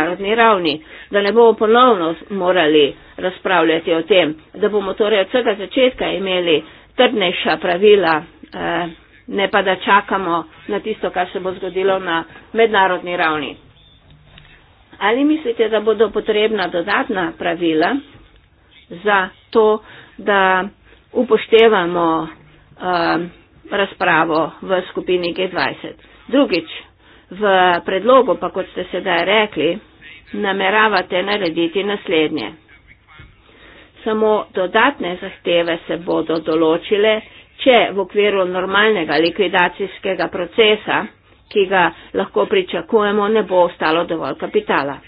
mednarodni ravni, da ne bomo ponovno morali razpravljati o tem, da bomo torej od vsega začetka imeli trdnejša pravila, eh, ne pa da čakamo na tisto, kar se bo zgodilo na mednarodni ravni. Ali mislite, da bodo potrebna dodatna pravila za to, da upoštevamo eh, razpravo v skupini G20? Drugič, v predlogu pa, kot ste sedaj rekli, nameravate narediti naslednje. Samo dodatne zahteve se bodo določile, če v okviru normalnega likvidacijskega procesa, ki ga lahko pričakujemo, ne bo ostalo dovolj kapitala.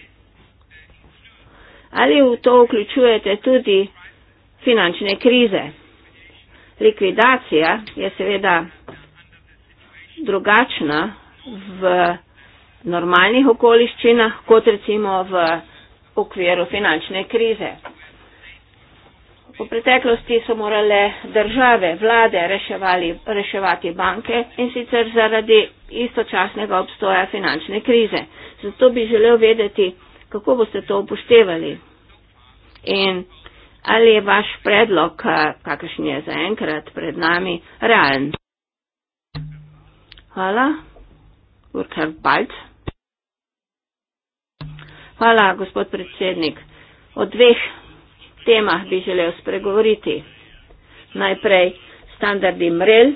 Ali v to vključujete tudi finančne krize? Likvidacija je seveda drugačna v normalnih okoliščinah, kot recimo v okviru finančne krize. V preteklosti so morale države, vlade reševali, reševati banke in sicer zaradi istočasnega obstoja finančne krize. Zato bi želel vedeti, kako boste to upoštevali in ali je vaš predlog, eh, kakršen je zaenkrat pred nami, realen. Hvala. Urkar Balc. Hvala, gospod predsednik. O dveh temah bi želel spregovoriti. Najprej standardi mrel,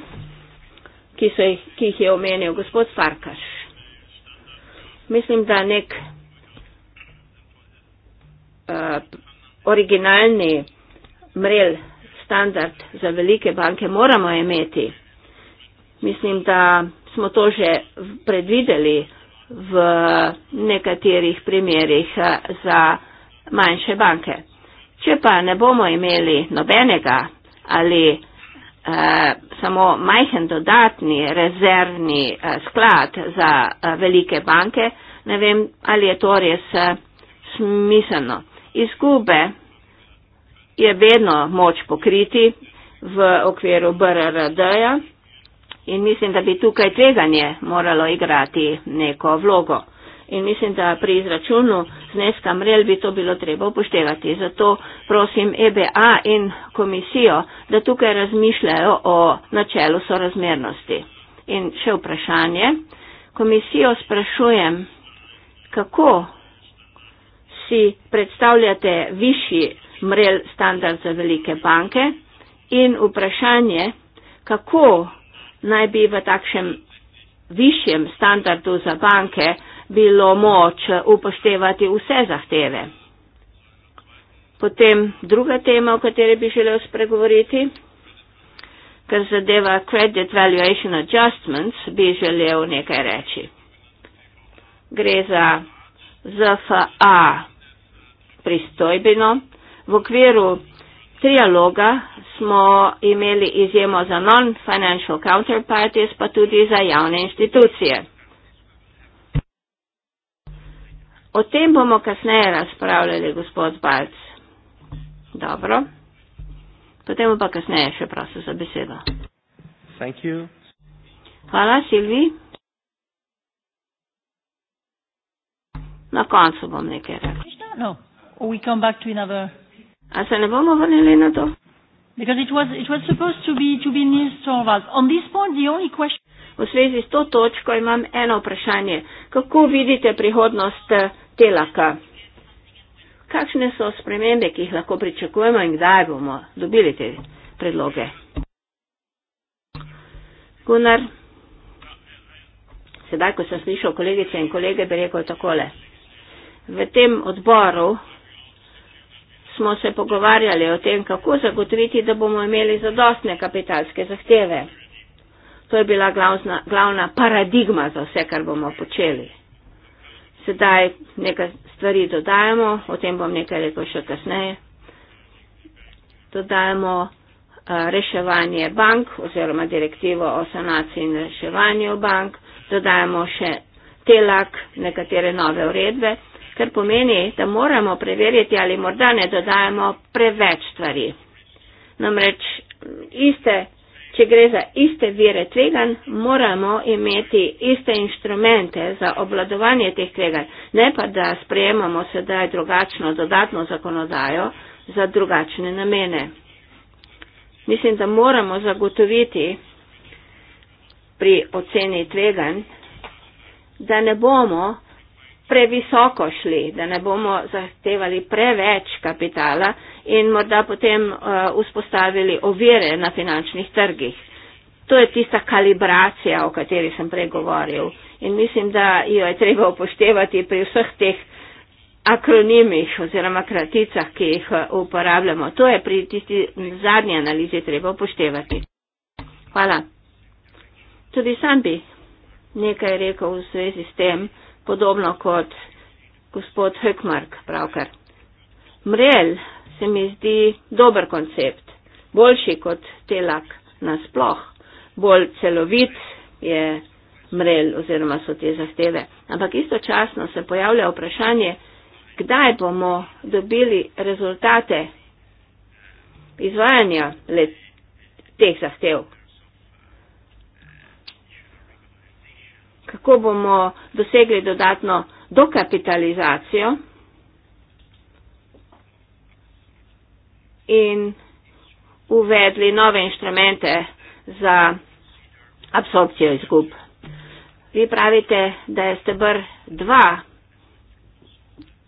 ki, so, ki jih je omenil gospod Farkaš. Mislim, da nek uh, originalni mrel standard za velike banke moramo imeti. Mislim, da smo to že predvideli v nekaterih primerjih eh, za manjše banke. Če pa ne bomo imeli nobenega ali eh, samo majhen dodatni rezervni eh, sklad za eh, velike banke, ne vem, ali je to res eh, smiselno. Izgube je vedno moč pokriti v okviru BRRD-ja. In mislim, da bi tukaj tveganje moralo igrati neko vlogo. In mislim, da pri izračunu zneska mrel bi to bilo treba upoštevati. Zato prosim EBA in komisijo, da tukaj razmišljajo o načelu sorazmernosti. In še vprašanje. Komisijo sprašujem, kako si predstavljate višji mrel standard za velike banke in vprašanje, kako naj bi v takšnem višjem standardu za banke bilo moč upoštevati vse zahteve. Potem druga tema, o kateri bi želel spregovoriti, kar zadeva credit valuation adjustments, bi želel nekaj reči. Gre za ZFA pristojbino v okviru trialoga smo imeli izjemo za non-financial counterparties, pa tudi za javne institucije. O tem bomo kasneje razpravljali, gospod Balc. Dobro. Potem pa kasneje še prosim za besedo. Thank you. Hvala, Silvi. Na koncu bom nekaj rekel. No. We come back to another A se ne bomo vrnili na to? V svezi s to točko imam eno vprašanje. Kako vidite prihodnost eh, telaka? Kakšne so spremembe, ki jih lahko pričakujemo in kdaj bomo dobili te predloge? Gunnar, sedaj, ko sem slišal kolegice in kolege, bi rekel takole. V tem odboru smo se pogovarjali o tem, kako zagotoviti, da bomo imeli zadostne kapitalske zahteve. To je bila glavna, glavna paradigma za vse, kar bomo počeli. Sedaj nekaj stvari dodajamo, o tem bom nekaj rekel še kasneje. Dodajamo eh, reševanje bank oziroma direktivo o sanaciji in reševanju bank, dodajamo še telak, nekatere nove uredbe kar pomeni, da moramo preveriti, ali morda ne dodajamo preveč stvari. Namreč, iste, če gre za iste vire tvegan, moramo imeti iste inštrumente za obladovanje teh tvegan, ne pa da sprejemamo sedaj drugačno dodatno zakonodajo za drugačne namene. Mislim, da moramo zagotoviti pri oceni tvegan, da ne bomo previsoko šli, da ne bomo zahtevali preveč kapitala in morda potem uh, vzpostavili ovire na finančnih trgih. To je tista kalibracija, o kateri sem pregovoril in mislim, da jo je treba upoštevati pri vseh teh akronimih oziroma kraticah, ki jih uh, uporabljamo. To je pri tisti zadnji analizi treba upoštevati. Hvala. Tudi sam bi nekaj rekel v zvezi s tem podobno kot gospod Hökmark pravkar. Mrel se mi zdi dober koncept, boljši kot telak nasploh, bolj celovit je mrel oziroma so te zahteve. Ampak istočasno se pojavlja vprašanje, kdaj bomo dobili rezultate izvajanja let teh zahtev. kako bomo dosegli dodatno dokapitalizacijo in uvedli nove inštrumente za absorpcijo izgub. Vi pravite, da je stebr 2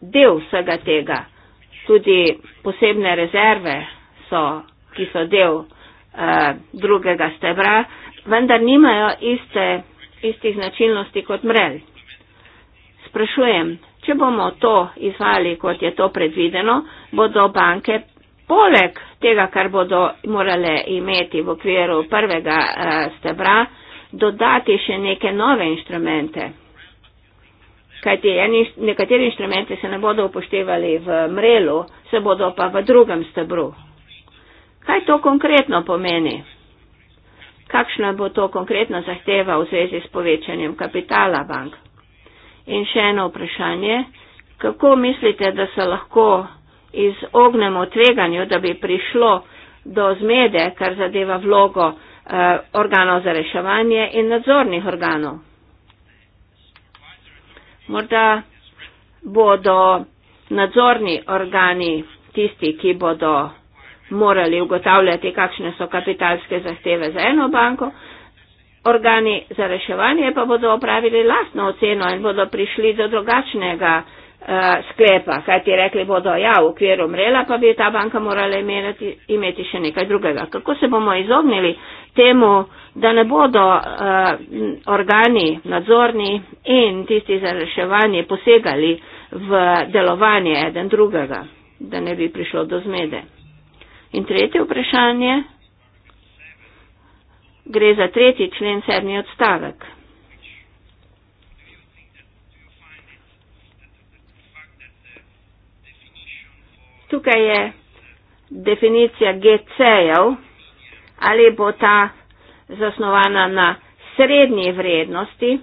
del vsega tega, tudi posebne rezerve so, ki so del uh, drugega stebra, vendar nimajo iste istih značilnosti kot mrel. Sprašujem, če bomo to izvali, kot je to predvideno, bodo banke poleg tega, kar bodo morale imeti v okviru prvega eh, stebra, dodati še neke nove inštrumente. Kajti nekateri inštrumenti se ne bodo upoštevali v mrelu, se bodo pa v drugem stebru. Kaj to konkretno pomeni? kakšna bo to konkretna zahteva v zvezi s povečanjem kapitala bank. In še eno vprašanje, kako mislite, da se lahko izognemo tveganju, da bi prišlo do zmede, kar zadeva vlogo eh, organov za reševanje in nadzornih organov? Morda bodo nadzorni organi tisti, ki bodo morali ugotavljati, kakšne so kapitalske zahteve za eno banko. Organi za reševanje pa bodo opravili lastno oceno in bodo prišli do drugačnega uh, sklepa, kaj ti rekli bodo, ja, v okviru mrela pa bi ta banka morala imeti, imeti še nekaj drugega. Kako se bomo izognili temu, da ne bodo uh, organi nadzorni in tisti za reševanje posegali v delovanje eden drugega, da ne bi prišlo do zmede? In tretje vprašanje. Gre za tretji člen sedmi odstavek. Tukaj je definicija GC-jev, ali bo ta zasnovana na srednji vrednosti,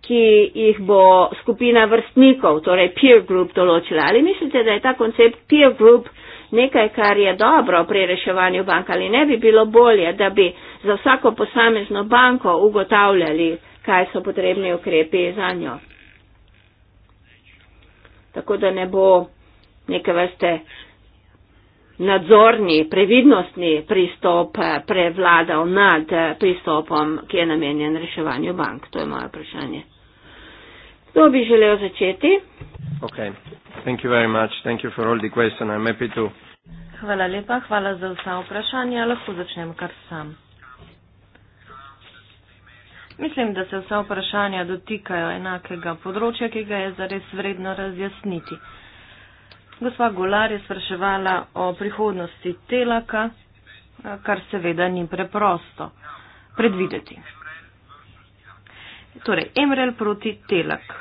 ki jih bo skupina vrstnikov, torej peer group, določila. Ali mislite, da je ta koncept peer group nekaj, kar je dobro pri reševanju bank ali ne bi bilo bolje, da bi za vsako posamezno banko ugotavljali, kaj so potrebni ukrepi za njo. Tako da ne bo neke vrste nadzorni, previdnostni pristop eh, prevladal nad eh, pristopom, ki je namenjen reševanju bank. To je moje vprašanje. To bi želel začeti. Okay. Hvala lepa, hvala za vsa vprašanja. Lahko začnem kar sam. Mislim, da se vsa vprašanja dotikajo enakega področja, ki ga je zares vredno razjasniti. Gospa Golar je spraševala o prihodnosti telaka, kar seveda ni preprosto predvideti torej Emrel proti Telak.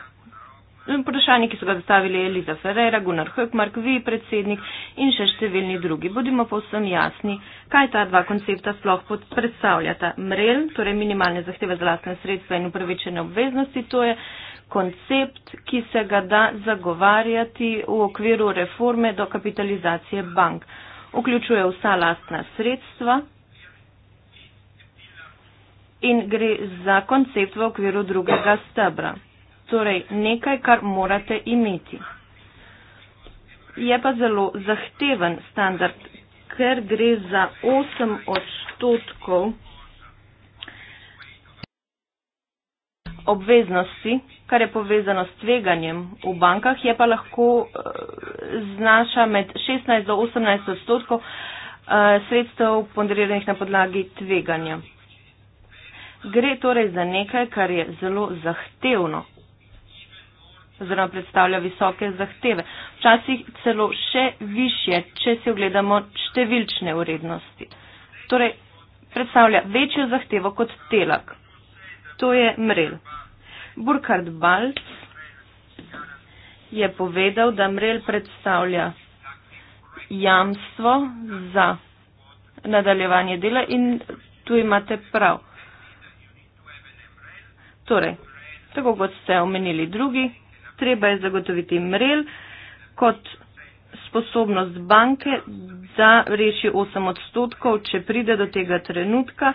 Podošanje, ki so ga zastavili Eliza Ferreira, Gunnar Höckmark, vi predsednik in še številni drugi. Bodimo povsem jasni, kaj ta dva koncepta sploh predstavljata. Mrel, torej minimalne zahteve za lastne sredstva in upravičene obveznosti, to je koncept, ki se ga da zagovarjati v okviru reforme do kapitalizacije bank. Vključuje vsa lastna sredstva, in gre za koncept v okviru drugega stebra. Torej, nekaj, kar morate imeti. Je pa zelo zahteven standard, ker gre za 8 odstotkov obveznosti, kar je povezano s tveganjem v bankah, je pa lahko eh, znaša med 16 do 18 odstotkov eh, sredstev ponderiranih na podlagi tveganja. Gre torej za nekaj, kar je zelo zahtevno oziroma predstavlja visoke zahteve, včasih celo še više, če se ogledamo številčne vrednosti. Torej, predstavlja večjo zahtevo kot telak. To je mrel. Burkhard Balc je povedal, da mrel predstavlja jamstvo za nadaljevanje dela in tu imate prav. Torej, tako kot ste omenili drugi, treba je zagotoviti MREL kot sposobnost banke, da reši 8 odstotkov, če pride do tega trenutka.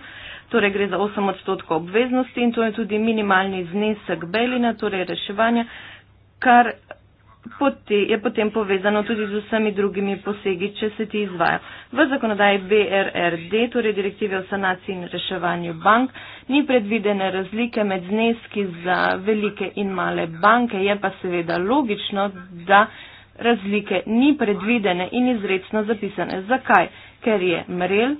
Torej, gre za 8 odstotkov obveznosti in to je tudi minimalni znesek belina, torej reševanja, kar poti, je potem povezano tudi z vsemi drugimi posegi, če se ti izvaja. V zakonodaji BRRD, torej direktive o sanaciji in reševanju bank, ni predvidene razlike med zneski za velike in male banke, je pa seveda logično, da razlike ni predvidene in izredno zapisane. Zakaj? Ker je mrel,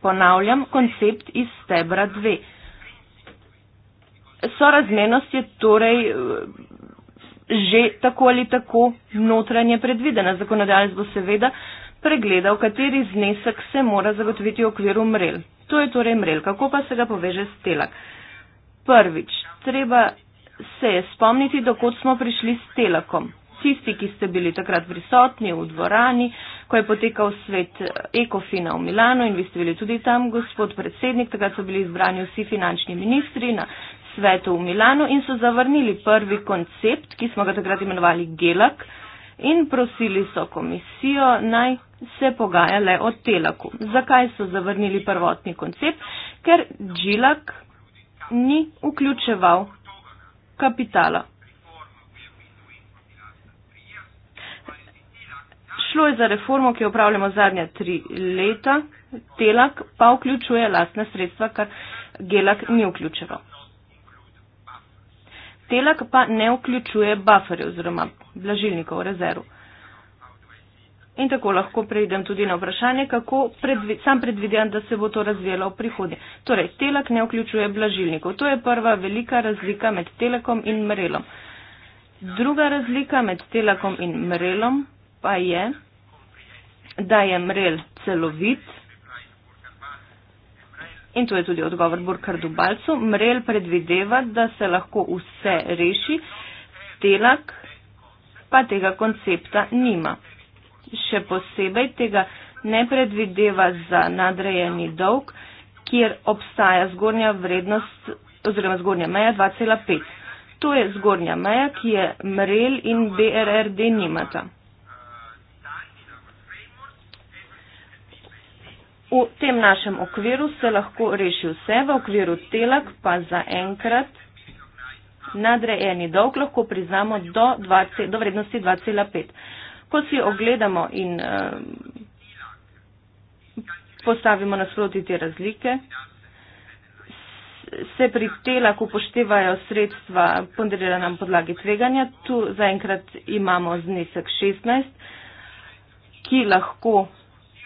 ponavljam, koncept iz stebra 2. Sorazmernost je torej že tako ali tako notranje predvidena. Zakonodajalec bo seveda pregledal, kateri znesek se mora zagotoviti v okviru mrel. To je torej mrel. Kako pa se ga poveže s telak? Prvič, treba se je spomniti, dokot smo prišli s telakom. Tisti, ki ste bili takrat prisotni v dvorani, ko je potekal svet eh, Ekofina v Milano in vi ste bili tudi tam, gospod predsednik, takrat so bili izbrani vsi finančni ministri na svetu v Milano in so zavrnili prvi koncept, ki smo ga takrat imenovali Gelak in prosili so komisijo naj se pogajale o Telaku. Zakaj so zavrnili prvotni koncept? Ker Gelak ni vključeval kapitala. Šlo je za reformo, ki jo upravljamo zadnja tri leta, telak pa vključuje lastna sredstva, kar gelak ni vključeval. Telak pa ne vključuje buferjev oziroma blažilnikov rezerv. In tako lahko preidem tudi na vprašanje, kako predvi, sam predvidjam, da se bo to razvijalo v prihodnje. Torej, telak ne vključuje blažilnikov. To je prva velika razlika med telekom in mrelom. Druga razlika med telekom in mrelom pa je, da je mrel celovit in to je tudi odgovor Burkardu Balcu, Mrel predvideva, da se lahko vse reši, telak pa tega koncepta nima. Še posebej tega ne predvideva za nadrejeni dolg, kjer obstaja zgornja vrednost oziroma zgornja meja 2,5. To je zgornja meja, ki je Mrel in BRRD nimata. V tem našem okviru se lahko reši vse, v okviru telak pa za enkrat nadrejeni dolg lahko priznamo do, 20, do vrednosti 2,5. Ko si ogledamo in um, postavimo nasproti te razlike, se pri telak upoštevajo sredstva ponderirana na podlagi tveganja. Tu zaenkrat imamo znesek 16, ki lahko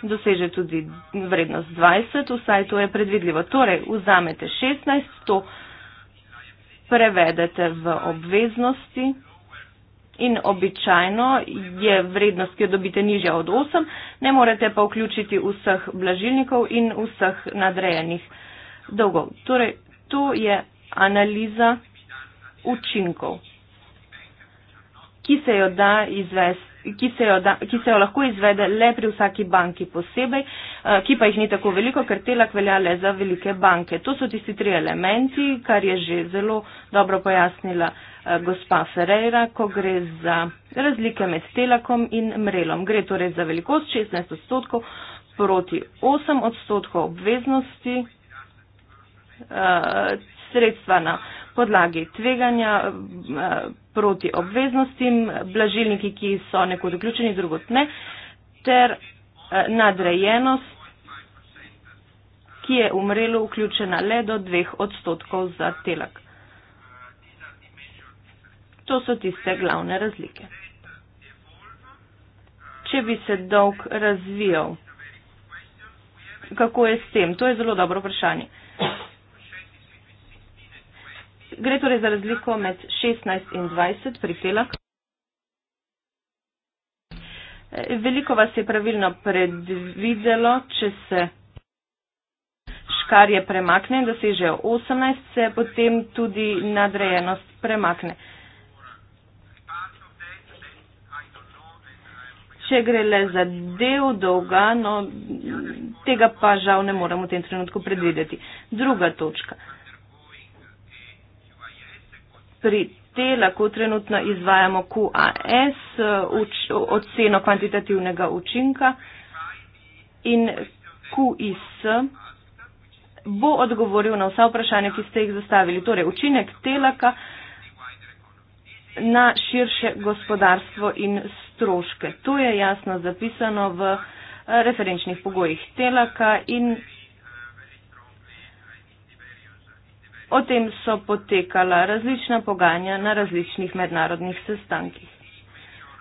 doseže tudi vrednost 20, vsaj to je predvidljivo. Torej, vzamete 16, to prevedete v obveznosti in običajno je vrednost, ki jo dobite, nižja od 8, ne morete pa vključiti vseh blažilnikov in vseh nadrejenih dolgov. Torej, to je analiza učinkov, ki se jo da izvesti ki se jo, da, ki se jo lahko izvede le pri vsaki banki posebej, eh, ki pa jih ni tako veliko, ker telak velja le za velike banke. To so tisti tri elementi, kar je že zelo dobro pojasnila eh, gospa Ferreira, ko gre za razlike med telakom in mrelom. Gre torej za velikost 16 odstotkov proti 8 odstotkov obveznosti eh, sredstva na podlagi tveganja proti obveznostim, blažilniki, ki so nekod vključeni, drugot ne, ter eh, nadrejenost, ki je umrelo vključena le do dveh odstotkov za telak. To so tiste glavne razlike. Če bi se dolg razvijal, kako je s tem? To je zelo dobro vprašanje gre torej za razliko med 16 in 20 pri Felak. Veliko vas je pravilno predvidelo, če se škarje premakne, da se že 18, se potem tudi nadrejenost premakne. Če gre le za del dolga, no, tega pa žal ne moramo v tem trenutku predvideti. Druga točka pri telaku trenutno izvajamo QAS, eh, uč, oceno kvantitativnega učinka in QIS bo odgovoril na vsa vprašanja, ki ste jih zastavili. Torej, učinek telaka na širše gospodarstvo in stroške. To je jasno zapisano v eh, referenčnih pogojih telaka in O tem so potekala različna pogajanja na različnih mednarodnih sestankih.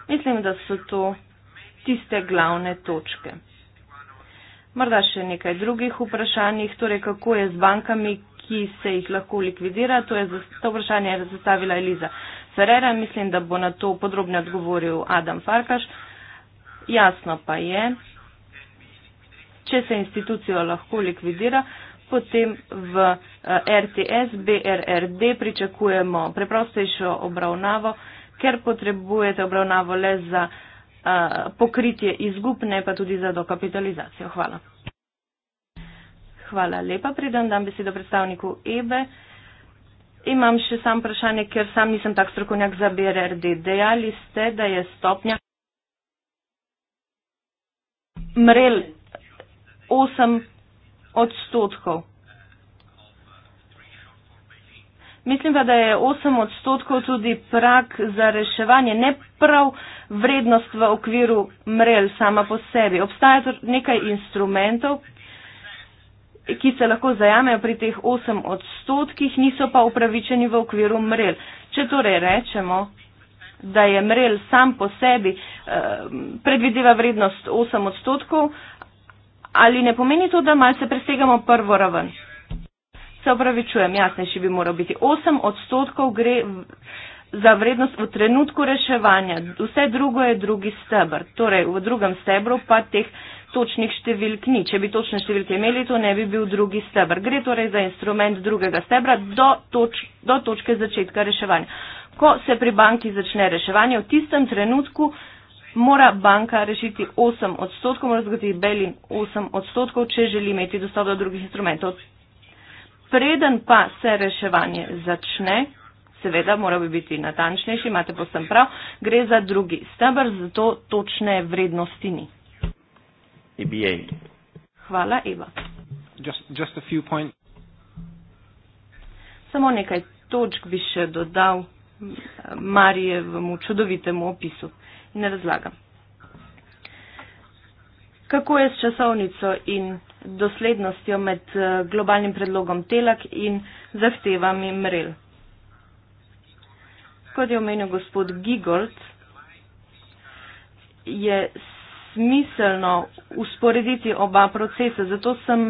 Mislim, da so to tiste glavne točke. Morda še nekaj drugih vprašanjih, torej kako je z bankami, ki se jih lahko likvidira. To, je, to vprašanje je zastavila Eliza Ferrera. Mislim, da bo na to podrobno odgovoril Adam Farkaš. Jasno pa je, če se institucijo lahko likvidira, potem v eh, RTS, BRRD pričakujemo preprostejšo obravnavo, ker potrebujete obravnavo le za eh, pokritje izgub, ne pa tudi za dokapitalizacijo. Hvala. Hvala lepa, pridem, dam besedo predstavniku EBE. Imam še sam vprašanje, ker sam nisem tak strokovnjak za BRRD. Dejali ste, da je stopnja mrel 8 odstotkov. Mislim pa, da je 8 odstotkov tudi prak za reševanje, ne prav vrednost v okviru mrelj sama po sebi. Obstaja nekaj instrumentov, ki se lahko zajamejo pri teh 8 odstotkih, niso pa upravičeni v okviru mrelj. Če torej rečemo, da je mrelj sam po sebi eh, predvideva vrednost 8 odstotkov, ali ne pomeni to, da malce presegamo prvo raven? se opravičujem, jasnejši bi moral biti. 8 odstotkov gre za vrednost v trenutku reševanja, vse drugo je drugi stebr. Torej, v drugem stebru pa teh točnih številk ni. Če bi točne številke imeli, to ne bi bil drugi stebr. Gre torej za instrument drugega stebra do, toč, do točke začetka reševanja. Ko se pri banki začne reševanje, v tistem trenutku mora banka rešiti 8 odstotkov, mora zgoditi Belin 8 odstotkov, če želi imeti dostop do drugih instrumentov preden pa se reševanje začne, seveda mora bi biti natančnejši, imate posem prav, gre za drugi stebr, zato točne vrednosti ni. EBA. Hvala, Eva. Just, just Samo nekaj točk bi še dodal Marijevemu čudovitemu opisu in ne razlagam. Kako je s časovnico in doslednostjo med eh, globalnim predlogom TELAK in zahtevami MREL? Kot je omenil gospod Gigold, je smiselno usporediti oba procesa. Zato sem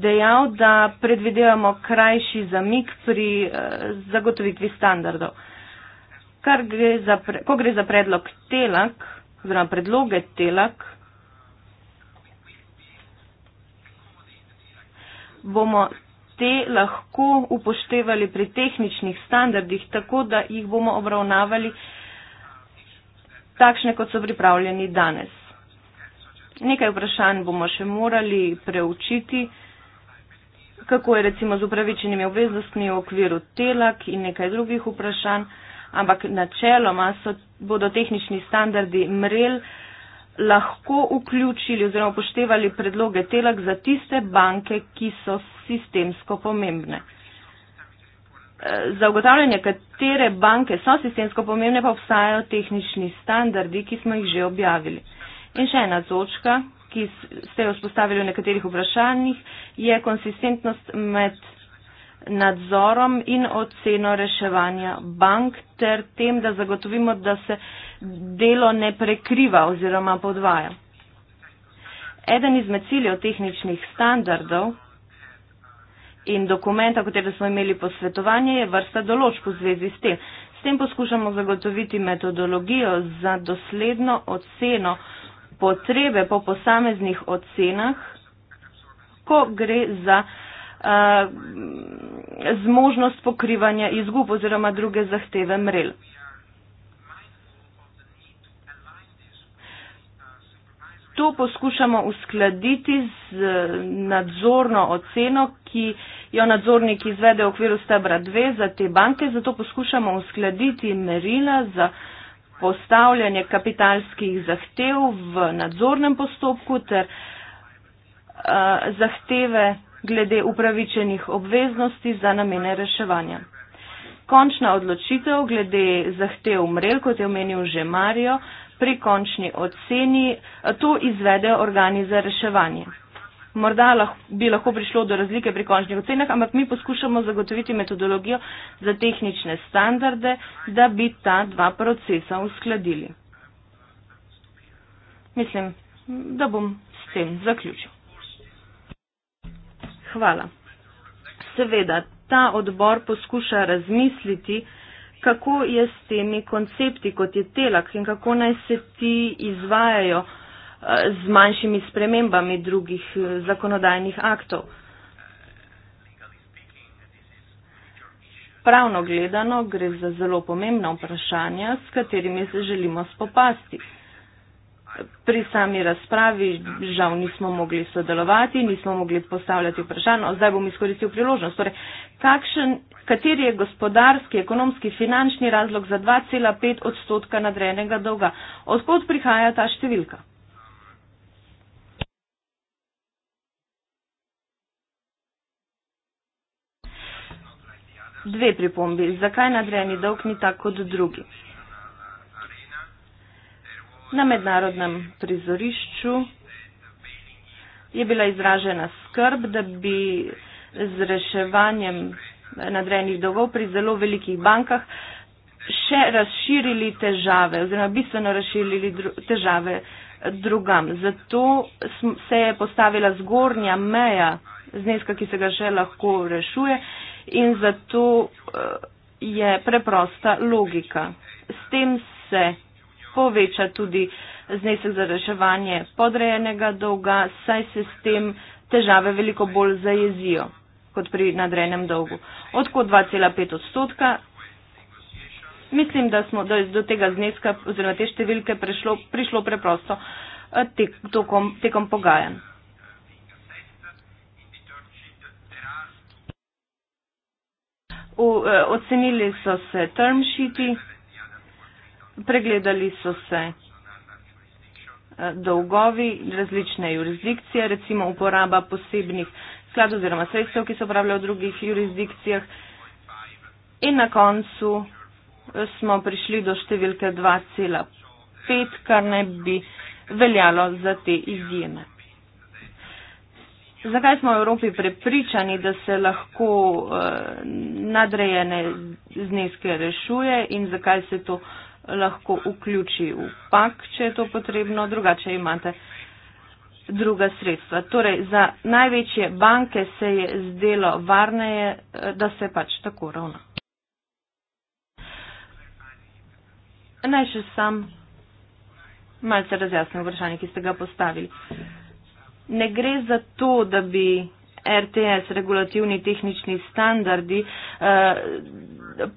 dejal, da predvidevamo krajši zamik pri eh, zagotovitvi standardov. Kar gre za, ko gre za predlog TELAK, oziroma predloge telak, bomo te lahko upoštevali pri tehničnih standardih, tako da jih bomo obravnavali takšne, kot so pripravljeni danes. Nekaj vprašanj bomo še morali preučiti, kako je recimo z upravičenimi obveznostmi v okviru telak in nekaj drugih vprašanj ampak načeloma so, bodo tehnični standardi MREL lahko vključili oziroma upoštevali predloge telak za tiste banke, ki so sistemsko pomembne. E, za ugotavljanje, katere banke so sistemsko pomembne, pa obstajajo tehnični standardi, ki smo jih že objavili. In še ena točka, ki ste jo spostavili v nekaterih vprašanjih, je konsistentnost med nadzorom in oceno reševanja bank ter tem, da zagotovimo, da se delo ne prekriva oziroma podvaja. Eden izmed ciljev tehničnih standardov in dokumenta, katere smo imeli posvetovanje, je vrsta določb v zvezi s tem. S tem poskušamo zagotoviti metodologijo za dosledno oceno potrebe po posameznih ocenah, ko gre za Eh, zmožnost pokrivanja izgub oziroma druge zahteve mrel. To poskušamo uskladiti z nadzorno oceno, ki jo nadzornik izvede v okviru stebra 2 za te banke, zato poskušamo uskladiti merila za postavljanje kapitalskih zahtev v nadzornem postopku ter uh, zahteve glede upravičenih obveznosti za namene reševanja. Končna odločitev glede zahtev mrel, kot je omenil že Marijo, pri končni oceni eh, to izvede organi za reševanje. Morda bi lahko prišlo do razlike pri končnih ocenah, ampak mi poskušamo zagotoviti metodologijo za tehnične standarde, da bi ta dva procesa uskladili. Mislim, da bom s tem zaključil hvala. Seveda, ta odbor poskuša razmisliti, kako je s temi koncepti, kot je telak in kako naj se ti izvajajo eh, z manjšimi spremembami drugih eh, zakonodajnih aktov. Pravno gledano gre za zelo pomembna vprašanja, s katerimi se želimo spopasti pri sami razpravi, žal nismo mogli sodelovati, nismo mogli postavljati vprašanj, no, zdaj bom izkoristil priložnost. Torej, kakšen, kateri je gospodarski, ekonomski, finančni razlog za 2,5 odstotka nadrejenega dolga? Odkud prihaja ta številka? Dve pripombi. Zakaj nadrejeni dolg ni tako kot drugi? Na mednarodnem prizorišču je bila izražena skrb, da bi z reševanjem nadrejenih dolgov pri zelo velikih bankah še razširili težave oziroma bistveno razširili dru težave drugam. Zato se je postavila zgornja meja zneska, ki se ga še lahko rešuje in zato eh, je preprosta logika. S tem se poveča tudi znesek za reševanje podrejenega dolga, saj se s tem težave veliko bolj zajezijo kot pri nadrejenem dolgu. Odkud 2,5 odstotka? Mislim, da smo da do tega zneska oziroma te številke prišlo, prišlo preprosto eh, tek, tokom, tekom pogajanj. Eh, ocenili so se termšiti pregledali so se eh, dolgovi različne jurisdikcije, recimo uporaba posebnih skladov oziroma sredstev, ki se uporabljajo v drugih jurisdikcijah. In na koncu eh, smo prišli do številke 2,5, kar ne bi veljalo za te izjeme. Zakaj smo v Evropi prepričani, da se lahko eh, nadrejene zneske rešuje in zakaj se to lahko vključi v pak, če je to potrebno, drugače imate druga sredstva. Torej, za največje banke se je zdelo varneje, da se pač tako ravna. Naj še sam malce razjasnim vprašanje, ki ste ga postavili. Ne gre za to, da bi RTS, regulativni tehnični standardi, eh,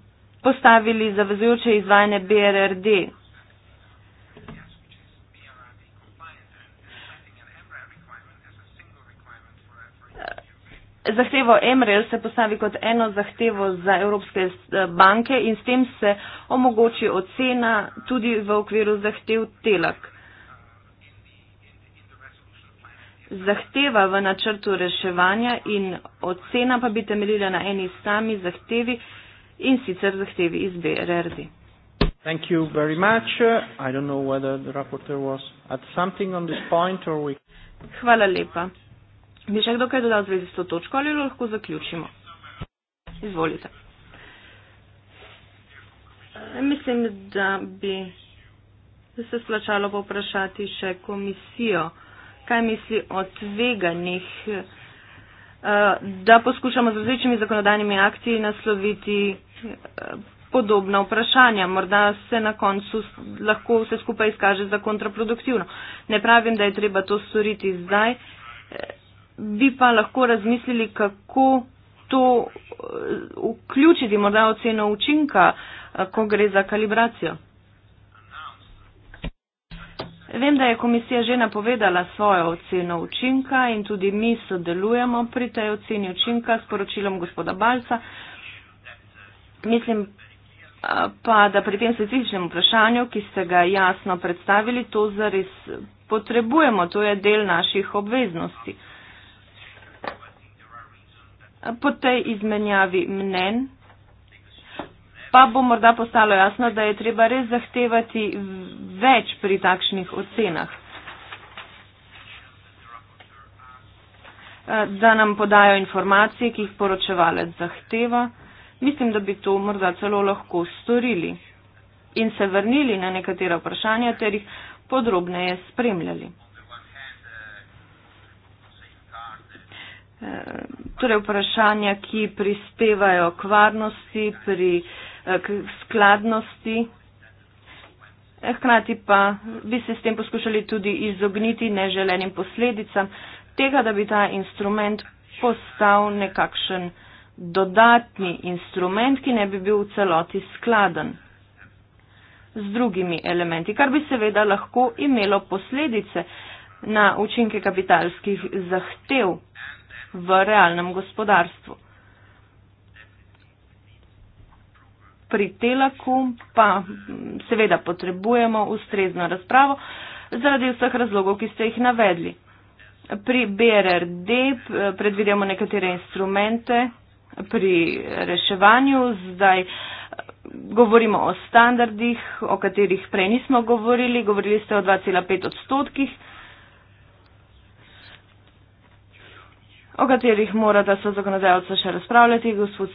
vzpostavili zavezujoče izvajanje BRRD. Zahtevo MREL se postavi kot eno zahtevo za Evropske eh, banke in s tem se omogoči ocena tudi v okviru zahtev TELAK. Zahteva v načrtu reševanja in ocena pa bi temeljila na eni sami zahtevi, in sicer zahtevi iz BRRD. Thank you very much. I don't know whether the rapporteur was at something on this point or we... Hvala lepa. Bi še kdo kaj dodal zvezi s to točko ali lahko zaključimo? Izvolite. Mislim, da bi se splačalo poprašati še komisijo, kaj misli o tveganih, eh, da poskušamo z različnimi zakonodajnimi akti nasloviti podobna vprašanja. Morda se na koncu lahko vse skupaj izkaže za kontraproduktivno. Ne pravim, da je treba to storiti zdaj, bi pa lahko razmislili, kako to eh, vključiti, morda oceno učinka, eh, ko gre za kalibracijo. Vem, da je komisija že napovedala svojo oceno učinka in tudi mi sodelujemo pri tej oceni učinka s poročilom gospoda Balca. Mislim pa, da pri tem specifičnem vprašanju, ki ste ga jasno predstavili, to zares potrebujemo, to je del naših obveznosti. Po tej izmenjavi mnen pa bo morda postalo jasno, da je treba res zahtevati več pri takšnih ocenah. Da nam podajo informacije, ki jih poročevalec zahteva mislim, da bi to morda celo lahko storili in se vrnili na nekatera vprašanja ter jih podrobneje spremljali. Eh, torej vprašanja, ki prispevajo k varnosti, pri, eh, k skladnosti, eh, hkrati pa bi se s tem poskušali tudi izogniti neželenim posledicam tega, da bi ta instrument postal nekakšen dodatni instrument, ki ne bi bil v celoti skladen z drugimi elementi, kar bi seveda lahko imelo posledice na učinke kapitalskih zahtev v realnem gospodarstvu. Pri telaku pa mm, seveda potrebujemo ustrezno razpravo zaradi vseh razlogov, ki ste jih navedli. Pri BRRD eh, predvidimo nekatere instrumente, pri reševanju. Zdaj eh, govorimo o standardih, o katerih prej nismo govorili. Govorili ste o 2,5 odstotkih, o katerih mora ta so zakonodajalca še razpravljati. Gospod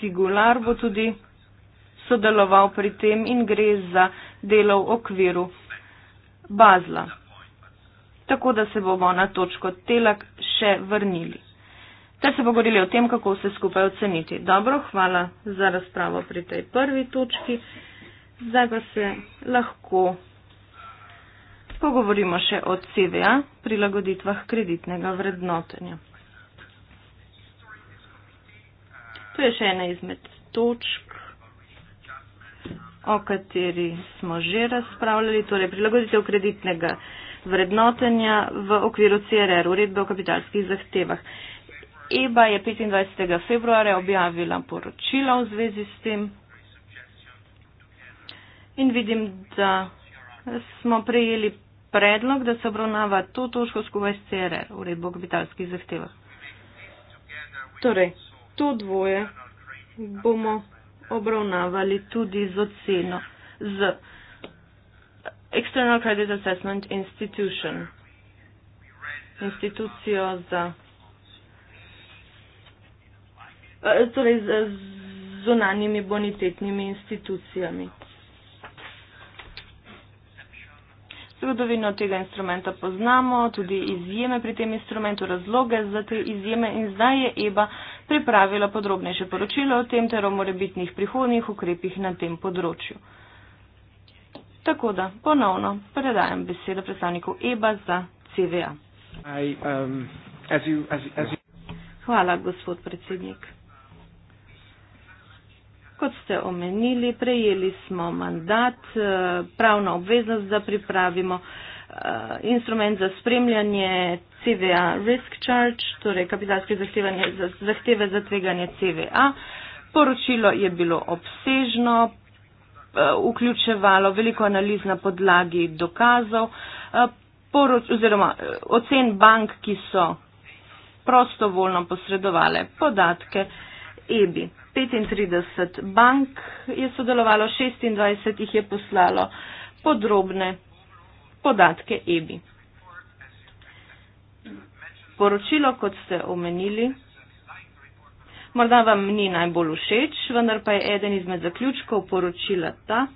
Sigular bo tudi sodeloval pri tem in gre za delo v okviru Bazla. Tako da se bomo na točko Telak še vrnili ter se pogovorili o tem, kako vse skupaj oceniti. Dobro, hvala za razpravo pri tej prvi točki. Zdaj pa se lahko pogovorimo še o CVA, prilagoditvah kreditnega vrednotenja. To je še ena izmed točk, o kateri smo že razpravljali, torej prilagoditev kreditnega vrednotenja v okviru CRR, uredbe o kapitalskih zahtevah. EBA je 25. februarja objavila poročila v zvezi s tem in vidim, da smo prejeli predlog, da se obravnava to točko skupaj s CRR, uredbo o kapitalskih zahtevah. Torej, to dvoje bomo obravnavali tudi z oceno, z External Credit Assessment Institution, institucijo za Eh, torej z, z zunanjimi bonitetnimi institucijami. Zgodovino tega instrumenta poznamo, tudi izjeme pri tem instrumentu, razloge za te izjeme in zdaj je EBA pripravila podrobnejše poročilo o tem ter o morebitnih prihodnjih ukrepih na tem področju. Tako da ponovno predajam besedo predstavniku EBA za CVA. I, um, as you, as, as you... Hvala, gospod predsednik kot ste omenili, prejeli smo mandat, eh, pravno obveznost, da pripravimo eh, instrument za spremljanje CVA Risk Charge, torej kapitalske zahteve za tveganje CVA. Poročilo je bilo obsežno, eh, vključevalo veliko analiz na podlagi dokazov, poroč, oziroma ocen bank, ki so prostovoljno posredovale podatke EBI. 35 bank je sodelovalo, 26 jih je poslalo podrobne podatke EBI. Poročilo, kot ste omenili, morda vam ni najbolj všeč, vendar pa je eden izmed zaključkov poročila ta,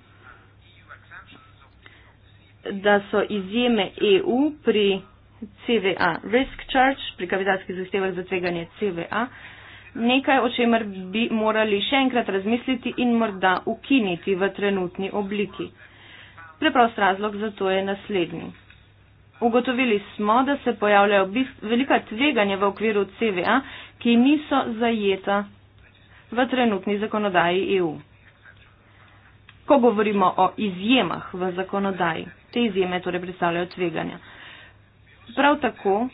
da so izjeme EU pri CVA Risk Charge, pri kapitalskih zahtevah za tveganje CVA, nekaj, o čemer bi morali še enkrat razmisliti in morda ukiniti v trenutni obliki. Preprost razlog za to je naslednji. Ugotovili smo, da se pojavljajo velika tveganja v okviru CVA, ki niso zajeta v trenutni zakonodaji EU. Ko govorimo o izjemah v zakonodaji, te izjeme torej predstavljajo tveganja. Prav tako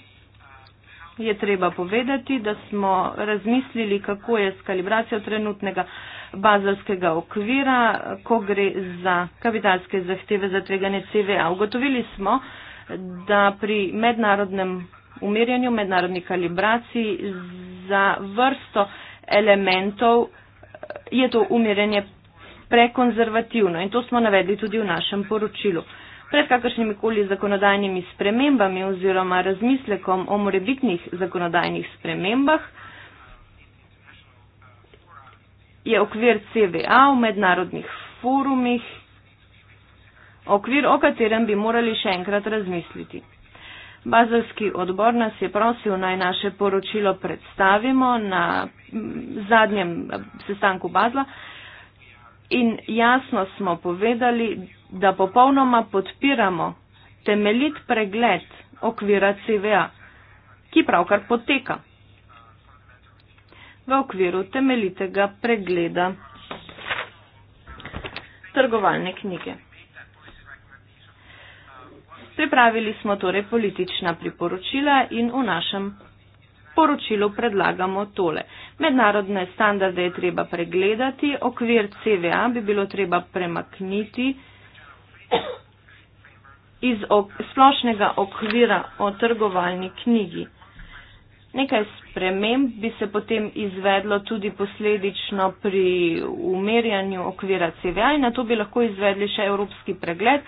je treba povedati, da smo razmislili, kako je s kalibracijo trenutnega bazalskega okvira, ko gre za kapitalske zahteve za tveganje CVA. Ugotovili smo, da pri mednarodnem umirjanju, mednarodni kalibraciji za vrsto elementov eh, je to umirjanje prekonzervativno in to smo navedli tudi v našem poročilu pred kakršnimi koli zakonodajnimi spremembami oziroma razmislekom o morebitnih zakonodajnih spremembah, je okvir CVA v mednarodnih forumih, okvir, o katerem bi morali še enkrat razmisliti. Bazelski odbor nas je prosil naj naše poročilo predstavimo na zadnjem sestanku Bazla in jasno smo povedali, da popolnoma podpiramo temeljit pregled okvira CVA, ki pravkar poteka v okviru temeljitega pregleda trgovalne knjige. Pripravili smo torej politična priporočila in v našem poročilu predlagamo tole. Mednarodne standarde je treba pregledati, okvir CVA bi bilo treba premakniti iz ok splošnega okvira o trgovalni knjigi. Nekaj sprememb bi se potem izvedlo tudi posledično pri umerjanju okvira CVA in na to bi lahko izvedli še evropski pregled,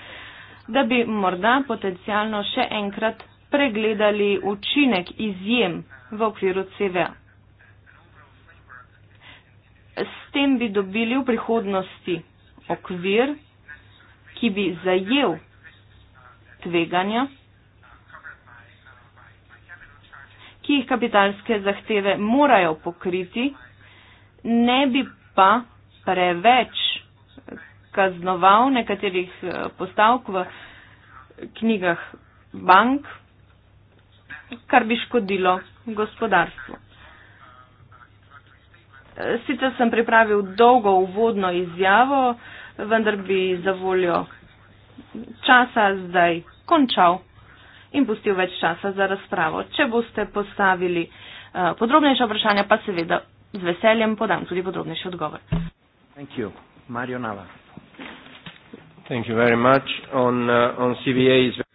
da bi morda potencialno še enkrat pregledali učinek izjem v okviru CVA. S tem bi dobili v prihodnosti okvir, ki bi zajel tveganja, ki jih kapitalske zahteve morajo pokriti, ne bi pa preveč kaznoval nekaterih eh, postavk v knjigah bank kar bi škodilo gospodarstvu. Sicer sem pripravil dolgo uvodno izjavo, vendar bi za voljo časa zdaj končal in pustil več časa za razpravo. Če boste postavili eh, podrobnejše vprašanja, pa seveda z veseljem podam tudi podrobnejši odgovor. Thank you. Mario Nava. Thank you very much. On, uh, on CVA is very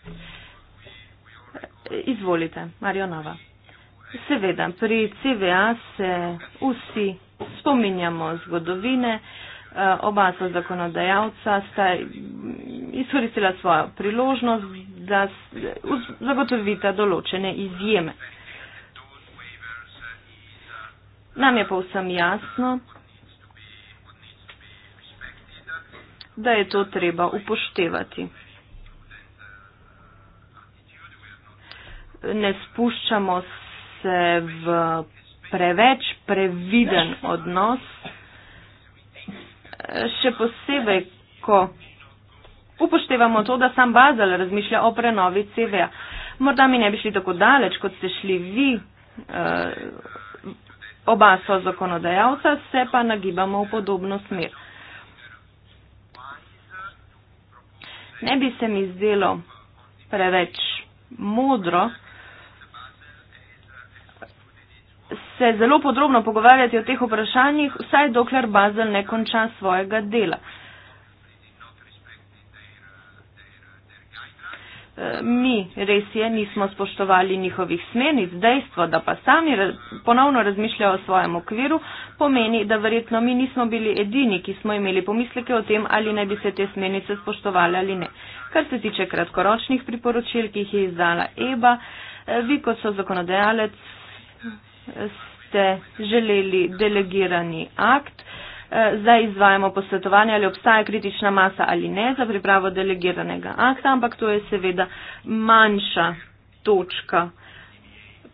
Izvolite, Marjonova. Seveda, pri CVA se vsi spominjamo zgodovine, eh, oba so zakonodajalca, sta izkoristila svojo priložnost, da zagotovita določene izjeme. Nam je pa vsem jasno, da je to treba upoštevati. ne spuščamo se v preveč previden odnos, še posebej, ko upoštevamo to, da sam Bazel razmišlja o prenovi CV-ja. Morda mi ne bi šli tako daleč, kot ste šli vi, eh, oba so zakonodajalca, se pa nagibamo v podobno smer. Ne bi se mi zdelo preveč modro, se zelo podrobno pogovarjati o teh vprašanjih, vsaj dokler Bazel ne konča svojega dela. E, mi res je, nismo spoštovali njihovih smernic, dejstvo, da pa sami raz, ponovno razmišljajo o svojem okviru, pomeni, da verjetno mi nismo bili edini, ki smo imeli pomisleke o tem, ali naj bi se te smernice spoštovali ali ne. Kar se tiče kratkoročnih priporočil, ki jih je izdala EBA, e, vi kot so zakonodajalec ste želeli delegirani akt. Eh, Zdaj izvajamo posvetovanje, ali obstaja kritična masa ali ne za pripravo delegiranega akta, ampak to je seveda manjša točka.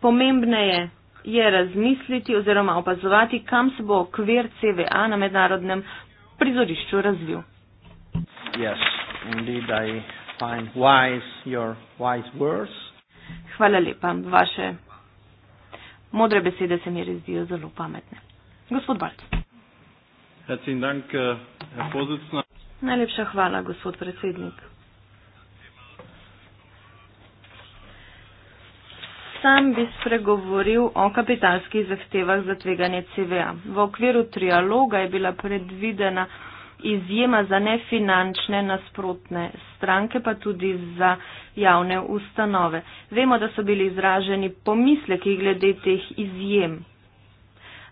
Pomembneje je razmisliti oziroma opazovati, kam se bo okvir CVA na mednarodnem prizorišču razvil. Yes, indeed, wise, wise Hvala lepa. Vaše Modre besede se mi res zdijo zelo pametne. Gospod Balc. Eh, Najlepša hvala, gospod predsednik. Sam bi spregovoril o kapitalskih zahtevah za tveganje CVA. V okviru trialoga je bila predvidena izjema za nefinančne nasprotne stranke, pa tudi za javne ustanove. Vemo, da so bili izraženi pomisleki glede teh izjem,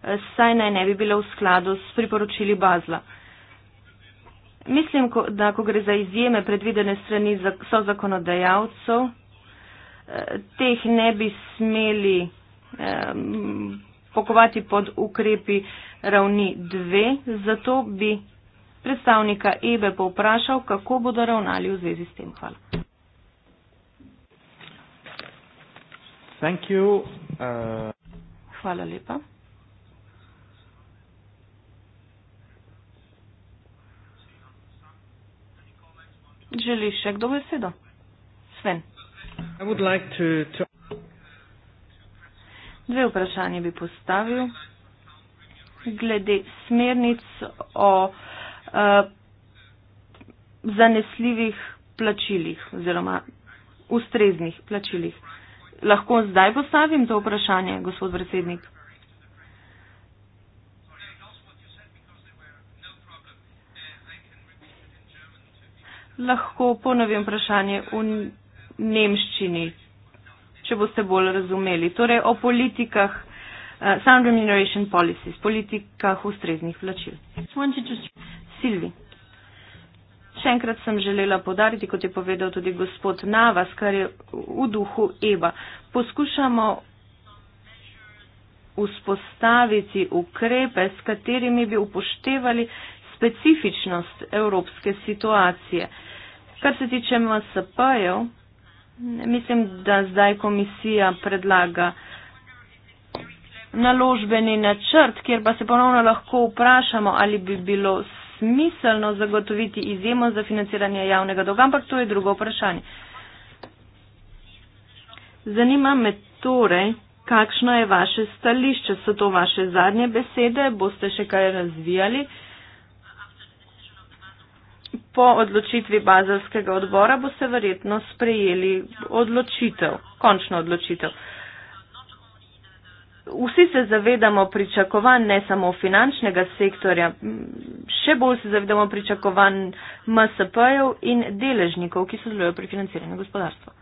eh, saj naj ne bi bile v skladu s priporočili Bazla. Mislim, da ko gre za izjeme predvidene strani so zakonodajalcev, eh, teh ne bi smeli pokovati pod ukrepi ravni 2, zato bi predstavnika Ebe pa vprašal, kako bodo ravnali v zvezi s tem. Hvala. Thank you. Uh... Hvala lepa. Želi še kdo besedo? Sven. Like to, to... Dve vprašanje bi postavil glede smernic o uh, uh, zanesljivih plačilih oziroma ustreznih plačilih. Lahko zdaj postavim to vprašanje, gospod predsednik. Lahko ponovim vprašanje v nemščini, če boste bolj razumeli. Torej o politikah, uh, sound remuneration policies, politikah ustreznih plačil. Just... Silvi. Še enkrat sem želela podariti, kot je povedal tudi gospod Navas, kar je v duhu Eva. Poskušamo vzpostaviti ukrepe, s katerimi bi upoštevali specifičnost evropske situacije. Kar se tiče MSP-jev, mislim, da zdaj komisija predlaga naložbeni načrt, kjer pa se ponovno lahko vprašamo, ali bi bilo smiselno zagotoviti izjemo za financiranje javnega dolga, ampak to je drugo vprašanje. Zanima me torej, kakšno je vaše stališče, so to vaše zadnje besede, boste še kaj razvijali? Po odločitvi bazalskega odbora boste verjetno sprejeli odločitev, končno odločitev. Vsi se zavedamo pričakovanj ne samo finančnega sektorja, še bolj se zavedamo pričakovanj MSP-jev in deležnikov, ki sodelujo pri financiranju gospodarstva.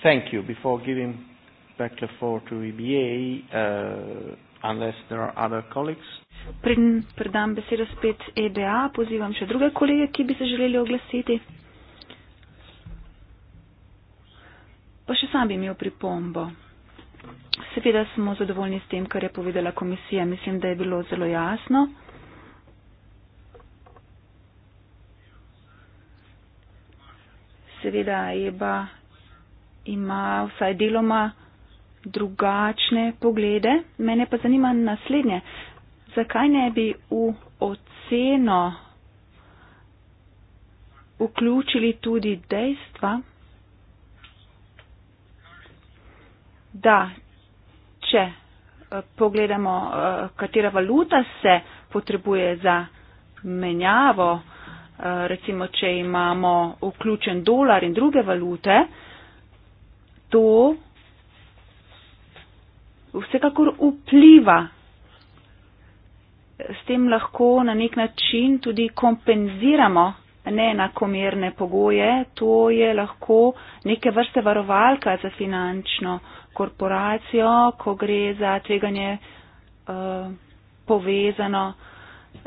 Thank you. Before giving back the floor to EBA, uh, unless there are other colleagues. Preden predam besedo spet EBA, pozivam še druge kolege, ki bi se želeli oglasiti. Pa še sam bi imel pripombo. Seveda smo zadovoljni s tem, kar je povedala komisija. Mislim, da je bilo zelo jasno. Seveda Eba ima vsaj deloma drugačne poglede. Mene pa zanima naslednje. Zakaj ne bi v oceno vključili tudi dejstva, da če eh, pogledamo, eh, katera valuta se potrebuje za menjavo, eh, recimo, če imamo vključen dolar in druge valute, to vsekakor vpliva. S tem lahko na nek način tudi kompenziramo neenakomerne pogoje. To je lahko neke vrste varovalka za finančno korporacijo, ko gre za tveganje uh, povezano uh,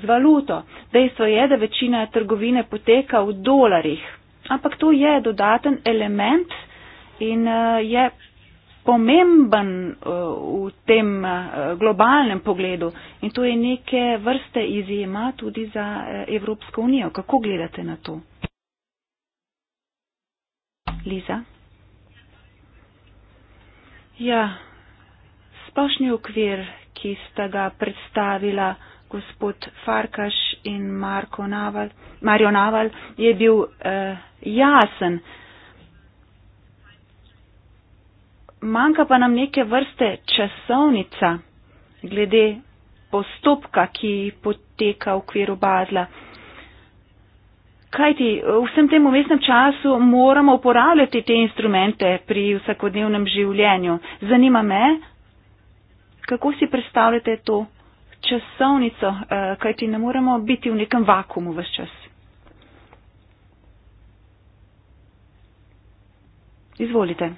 z valuto. Dejstvo je, da večina trgovine poteka v dolarjih, ampak to je dodaten element in uh, je pomemben uh, v tem uh, globalnem pogledu in to je neke vrste izjema tudi za uh, Evropsko unijo. Kako gledate na to? Lisa? Ja, splošni okvir, ki sta ga predstavila gospod Farkaš in Naval, Marjo Naval, je bil eh, jasen. Manjka pa nam neke vrste časovnica glede postopka, ki poteka v okviru bazla. Kajti v vsem tem umestnem času moramo uporabljati te instrumente pri vsakodnevnem življenju. Zanima me, kako si predstavljate to časovnico, eh, kajti ne moremo biti v nekem vakumu vse čas. Izvolite.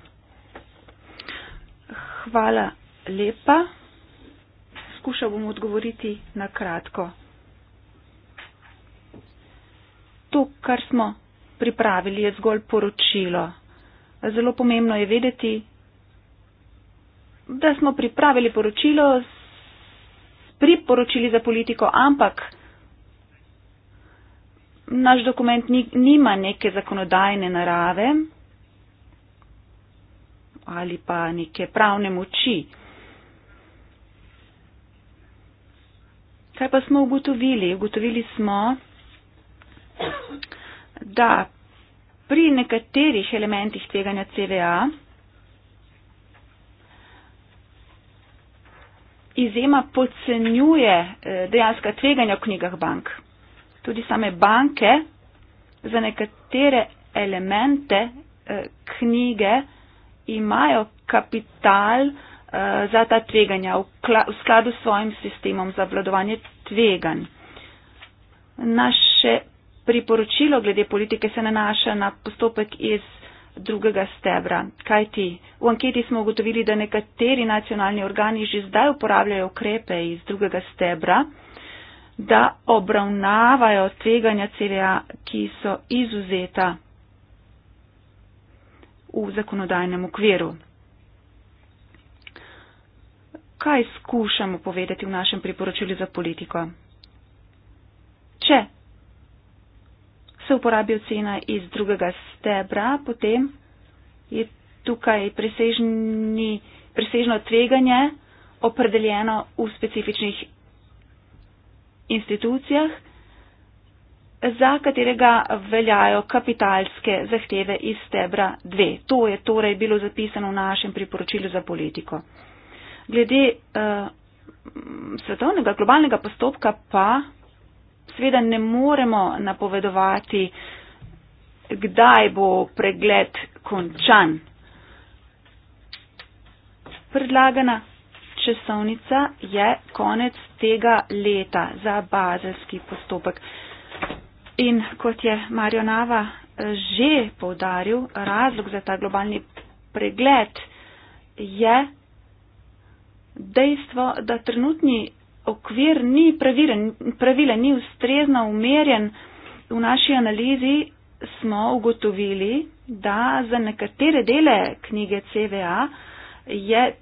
Hvala lepa. Skušal bom odgovoriti na kratko. to, kar smo pripravili, je zgolj poročilo. Zelo pomembno je vedeti, da smo pripravili poročilo s priporočili za politiko, ampak naš dokument ni, nima neke zakonodajne narave ali pa neke pravne moči. Kaj pa smo ugotovili? Ugotovili smo, da pri nekaterih elementih tveganja CVA izjema podcenjuje eh, dejanska tveganja v knjigah bank. Tudi same banke za nekatere elemente eh, knjige imajo kapital eh, za ta tveganja v skladu s svojim sistemom za vladovanje tveganj. Naše priporočilo glede politike se nanaša na postopek iz drugega stebra. Kaj ti? V anketi smo ugotovili, da nekateri nacionalni organi že zdaj uporabljajo ukrepe iz drugega stebra, da obravnavajo tveganja CVA, ki so izuzeta v zakonodajnem okviru. Kaj skušamo povedati v našem priporočilu za politiko? Če se uporabi ocena iz drugega stebra, potem je tukaj presežni, presežno tveganje opredeljeno v specifičnih institucijah, za katerega veljajo kapitalske zahteve iz stebra 2. To je torej bilo zapisano v našem priporočilu za politiko. Glede uh, svetovnega globalnega postopka pa. Sveda ne moremo napovedovati, kdaj bo pregled končan. Predlagana časovnica je konec tega leta za bazelski postopek. In kot je Marjo Nava eh, že povdaril, razlog za ta globalni pregled je dejstvo, da trenutni okvir ni praviren, pravile ni ustrezno umerjen. V naši analizi smo ugotovili, da za nekatere dele knjige CVA je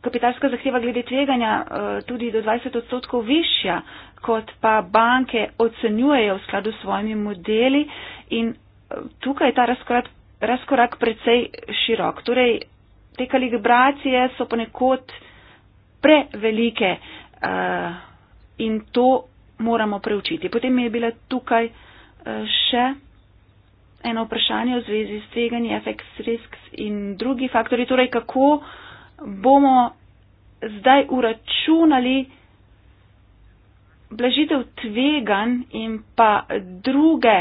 kapitalska zahteva glede tveganja eh, tudi do 20 odstotkov višja, kot pa banke ocenjujejo v skladu s svojimi modeli in eh, tukaj je ta razkorak, razkorak precej širok. Torej, te kalibracije so ponekod prevelike uh, in to moramo preučiti. Potem je bila tukaj uh, še eno vprašanje v zvezi s tveganji, FX risks in drugi faktori, torej kako bomo zdaj uračunali blažitev tvegan in pa druge.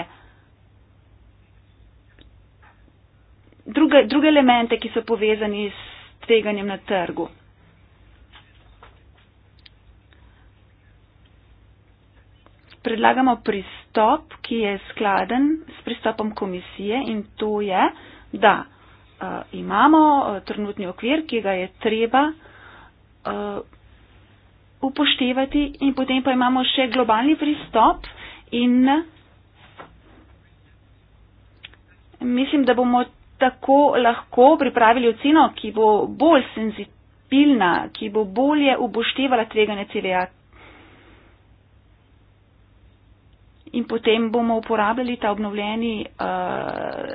Druge, druge elemente, ki so povezani s tveganjem na trgu. predlagamo pristop, ki je skladen s pristopom komisije in to je, da uh, imamo eh, trenutni okvir, ki ga je treba uh, upoštevati in potem pa imamo še globalni pristop in mislim, da bomo tako lahko pripravili oceno, ki bo bolj senzitivna, ki bo bolje upoštevala tveganje celja in potem bomo uporabljali ta obnovljeni uh,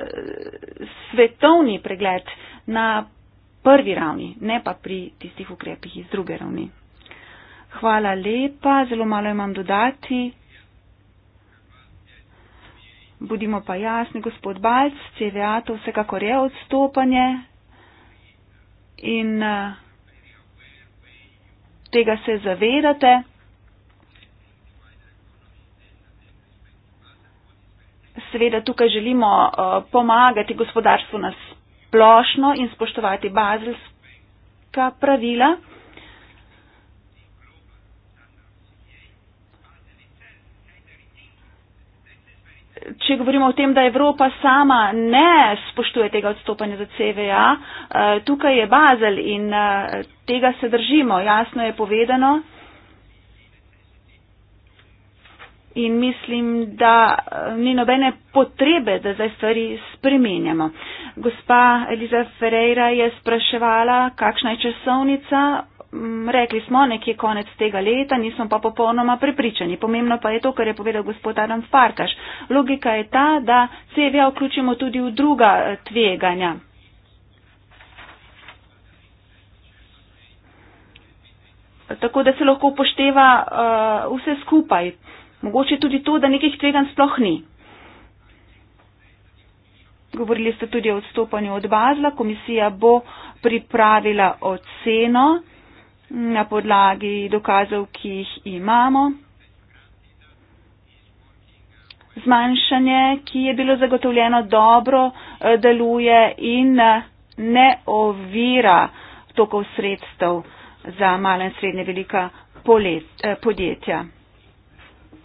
svetovni pregled na prvi ravni, ne pa pri tistih ukrepih iz druge ravni. Hvala lepa, zelo malo imam dodati. Budimo pa jasni, gospod Balc, CVA to vsekakor je odstopanje in uh, tega se zavedate. seveda tukaj želimo eh, pomagati gospodarstvu na splošno in spoštovati bazilska pravila. Če govorimo o tem, da Evropa sama ne spoštuje tega odstopanja za CVA, eh, tukaj je bazel in eh, tega se držimo. Jasno je povedano, In mislim, da eh, ni nobene potrebe, da zdaj stvari spremenjamo. Gospa Eliza Ferreira je spraševala, kakšna je časovnica. Mm, rekli smo nekje konec tega leta, nismo pa popolnoma prepričani. Pomembno pa je to, kar je povedal gospod Adam Farkaš. Logika je ta, da CV-ja vključimo tudi v druga eh, tveganja. Tako da se lahko upošteva uh, vse skupaj. Mogoče tudi to, da nekih tveganj sploh ni. Govorili ste tudi o odstopanju od bazla. Komisija bo pripravila oceno na podlagi dokazov, ki jih imamo. Zmanjšanje, ki je bilo zagotovljeno, dobro eh, deluje in eh, ne ovira tokov sredstev za male in srednje velika eh, podjetja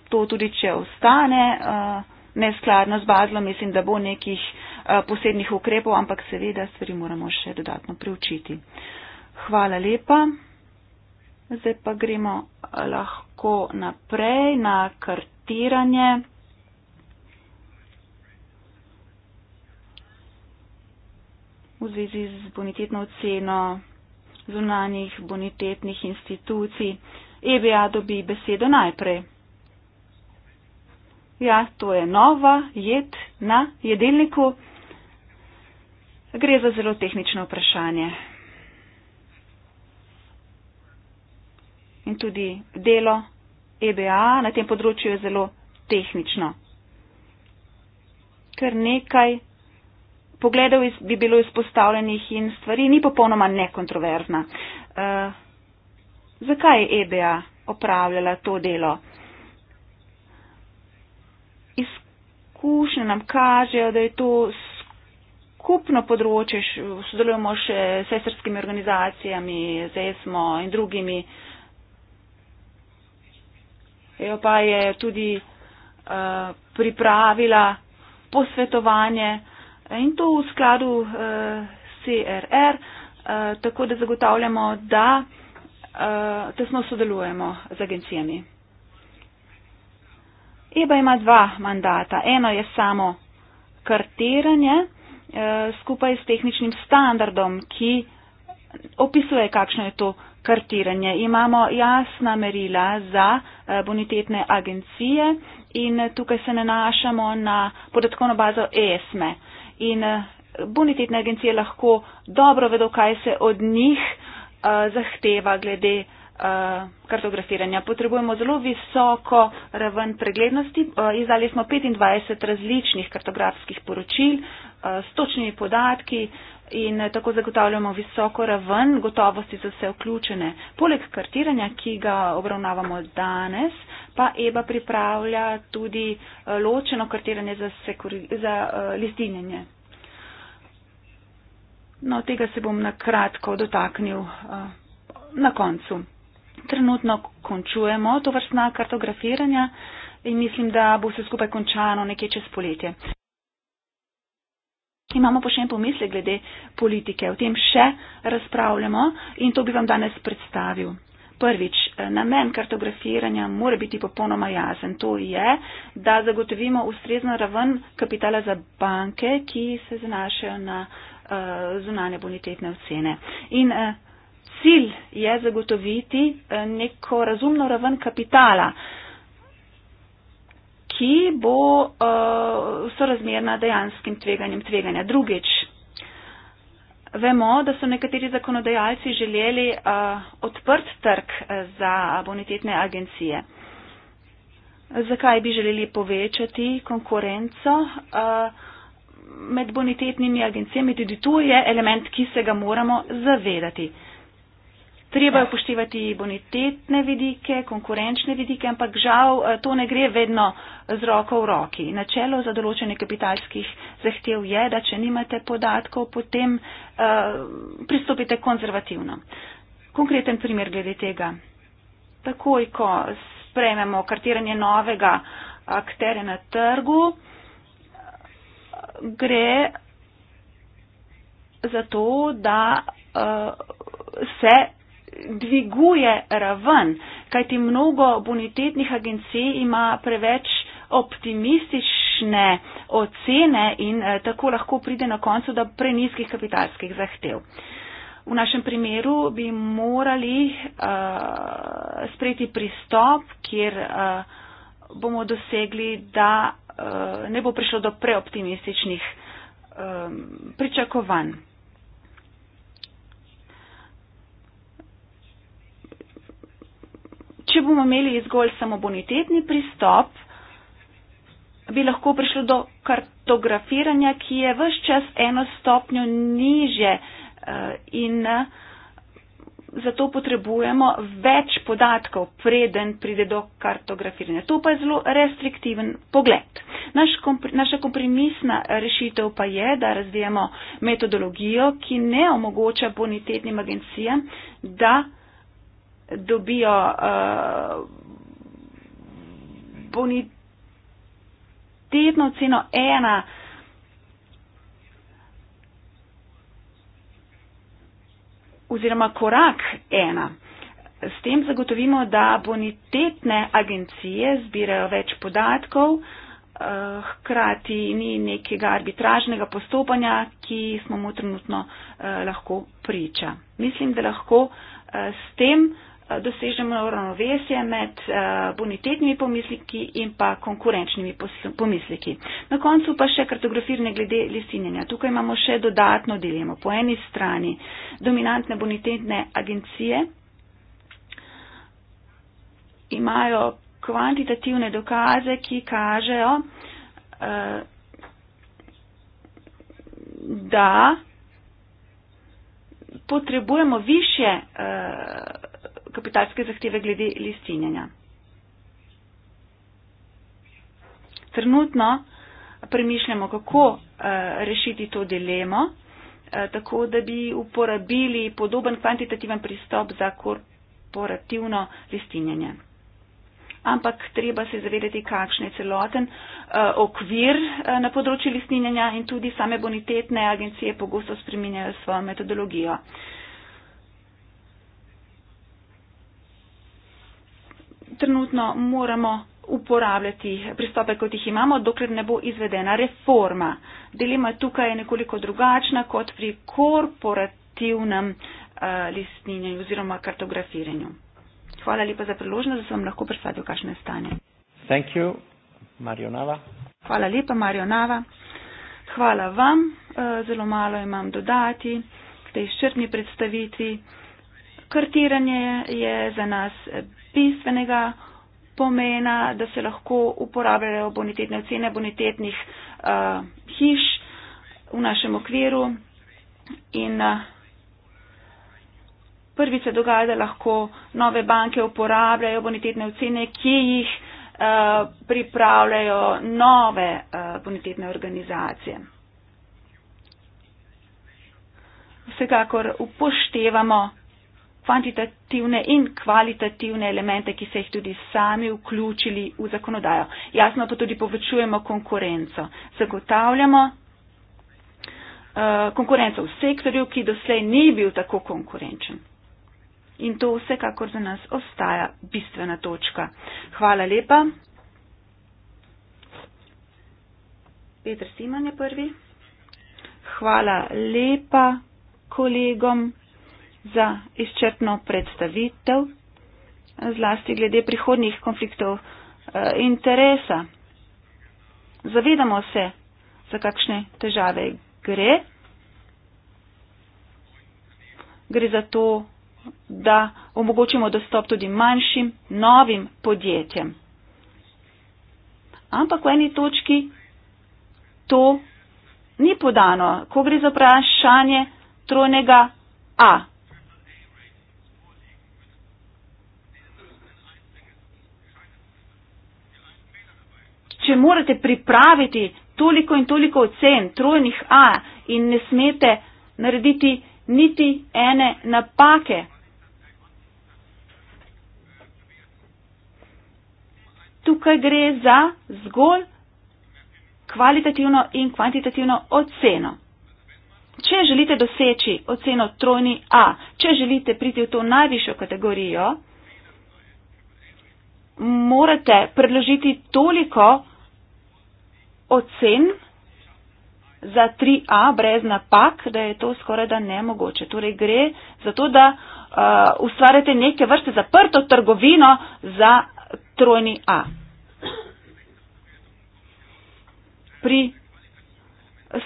to tudi, če ostane uh, neskladno z bazlom, mislim, da bo nekih uh, posebnih ukrepov, ampak seveda stvari moramo še dodatno preučiti. Hvala lepa. Zdaj pa gremo eh, lahko naprej na kartiranje. V zvezi z bonitetno oceno zunanjih bonitetnih institucij, EBA dobi besedo najprej. Ja, to je nova jed na jedilniku. Gre za zelo tehnično vprašanje. In tudi delo EBA na tem področju je zelo tehnično. Ker nekaj pogledov bi bilo izpostavljenih in stvari ni popolnoma nekontroverzna. Uh, zakaj je EBA opravljala to delo? izkušnje nam kažejo, da je to skupno področje, sodelujemo še s sestrskimi organizacijami, z ESMO in drugimi. Jo e pa je tudi uh, pripravila posvetovanje in to v skladu uh, eh, CRR, uh, eh, tako da zagotavljamo, da, uh, da smo sodelujemo z agencijami. Eba ima dva mandata. Eno je samo kartiranje eh, skupaj s tehničnim standardom, ki opisuje, kakšno je to kartiranje. Imamo jasna merila za eh, bonitetne agencije in eh, tukaj se nanašamo na podatkovno bazo ESME. In eh, bonitetne agencije lahko dobro vedo, kaj se od njih eh, zahteva glede. Eh, kartografiranja. Potrebujemo zelo visoko raven preglednosti. Eh, izdali smo 25 različnih kartografskih poročil eh, s točnimi podatki in tako zagotavljamo visoko raven gotovosti za vse vključene. Poleg kartiranja, ki ga obravnavamo danes, pa EBA pripravlja tudi ločeno kartiranje za, za listinjenje. No, tega se bom na kratko dotaknil na koncu trenutno končujemo to vrstna kartografiranja in mislim, da bo vse skupaj končano nekje čez poletje. Imamo pa še en pomislek glede politike. O tem še razpravljamo in to bi vam danes predstavil. Prvič, eh, namen kartografiranja mora biti popolnoma jasen. To je, da zagotovimo ustrezno raven kapitala za banke, ki se zanašajo na uh, zunanje bonitetne ocene. In uh, cilj je zagotoviti eh, neko razumno raven kapitala, ki bo uh, sorazmerna dejanskim tveganjem tveganja. Drugič, vemo, da so nekateri zakonodajalci želeli uh, odprt trg za bonitetne agencije. Zakaj bi želeli povečati konkurenco uh, med bonitetnimi agencijami? Tudi tu je element, ki se ga moramo zavedati. Uh, Treba je upoštevati bonitetne vidike, konkurenčne vidike, ampak žal eh, to ne gre vedno z roko v roki. Načelo za določene kapitalskih zahtev je, da če nimate podatkov, potem uh, pristopite konzervativno. Konkreten primer glede tega. Takoj, ko sprememo kartiranje novega akterja na trgu, gre za to, da uh, se dviguje raven, kajti mnogo bonitetnih agencij ima preveč optimistične ocene in eh, tako lahko pride na koncu do preniskih kapitalskih zahtev. V našem primeru bi morali uh, sprejeti pristop, kjer uh, bomo dosegli, da uh, ne bo prišlo do preoptimističnih um, pričakovanj. če bomo imeli zgolj samobonitetni pristop, bi lahko prišlo do kartografiranja, ki je vse čas eno stopnjo niže eh, in eh, zato potrebujemo več podatkov, preden pride do kartografiranja. To pa je zelo restriktiven pogled. Naš kompri, naša kompromisna rešitev pa je, da razvijemo metodologijo, ki ne omogoča bonitetnim agencijam, da dobijo uh, bonitetno ceno ena. oziroma korak ena. S tem zagotovimo, da bonitetne agencije zbirajo več podatkov, eh, hkrati ni nekega arbitražnega postopanja, ki smo mu trenutno eh, lahko priča. Mislim, da lahko s tem Eh, dosežemo ravnovesje med eh, bonitetnimi pomisliki in pa konkurenčnimi pomisliki. Na koncu pa še kartografirne glede lisinjenja. Tukaj imamo še dodatno dilemo. Po eni strani dominantne bonitetne agencije imajo kvantitativne dokaze, ki kažejo, eh, da potrebujemo više kapitalske zahteve glede listinjenja. Trenutno premišljamo, kako eh, rešiti to dilemo, eh, tako da bi uporabili podoben kvantitativen pristop za korporativno listinjenje. Ampak treba se zavedati, kakšen je celoten eh, okvir na področju listinjenja in tudi same bonitetne agencije pogosto spreminjajo svojo metodologijo. trenutno moramo uporabljati pristope, kot jih imamo, dokler ne bo izvedena reforma. Dilema tukaj je nekoliko drugačna kot pri korporativnem uh, eh, listinjenju oziroma kartografiranju. Hvala lepa za priložnost, da sem lahko predstavil, kakšne stanje. Thank you, Mario Nava. Hvala lepa, Mario Nava. Hvala vam. Eh, zelo malo imam dodati k tej izčrpni predstavitvi kartiranje je za nas bistvenega pomena, da se lahko uporabljajo bonitetne ocene bonitetnih uh, hiš v našem okviru in uh, eh, prvi se dogaja, da lahko nove banke uporabljajo bonitetne ocene, ki jih uh, pripravljajo nove uh, bonitetne organizacije. Vsekakor upoštevamo kvantitativne in kvalitativne elemente, ki se jih tudi sami vključili v zakonodajo. Jasno pa tudi povečujemo konkurenco. Zagotavljamo uh, konkurenco v sektorju, ki doslej ni bil tako konkurenčen. In to vsekakor za nas ostaja bistvena točka. Hvala lepa. Peter Simon je prvi. Hvala lepa kolegom za izčrpno predstavitev, zlasti glede prihodnih konfliktov eh, interesa. Zavedamo se, za kakšne težave gre. Gre za to, da omogočimo dostop tudi manjšim, novim podjetjem. Ampak v eni točki to ni podano, ko gre za vprašanje trojnega A. če morate pripraviti toliko in toliko ocen, trojnih A in ne smete narediti niti ene napake. Tukaj gre za zgolj kvalitativno in kvantitativno oceno. Če želite doseči oceno trojni A, če želite priti v to najvišjo kategorijo, morate predložiti toliko ocen za 3A brez napak, da je to skoraj da nemogoče. Torej gre za to, da uh, ustvarjate neke vrste zaprto trgovino za trojni A. Pri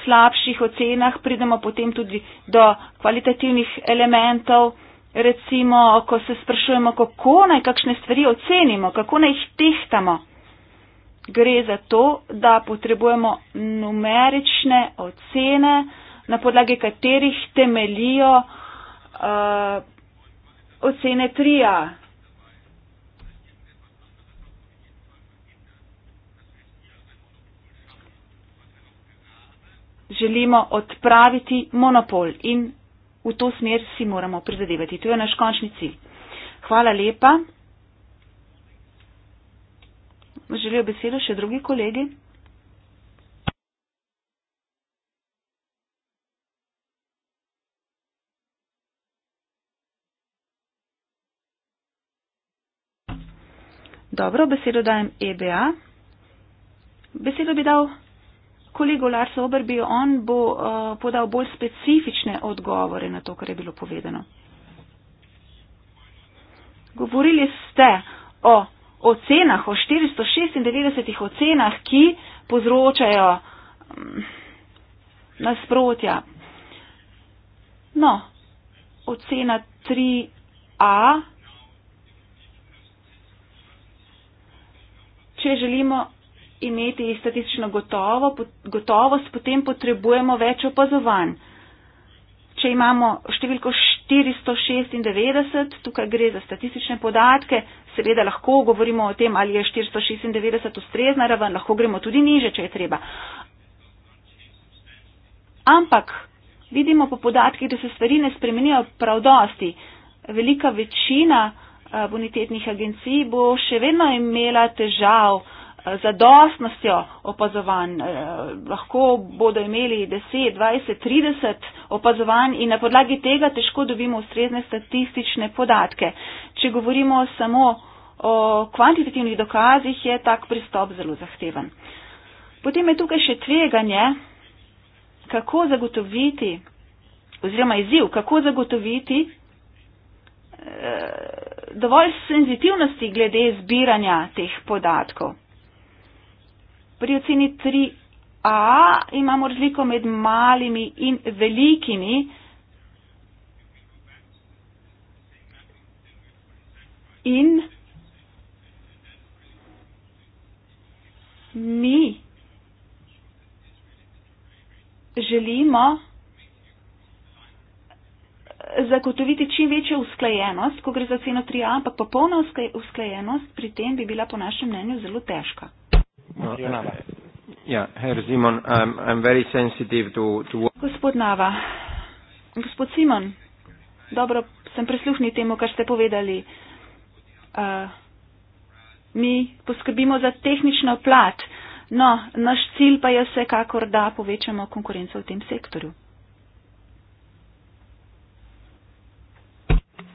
slabših ocenah pridemo potem tudi do kvalitativnih elementov, recimo, ko se sprašujemo, kako naj kakšne stvari ocenimo, kako naj jih tehtamo gre za to, da potrebujemo numerične ocene, na podlagi katerih temelijo uh, ocene trija. Želimo odpraviti monopol in v to smer si moramo prizadevati. To je naš končni cilj. Hvala lepa. Želijo besedo še drugi kolegi? Dobro, besedo dajem EBA. Besedo bi dal kolegu Larsu Oberbiju. On bo uh, podal bolj specifične odgovore na to, kar je bilo povedano. Govorili ste o ocenah, o 496 ocenah, ki povzročajo mm, nasprotja. No, ocena 3a. Če želimo imeti statistično gotovo, gotovost, potem potrebujemo več opazovanj. Če imamo številko 496, tukaj gre za statistične podatke, seveda lahko govorimo o tem, ali je 496 ustrezna raven, lahko gremo tudi niže, če je treba. Ampak vidimo po podatkih, da se stvari ne spremenijo prav dosti. Velika večina eh, bonitetnih agencij bo še vedno imela težav, zadostnostjo opazovanj. Eh, Lahko bodo imeli 10, 20, 30 opazovanj in na podlagi tega težko dobimo ustrezne statistične podatke. Če govorimo samo o kvantitativnih dokazih, je tak pristop zelo zahteven. Potem je tukaj še tveganje, kako zagotoviti, oziroma izziv, kako zagotoviti eh, dovolj senzitivnosti glede zbiranja teh podatkov. Pri oceni 3A imamo razliko med malimi in velikimi. In mi želimo zagotoviti čim večjo usklajenost, ko gre za ceno 3A, ampak popolna usklajenost pri tem bi bila po našem mnenju zelo težka. No, gospod Nava, gospod Simon, dobro sem prisluhnil temu, kar ste povedali. Uh, mi poskrbimo za tehnično plat, no, naš cilj pa je vsekakor, da povečamo konkurenco v tem sektorju.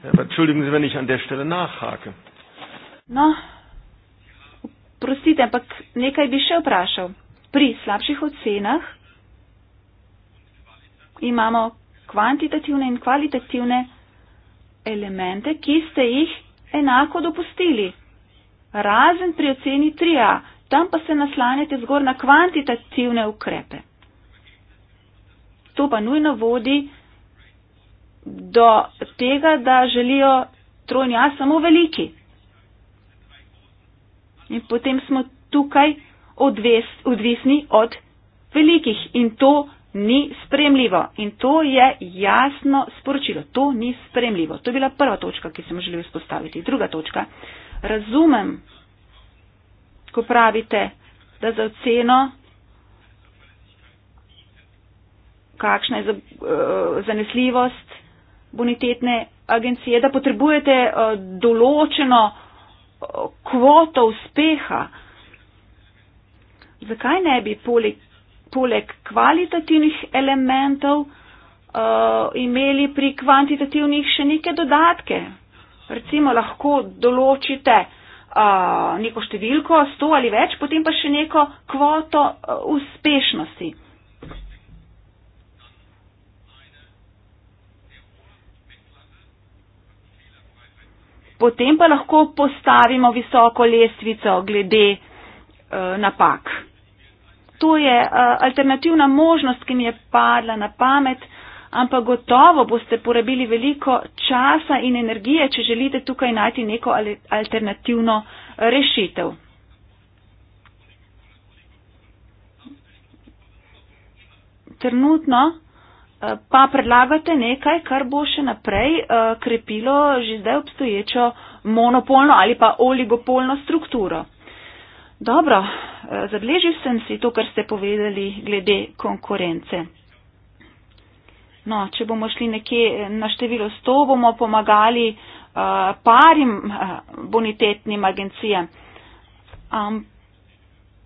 Ja, no, prostite, ampak nekaj bi še vprašal. Pri slabših ocenah imamo kvantitativne in kvalitativne elemente, ki ste jih enako dopustili. Razen pri oceni 3A, tam pa se naslanjate zgor na kvantitativne ukrepe. To pa nujno vodi do tega, da želijo trojnja samo veliki. In potem smo tukaj odves, odvisni od velikih in to ni spremljivo. In to je jasno sporočilo. To ni spremljivo. To je bila prva točka, ki sem želel izpostaviti. Druga točka. Razumem, ko pravite, da za oceno, kakšna je eh, zanesljivost bonitetne agencije, da potrebujete eh, določeno kvoto uspeha. Zakaj ne bi poleg, poleg kvalitativnih elementov uh, imeli pri kvantitativnih še neke dodatke? Recimo lahko določite uh, neko številko, sto ali več, potem pa še neko kvoto uh, uspešnosti. potem pa lahko postavimo visoko lestvico glede eh, napak. To je eh, alternativna možnost, ki mi je padla na pamet, ampak gotovo boste porabili veliko časa in energije, če želite tukaj najti neko alternativno eh, rešitev. Trenutno Eh, pa predlagate nekaj, kar bo še naprej uh, krepilo že zdaj obstoječo monopolno ali pa oligopolno strukturo. Dobro, uh, zabeležil sem si to, kar ste povedali glede konkurence. No, če bomo šli nekje na število 100, bomo pomagali uh, parim uh, bonitetnim agencijam. Ampak. Um,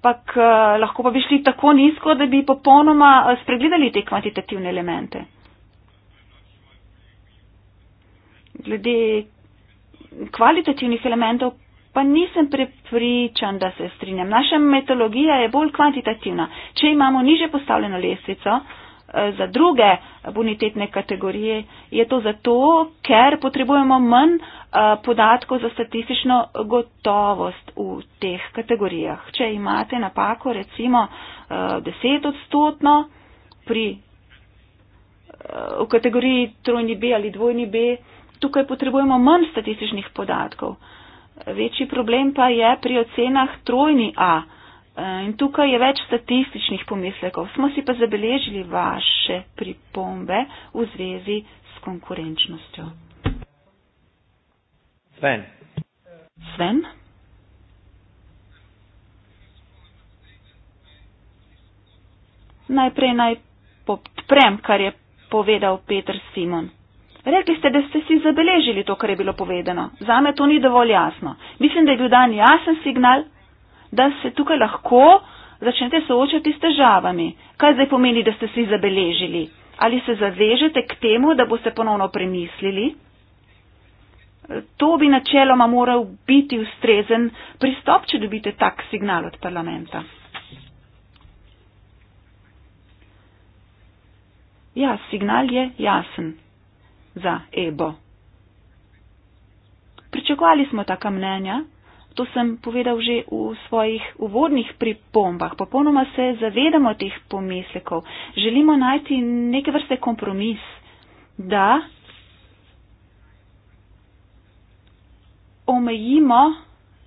ampak uh, lahko pa bi šli tako nizko, da bi popolnoma eh, spregledali te kvantitativne elemente. Glede kvalitativnih elementov pa nisem prepričan, da se strinjam. Naša metodologija je bolj kvantitativna. Če imamo niže postavljeno lestvico, za druge bonitetne kategorije, je to zato, ker potrebujemo manj eh, podatkov za statistično gotovost v teh kategorijah. Če imate napako recimo 10 eh, odstotno pri, eh, v kategoriji trojni B ali dvojni B, tukaj potrebujemo manj statističnih podatkov. Večji problem pa je pri ocenah trojni A. Eh, in tukaj je več statističnih pomislekov. Smo si pa zabeležili vaše pripombe v zvezi s konkurenčnostjo. Sven. Sven? Najprej naj podprem, kar je povedal Peter Simon. Rekli ste, da ste si zabeležili to, kar je bilo povedano. Zame to ni dovolj jasno. Mislim, da je bil dan jasen signal, da se tukaj lahko začnete soočati s težavami. Kaj zdaj pomeni, da ste si zabeležili? Ali se zavežete k temu, da boste ponovno premislili? To bi načeloma moral biti ustrezen pristop, če dobite tak signal od parlamenta. Ja, signal je jasen za EBO. Pričakovali smo taka mnenja. To sem povedal že v svojih uvodnih pripombah. Popolnoma se zavedamo teh pomislekov. Želimo najti neke vrste kompromis, da omejimo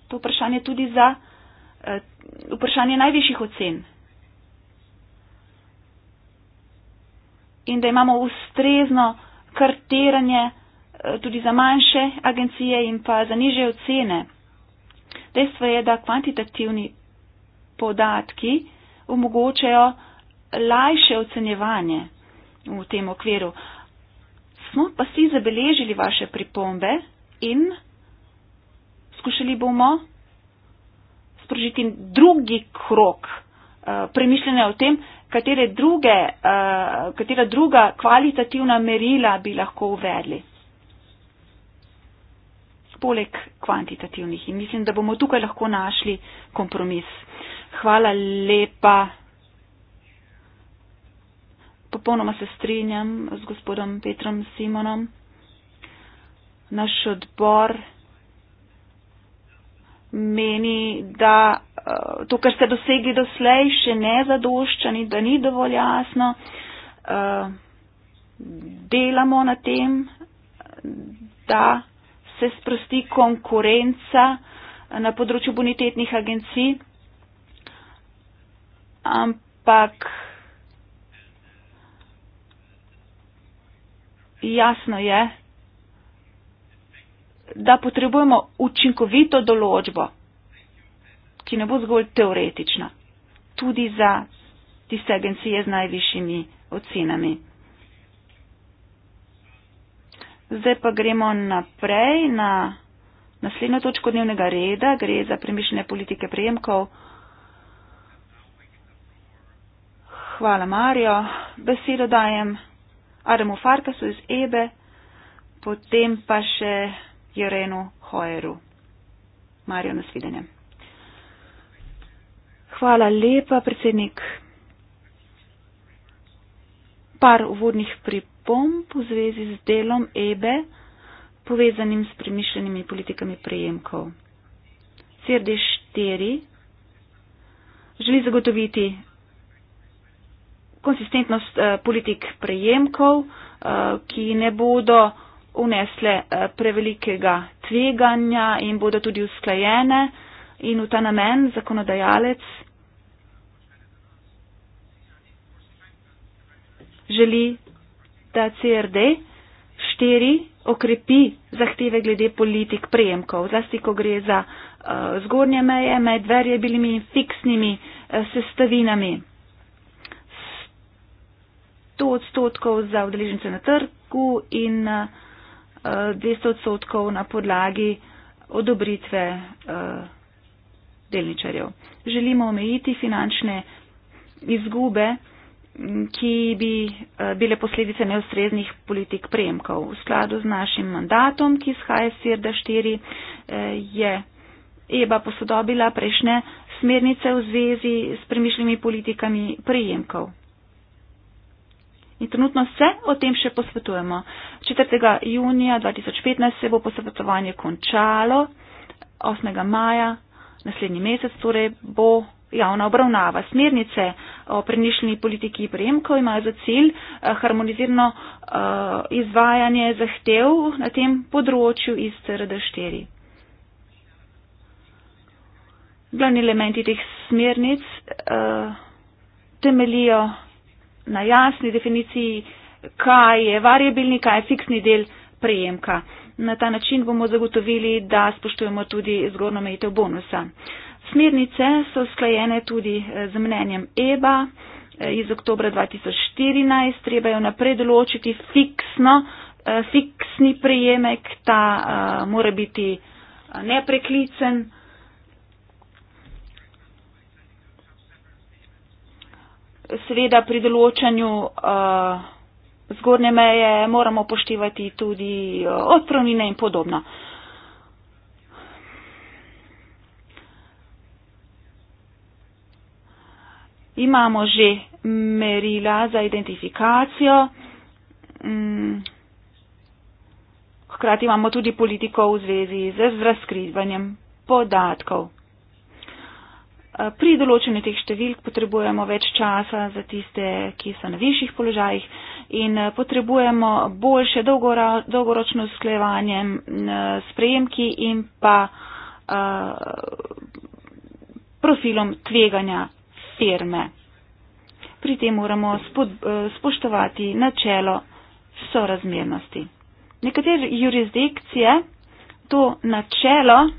to vprašanje tudi za eh, vprašanje najvišjih ocen. In da imamo ustrezno karteranje eh, tudi za manjše agencije in pa za niže ocene. Dejstvo je, da kvantitativni podatki omogočajo lajše ocenjevanje v tem okviru. Smo pa si zabeležili vaše pripombe in skušali bomo sprožiti drugi krok uh, eh, premišljanja o tem, druge, uh, katera druga kvalitativna merila bi lahko uvedli poleg kvantitativnih. In mislim, da bomo tukaj lahko našli kompromis. Hvala lepa. Popolnoma se strinjam z gospodom Petrom Simonom. Naš odbor meni, da eh, to, kar ste dosegli doslej, še ne zadoščani, da ni dovolj jasno. Eh, delamo na tem, da se sprosti konkurenca na področju bonitetnih agencij, ampak jasno je, da potrebujemo učinkovito določbo, ki ne bo zgolj teoretična, tudi za tiste agencije z najvišjimi ocenami. Zdaj pa gremo naprej na naslednjo točko dnevnega reda. Gre za premišljene politike prejemkov. Hvala, Marijo. Besedo dajem Adamu Farkasu iz Ebe, potem pa še Jerenu Hoeru. Marijo, nasvidenje. Hvala lepa, predsednik par uvodnih pripomb v zvezi z delom EBE, e, povezanim s premišljenimi politikami prejemkov. CRD 4 želi zagotoviti konsistentnost eh, politik prejemkov, eh, ki ne bodo unesle eh, prevelikega tveganja in bodo tudi usklajene in v ta namen zakonodajalec želi, da CRD štiri okrepi zahteve glede politik prejemkov, zlasti ko gre za uh, zgornje meje med variabilnimi in fiksnimi uh, sestavinami. 100 odstotkov za odeležence na trgu in uh, eh, 200 odstotkov na podlagi odobritve uh, delničarjev. Želimo omejiti finančne izgube ki bi eh, bile posledice neustreznih politik prejemkov. V skladu z našim mandatom, ki izhaja iz SIRDA 4, eh, je EBA posodobila prejšnje smernice v zvezi s premišljenimi politikami prejemkov. In trenutno se o tem še posvetujemo. 4. junija 2015 se bo posvetovanje končalo, 8. maja naslednji mesec torej bo javna obravnava. Smernice o premišljeni politiki prejemkov imajo za cilj eh, harmonizirano eh, izvajanje zahtev na tem področju iz CRD4. Glavni elementi teh smernic eh, temelijo na jasni definiciji, kaj je variabilni, kaj je fiksni del prejemka. Na ta način bomo zagotovili, da spoštujemo tudi zgornjo mejitev bonusa. Uh, Smernice so sklajene tudi eh, z mnenjem EBA eh, iz oktobra 2014. Treba je naprej določiti fiksno, eh, fiksni prejemek, ta mora biti nepreklicen. Seveda pri določanju uh, zgornje meje moramo poštivati tudi uh, odpravnine in podobno. Uh, imamo že merila za identifikacijo, mm, hkrati imamo tudi politiko v zvezi z razkrivanjem podatkov. Eh, pri določenju teh številk potrebujemo več časa za tiste, ki so na višjih položajih in eh, potrebujemo boljše dolgoročno sklevanje s prejemki in pa uh, profilom tveganja terme. Pri tem moramo eh, spoštovati načelo sorazmernosti. Nekatere jurisdikcije to načelo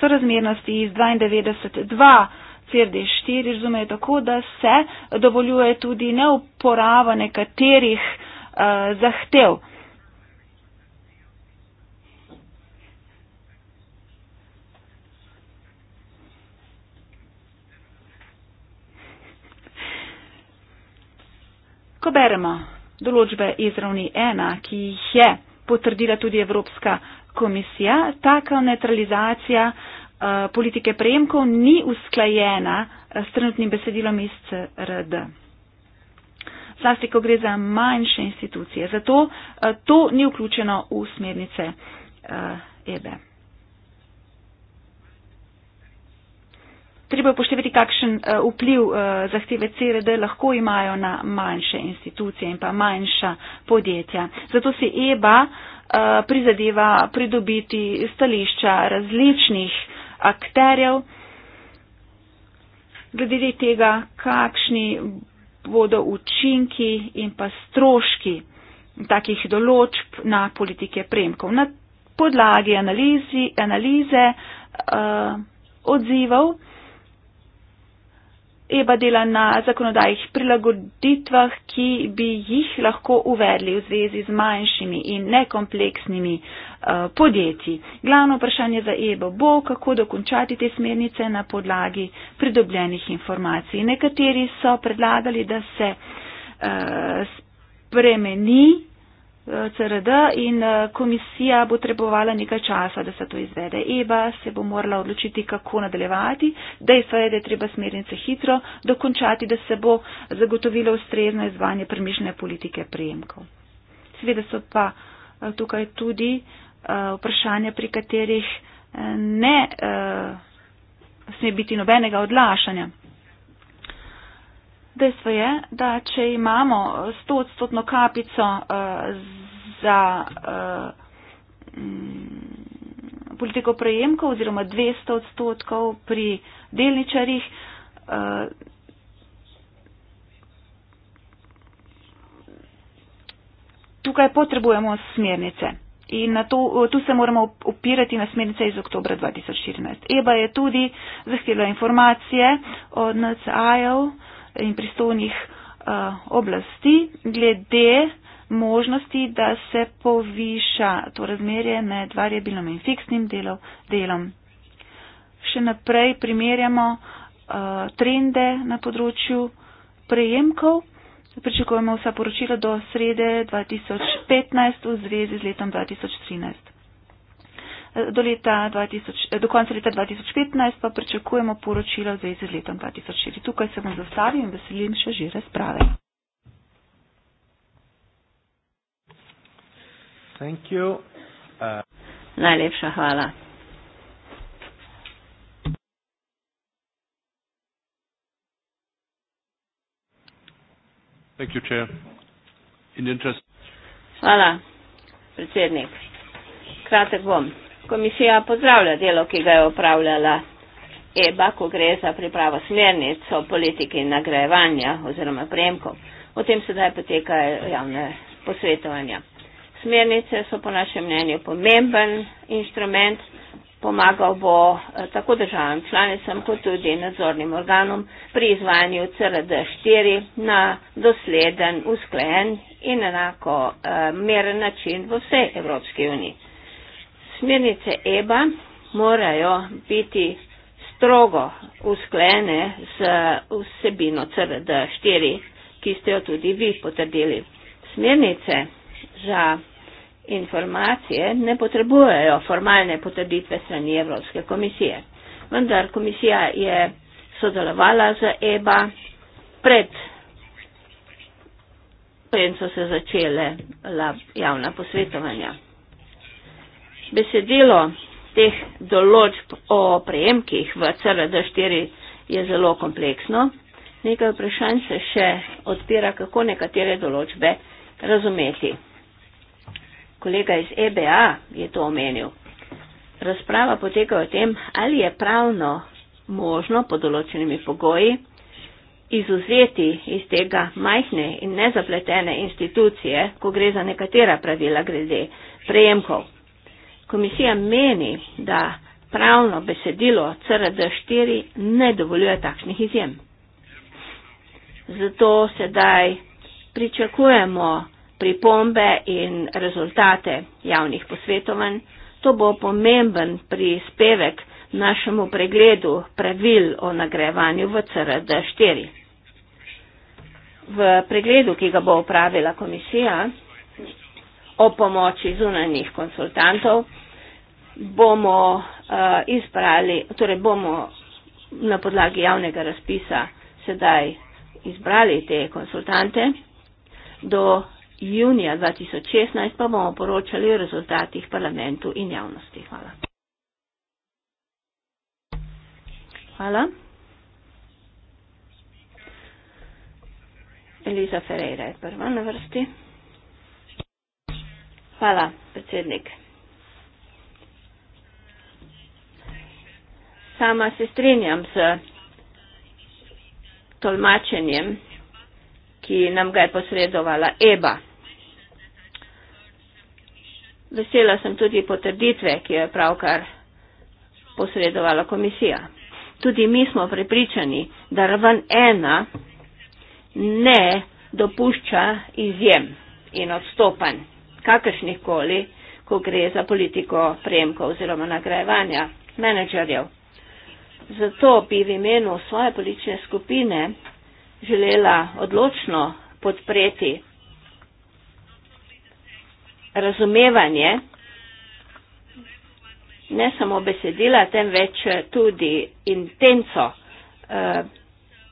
sorazmernosti iz 92.2 CRD4 razumejo tako, da se dovoljuje tudi neuporaba nekaterih uh, zahtev. Uh, ko beremo določbe iz ravni ena, ki jih je potrdila tudi Evropska komisija, taka neutralizacija uh, politike prejemkov ni usklajena eh, s trenutnim besedilom iz CRD. Zlasti, ko gre za manjše institucije. Zato uh, to ni vključeno v smernice uh, EBE. treba upoštevati, kakšen uh, vpliv uh, zahteve CRD lahko imajo na manjše institucije in pa manjša podjetja. Zato si EBA uh, eh, prizadeva pridobiti stališča različnih akterjev glede tega, kakšni bodo učinki in pa stroški takih določb na politike premkov. Na podlagi analizi, analize uh, odzivov, EBA dela na zakonodajih prilagoditvah, ki bi jih lahko uvedli v zvezi z manjšimi in nekompleksnimi uh, podjetji. Glavno vprašanje za EBA bo, kako dokončati te smernice na podlagi pridobljenih informacij. Nekateri so predlagali, da se uh, spremeni CRD in eh, komisija bo trebovala nekaj časa, da se to izvede. EBA se bo morala odločiti, kako nadaljevati. Dejstvo je, da je treba smernice hitro dokončati, da se bo zagotovilo ustrezno izvanje premišljene politike prejemkov. Sveda so pa eh, tukaj tudi eh, vprašanja, pri katerih ne sme biti nobenega odlašanja. Dejstvo je, da če imamo 100-odstotno kapico uh, za uh, politiko prejemkov oziroma 200 odstotkov pri delničarjih, uh, Tukaj potrebujemo smernice in na to, tu se moramo opirati na smernice iz oktobra 2014. EBA je tudi zahtevala informacije od NCA-jev in pristovnih eh, oblasti glede možnosti, da se poviša to razmerje med variabilnim in fiksnim delov, delom. Še naprej primerjamo uh, trende na področju prejemkov. Pričakujemo vsa poročila do srede 2015 v zvezi z letom 2013 do, leta 2000, eh, do konca leta 2015 pa pričakujemo poročila v zvezi z letom 2004. Tukaj se bom zastavil in veselim še že razprave. Thank you. Uh... Najlepša hvala. Thank you, Chair. In interest. Hvala, predsednik. Kratek bom komisija pozdravlja delo, ki ga je upravljala EBA, ko gre za pripravo smernic o politiki nagrajevanja oziroma prejemkov. O tem sedaj potekajo javne posvetovanja. Smernice so po našem mnenju pomemben inštrument, pomagal bo eh, tako državam članicam kot tudi nadzornim organom pri izvajanju CRD4 na dosleden, usklajen in enako eh, meren način v vsej Evropski uniji smernice EBA morajo biti strogo usklene z vsebino CRD4, ki ste jo tudi vi potrdili. Smernice za informacije ne potrebujejo formalne potrditve strani Evropske komisije. Vendar komisija je sodelovala z EBA pred, pred so se začele javna posvetovanja besedilo teh določb o prejemkih v CRD4 je zelo kompleksno. Nekaj vprašanj se še odpira, kako nekatere določbe razumeti. Kolega iz EBA je to omenil. Razprava poteka o tem, ali je pravno možno pod določenimi pogoji izuzeti iz tega majhne in nezapletene institucije, ko gre za nekatera pravila glede prejemkov. Komisija meni, da pravno besedilo CRD4 ne dovoljuje takšnih izjem. Zato sedaj pričakujemo pripombe in rezultate javnih posvetovanj. To bo pomemben prispevek našemu pregledu pravil o nagrajevanju v CRD4. V pregledu, ki ga bo upravila komisija, ob pomoči zunanjih konsultantov bomo uh, izbrali, torej bomo na podlagi javnega razpisa sedaj izbrali te konsultante. Do junija 2016 pa bomo poročali o rezultatih parlamentu in javnosti. Hvala. Hvala. Eliza Ferreira je prva na vrsti. Hvala, predsednik. Sama se strinjam s tolmačenjem, ki nam ga je posredovala Eba. Vesela sem tudi potrditve, ki jo je pravkar posredovala komisija. Tudi mi smo prepričani, da raven ena ne dopušča izjem in odstopanj kakršnih koli, ko gre za politiko prejemka oziroma nagrajevanja menedžerjev. Zato bi v imenu svoje politične skupine želela odločno podpreti razumevanje ne samo besedila, temveč tudi intenco eh,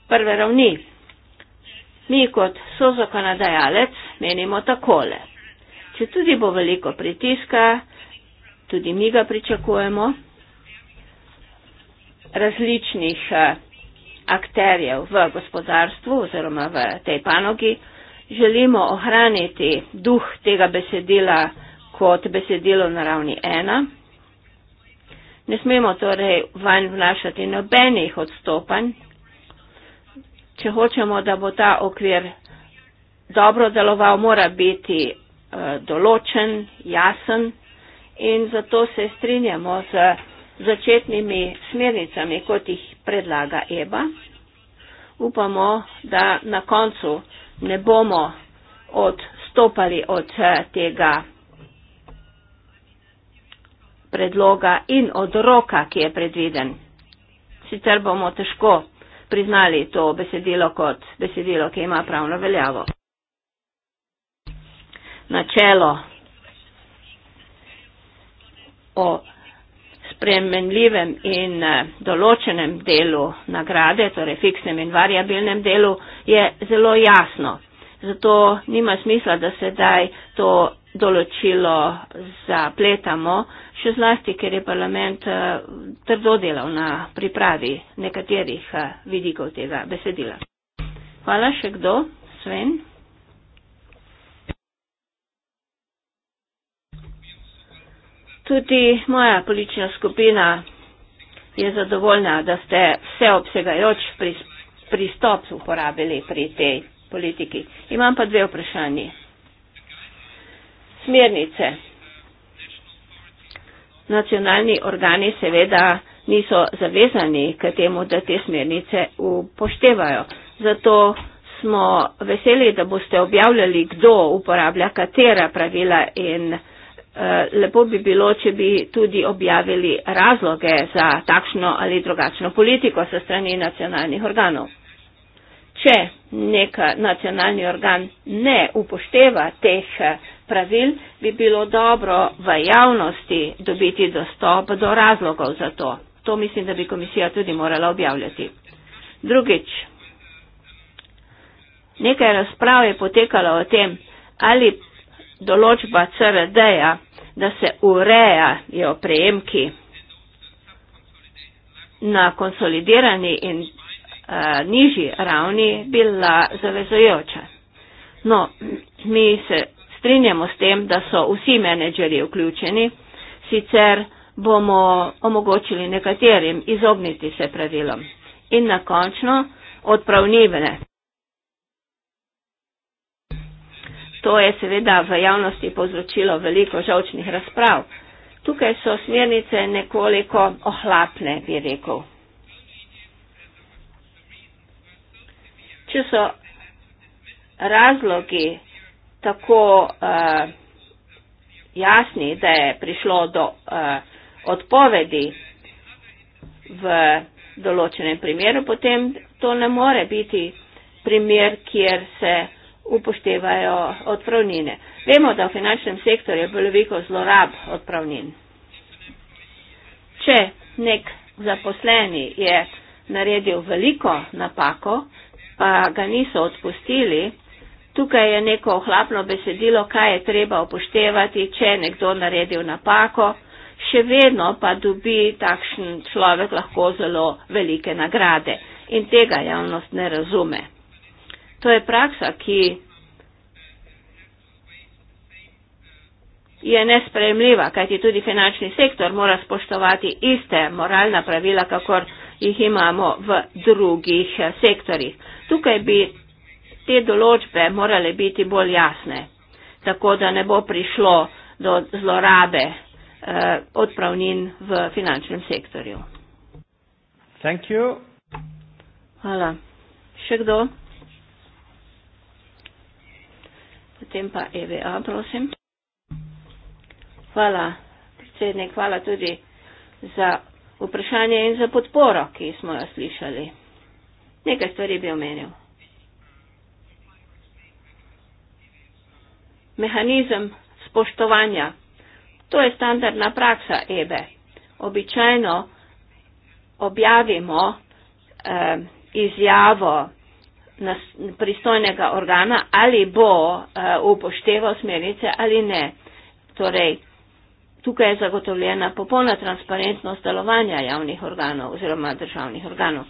prve ravni. Mi kot sozakonodajalec menimo takole če tudi bo veliko pritiska, tudi mi ga pričakujemo, različnih eh, akterjev v gospodarstvu oziroma v tej panogi, želimo ohraniti duh tega besedila kot besedilo na ravni ena. Ne smemo torej vanj vnašati nobenih odstopanj, če hočemo, da bo ta okvir dobro deloval, mora biti Eh, določen, jasen in zato se strinjamo z začetnimi smernicami, kot jih predlaga EBA. Upamo, da na koncu ne bomo odstopali od eh, tega predloga in od roka, ki je predviden. Sicer bomo težko priznali to besedilo kot besedilo, ki ima pravno veljavo načelo o spremenljivem in eh, določenem delu nagrade, torej fiksnem in variabilnem delu, je zelo jasno. Zato nima smisla, da sedaj to določilo zapletamo, še zlasti, ker je parlament eh, trdo delal na pripravi nekaterih eh, vidikov tega besedila. Hvala še kdo? Sven? Tudi moja politična skupina je zadovoljna, da ste vseobsegajoč pristop uporabili pri tej politiki. Imam pa dve vprašanje. Smernice. Nacionalni organi seveda niso zavezani k temu, da te smernice upoštevajo. Zato smo veseli, da boste objavljali, kdo uporablja katera pravila in. Eh, lepo bi bilo, če bi tudi objavili razloge za takšno ali drugačno politiko se strani nacionalnih organov. Če neka nacionalni organ ne upošteva teh eh, pravil, bi bilo dobro v javnosti dobiti dostop do razlogov za to. To mislim, da bi komisija tudi morala objavljati. Drugič, nekaj razprav je potekalo o tem, ali določba CRD-ja, da se urejajo prejemki na konsolidirani in a, eh, nižji ravni, bila zavezojoča. No, mi se strinjamo s tem, da so vsi menedžeri vključeni, sicer bomo omogočili nekaterim izogniti se pravilom. In na končno odpravnivne to je seveda v javnosti povzročilo veliko žalčnih razprav. Tukaj so smernice nekoliko ohlapne, bi rekel. Če so razlogi tako uh, jasni, da je prišlo do uh, odpovedi v določenem primeru, potem to ne more biti primer, kjer se upoštevajo odpravnine. Vemo, da v finančnem sektorju je bilo veliko zlorab odpravnin. Če nek zaposleni je naredil veliko napako, pa ga niso odpustili, tukaj je neko ohlapno besedilo, kaj je treba upoštevati, če je nekdo naredil napako, še vedno pa dobi takšen človek lahko zelo velike nagrade. In tega javnost ne razume. To je praksa, ki je nespremljiva, kajti tudi finančni sektor mora spoštovati iste moralna pravila, kakor jih imamo v drugih eh, sektorjih. Tukaj bi te določbe morale biti bolj jasne, tako da ne bo prišlo do zlorabe eh, odpravnin v finančnem sektorju. Hvala. Še kdo? potem pa EVA, prosim. Hvala, predsednik, hvala tudi za vprašanje in za podporo, ki smo jo slišali. Nekaj stvari bi omenil. Mehanizem spoštovanja. To je standardna praksa EBE. E. Običajno objavimo eh, izjavo, pristojnega organa, ali bo eh, upošteval smernice ali ne. Torej, tukaj je zagotovljena popolna transparentnost delovanja javnih organov oziroma državnih organov.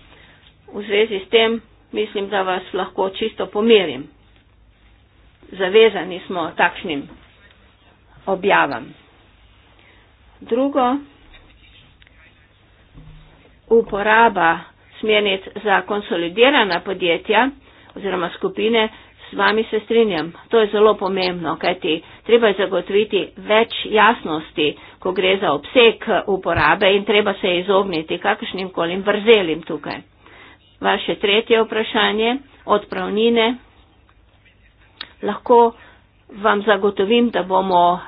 V zvezi s tem mislim, da vas lahko čisto pomirim. Zavezani smo takšnim objavam. Drugo, uporaba smernic za konsolidirana podjetja oziroma skupine, s vami se strinjam. To je zelo pomembno, kajti treba je zagotoviti več jasnosti, ko gre za obseg uporabe in treba se izogniti kakršnim kolim vrzelim tukaj. Vaše tretje vprašanje od pravnine. Lahko vam zagotovim, da bomo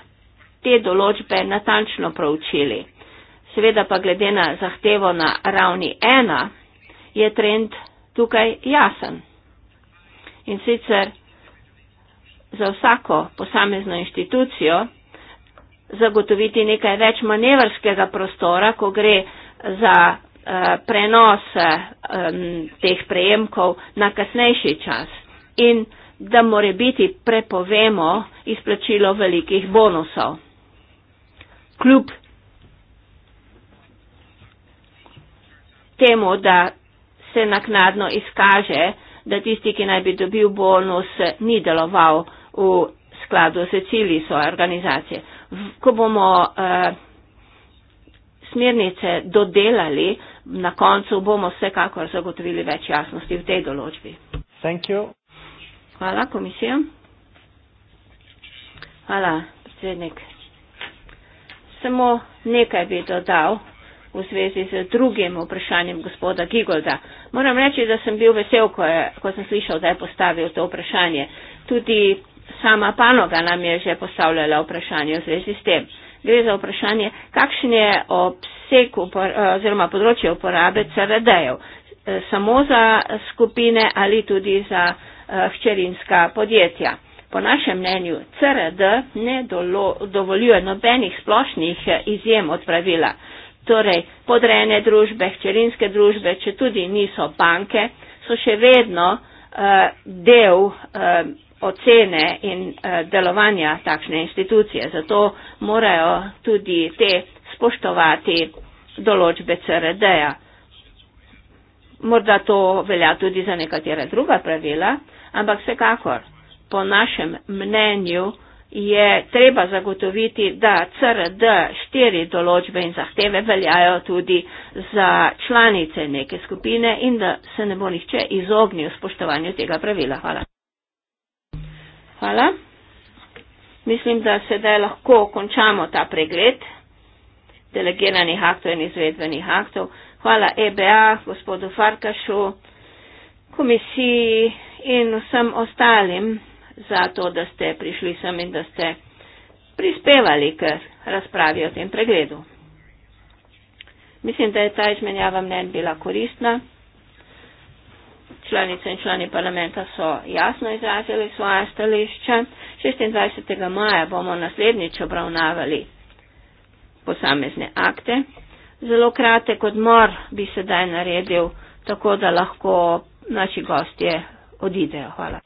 te določbe natančno proučili. Seveda pa glede na zahtevo na ravni ena, je trend tukaj jasen. In sicer za vsako posamezno inštitucijo zagotoviti nekaj več manevrskega prostora, ko gre za uh, eh, prenos um, teh prejemkov na kasnejši čas in da more biti prepovemo izplačilo velikih bonusov. Kljub temu, da se naknadno izkaže, da tisti, ki naj bi dobil bonus, ni deloval v skladu z cilji svoje organizacije. Ko bomo eh, smernice dodelali, na koncu bomo vsekakor zagotovili več jasnosti v tej določbi. Hvala, komisija. Hvala, predsednik. Samo nekaj bi dodal v zvezi z drugim vprašanjem gospoda Gigolda. Moram reči, da sem bil vesel, ko, je, ko sem slišal, da je postavil to vprašanje. Tudi sama panoga nam je že postavljala vprašanje v zvezi s tem. Gre za vprašanje, kakšen je obseg oziroma področje uporabe CRD-jev. E, samo za skupine ali tudi za e, hčerinska podjetja. Po našem mnenju CRD ne dolo, dovoljuje nobenih splošnih e, izjem od pravila torej podrejene družbe, hčerinske družbe, če tudi niso banke, so še vedno uh, del uh, ocene in uh, delovanja takšne institucije. Zato morajo tudi te spoštovati določbe CRD-ja. Morda to velja tudi za nekatera druga pravila, ampak vsekakor po našem mnenju, je treba zagotoviti, da CRD štiri določbe in zahteve veljajo tudi za članice neke skupine in da se ne bo nihče izognil spoštovanju tega pravila. Hvala. Hvala. Mislim, da sedaj lahko končamo ta pregled delegiranih aktov in izvedbenih aktov. Hvala EBA, gospodu Farkašu, komisiji in vsem ostalim za to, da ste prišli sem in da ste prispevali k razpravi o tem pregledu. Mislim, da je ta izmenjava mnen bila koristna. Članice in člani parlamenta so jasno izrazili svoje stališče. 26. maja bomo naslednjič obravnavali posamezne akte. Zelo kratek odmor bi se daj naredil, tako da lahko naši gostje odidejo. Hvala.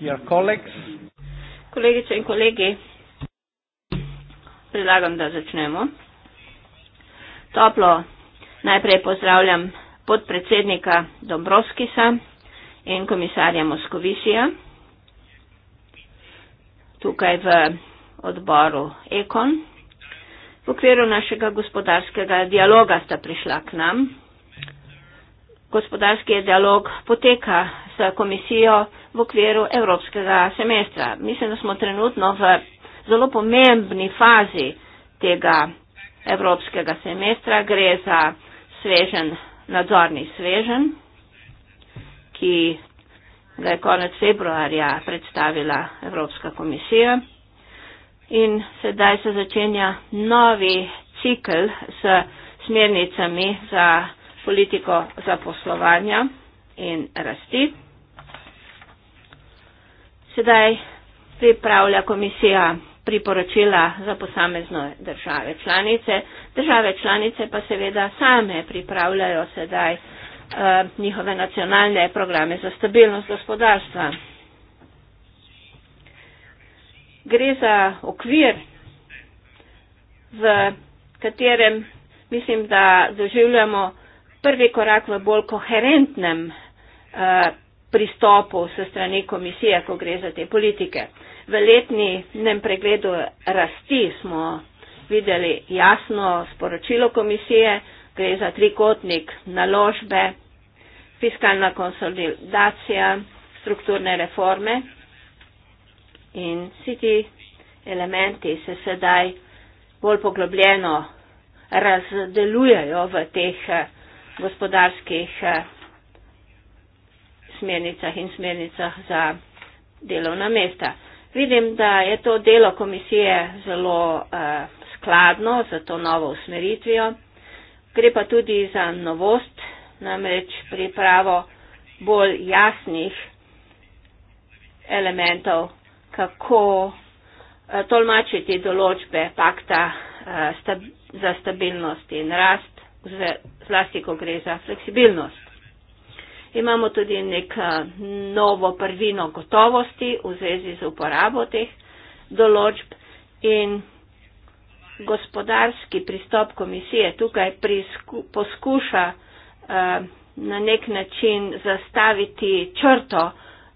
dear colleagues. Kolegice in kolegi, predlagam, da začnemo. Toplo najprej pozdravljam podpredsednika Dombrovskisa in komisarja Moskovisija tukaj v odboru Ekon. V okviru našega gospodarskega dialoga sta prišla k nam. Gospodarski dialog poteka s komisijo v okviru evropskega semestra. Mislim, da smo trenutno v zelo pomembni fazi tega evropskega semestra. Gre za svežen, nadzorni svežen, ki ga je konec februarja predstavila Evropska komisija. In sedaj se začenja novi cikl s smernicami za politiko zaposlovanja in rasti. Sedaj pripravlja komisija priporočila za posamezno države članice. Države članice pa seveda same pripravljajo sedaj eh, njihove nacionalne programe za stabilnost gospodarstva. Gre za okvir, v katerem mislim, da doživljamo prvi korak v bolj koherentnem eh, pristopov se strani komisije, ko gre za te politike. V letnem pregledu rasti smo videli jasno sporočilo komisije, gre za trikotnik naložbe, fiskalna konsolidacija, strukturne reforme in vsi ti elementi se sedaj bolj poglobljeno razdelujejo v teh eh, gospodarskih eh, smernicah in smernicah za delovna mesta. Vidim, da je to delo komisije zelo uh, skladno za to novo usmeritvijo. Gre pa tudi za novost, namreč pripravo bolj jasnih elementov, kako uh, tolmačiti določbe pakta uh, eh, stab za stabilnost in rast, zlasti ko gre za fleksibilnost. Imamo tudi nek eh, novo prvino gotovosti v zvezi z uporabo teh določb in gospodarski pristop komisije tukaj poskuša eh, na nek način zastaviti črto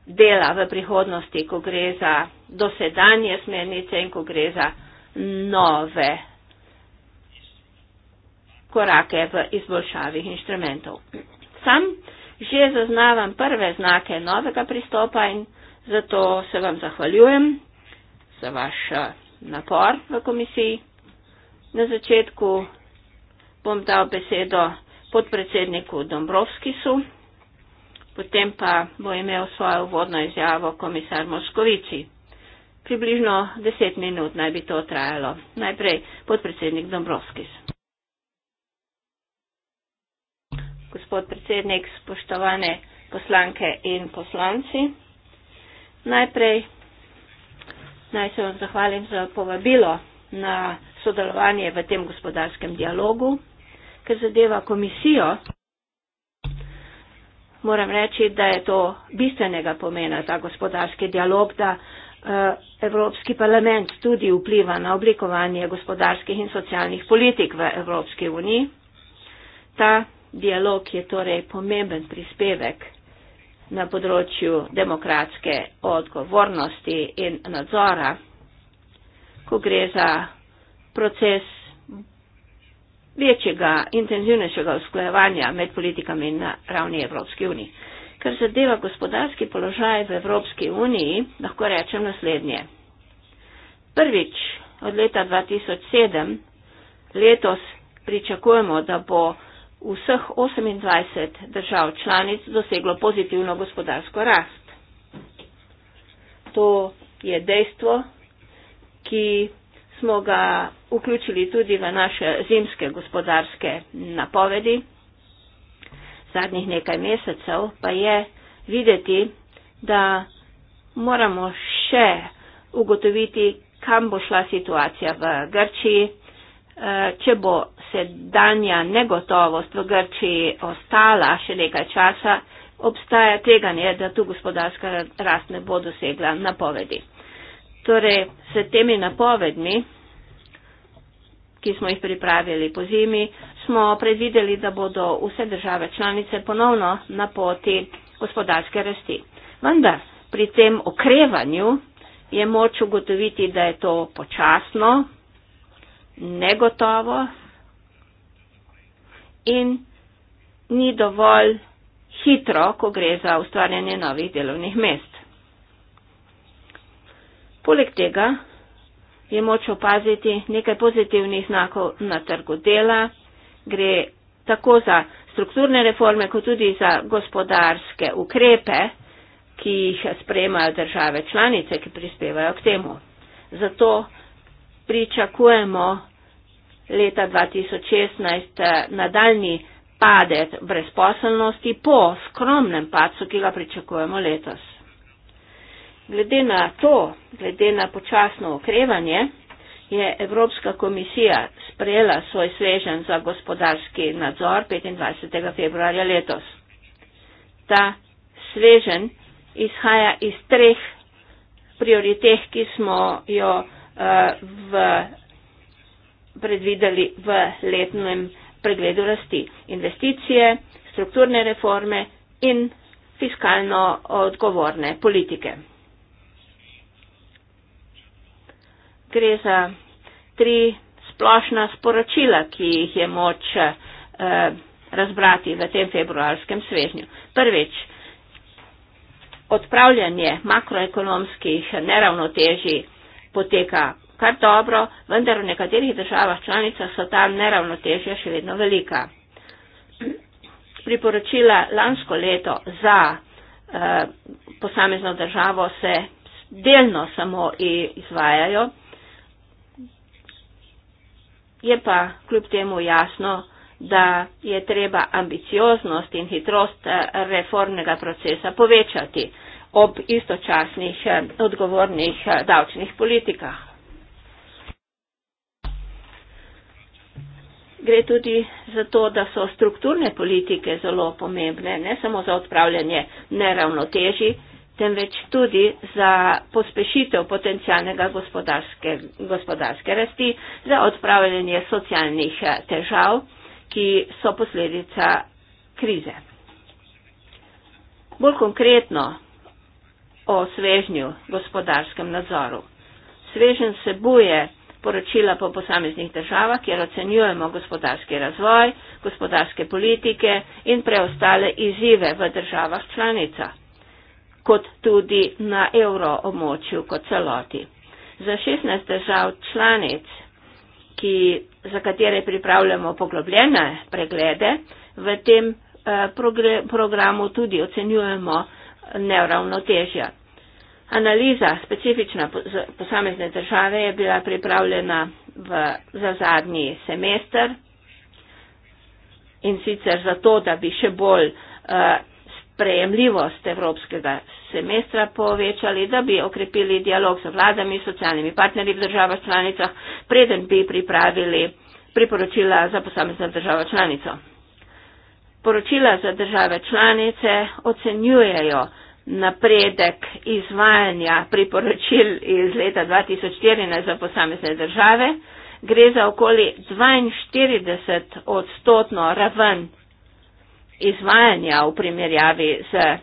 dela v prihodnosti, ko gre za dosedanje smernice in ko gre za nove korake v izboljšavih inštrumentov. Sam že zaznavam prve znake novega pristopa in zato se vam zahvaljujem za vaš eh, napor v komisiji. Na začetku bom dal besedo podpredsedniku Dombrovskisu, potem pa bo imel svojo uvodno izjavo komisar Moskovici. Približno deset minut naj bi to trajalo. Najprej podpredsednik Dombrovskis. gospod predsednik, spoštovane poslanke in poslanci. Najprej naj se vam zahvalim za povabilo na sodelovanje v tem gospodarskem dialogu, ker zadeva komisijo. Moram reči, da je to bistvenega pomena, ta gospodarski dialog, da eh, Evropski parlament tudi vpliva na oblikovanje gospodarskih in socialnih politik v Evropski uniji. Ta dialog je torej pomemben prispevek na področju demokratske odgovornosti in nadzora, ko gre za proces večjega, intenzivnejšega usklajevanja med politikami na ravni Evropske unije. Ker zadeva gospodarski položaj v Evropski uniji, lahko rečem naslednje. Prvič od leta 2007, letos pričakujemo, da bo vseh 28 držav članic doseglo pozitivno gospodarsko rast. To je dejstvo, ki smo ga vključili tudi v naše zimske gospodarske napovedi. Zadnjih nekaj mesecev pa je videti, da moramo še ugotoviti, kam bo šla situacija v Grčiji če bo sedanja negotovost v Grčiji ostala še nekaj časa, obstaja tega ne, da tu gospodarska rast ne bo dosegla napovedi. Torej, s temi napovedmi, ki smo jih pripravili po zimi, smo predvideli, da bodo vse države članice ponovno na poti gospodarske rasti. Vendar pri tem okrevanju je moč ugotoviti, da je to počasno, negotovo in ni dovolj hitro, ko gre za ustvarjanje novih delovnih mest. Poleg tega je moč opaziti nekaj pozitivnih znakov na trgu dela. Gre tako za strukturne reforme, kot tudi za gospodarske ukrepe, ki jih sprejemajo države članice, ki prispevajo k temu. Zato pričakujemo leta 2016 eh, nadaljni padec brezposelnosti po skromnem padcu, ki ga pričakujemo letos. Glede na to, glede na počasno okrevanje, je Evropska komisija sprejela svoj svežen za gospodarski nadzor 25. februarja letos. Ta svežen izhaja iz treh prioritet, ki smo jo v, predvideli v letnem pregledu rasti. Investicije, strukturne reforme in fiskalno odgovorne politike. Gre za tri splošna sporočila, ki jih je moč uh, razbrati v tem februarskem svežnju. Prvič, odpravljanje makroekonomskih neravnotežij poteka kar dobro, vendar v nekaterih državah članicah so tam neravnotežja še vedno velika. Priporočila lansko leto za eh, posamezno državo se delno samo izvajajo. Je pa kljub temu jasno, da je treba ambicioznost in hitrost eh, reformnega procesa povečati ob istočasnih eh, odgovornih eh, davčnih politikah. Gre tudi za to, da so strukturne politike zelo pomembne, ne samo za odpravljanje neravnoteži, temveč tudi za pospešitev potencijalnega gospodarske, gospodarske rasti, za odpravljanje socialnih eh, težav, ki so posledica krize. Bolj konkretno, o svežnju, gospodarskem nadzoru. Svežen sebuje poročila po posameznih državah, kjer ocenjujemo gospodarski razvoj, gospodarske politike in preostale izzive v državah članica, kot tudi na euroomočju kot celoti. Za 16 držav članic, ki, za katere pripravljamo poglobljene preglede, v tem eh, progr programu tudi ocenjujemo neravnotežja. Analiza specifična posamezne države je bila pripravljena v, za zadnji semester in sicer zato, da bi še bolj uh, sprejemljivost evropskega semestra povečali, da bi okrepili dialog z vladami, socialnimi partnerji v državah članicah, preden bi pripravili priporočila za posamezno državo članico. Poročila za države članice ocenjujejo, napredek izvajanja priporočil iz leta 2014 za posamezne države. Gre za okoli 42 odstotno raven izvajanja v primerjavi z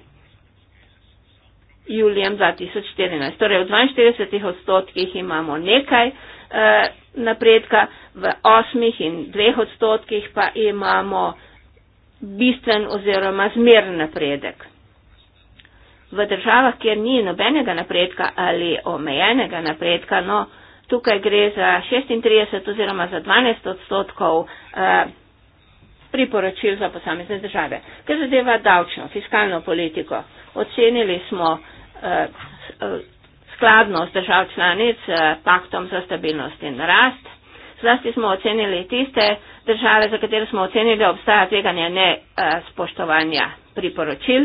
julijem 2014. Torej, v 42 odstotkih imamo nekaj eh, napredka, v 8 in 2 odstotkih pa imamo bistven oziroma zmeren napredek v državah, kjer ni nobenega napredka ali omejenega napredka, no tukaj gre za 36 oziroma za 12 odstotkov eh, priporočil za posamezne države. Ker zadeva davčno, fiskalno politiko, ocenili smo eh, skladnost držav članic eh, paktom za stabilnost in rast. Zlasti smo ocenili tiste države, za katere smo ocenili, da obstaja tveganje ne spoštovanja priporočil.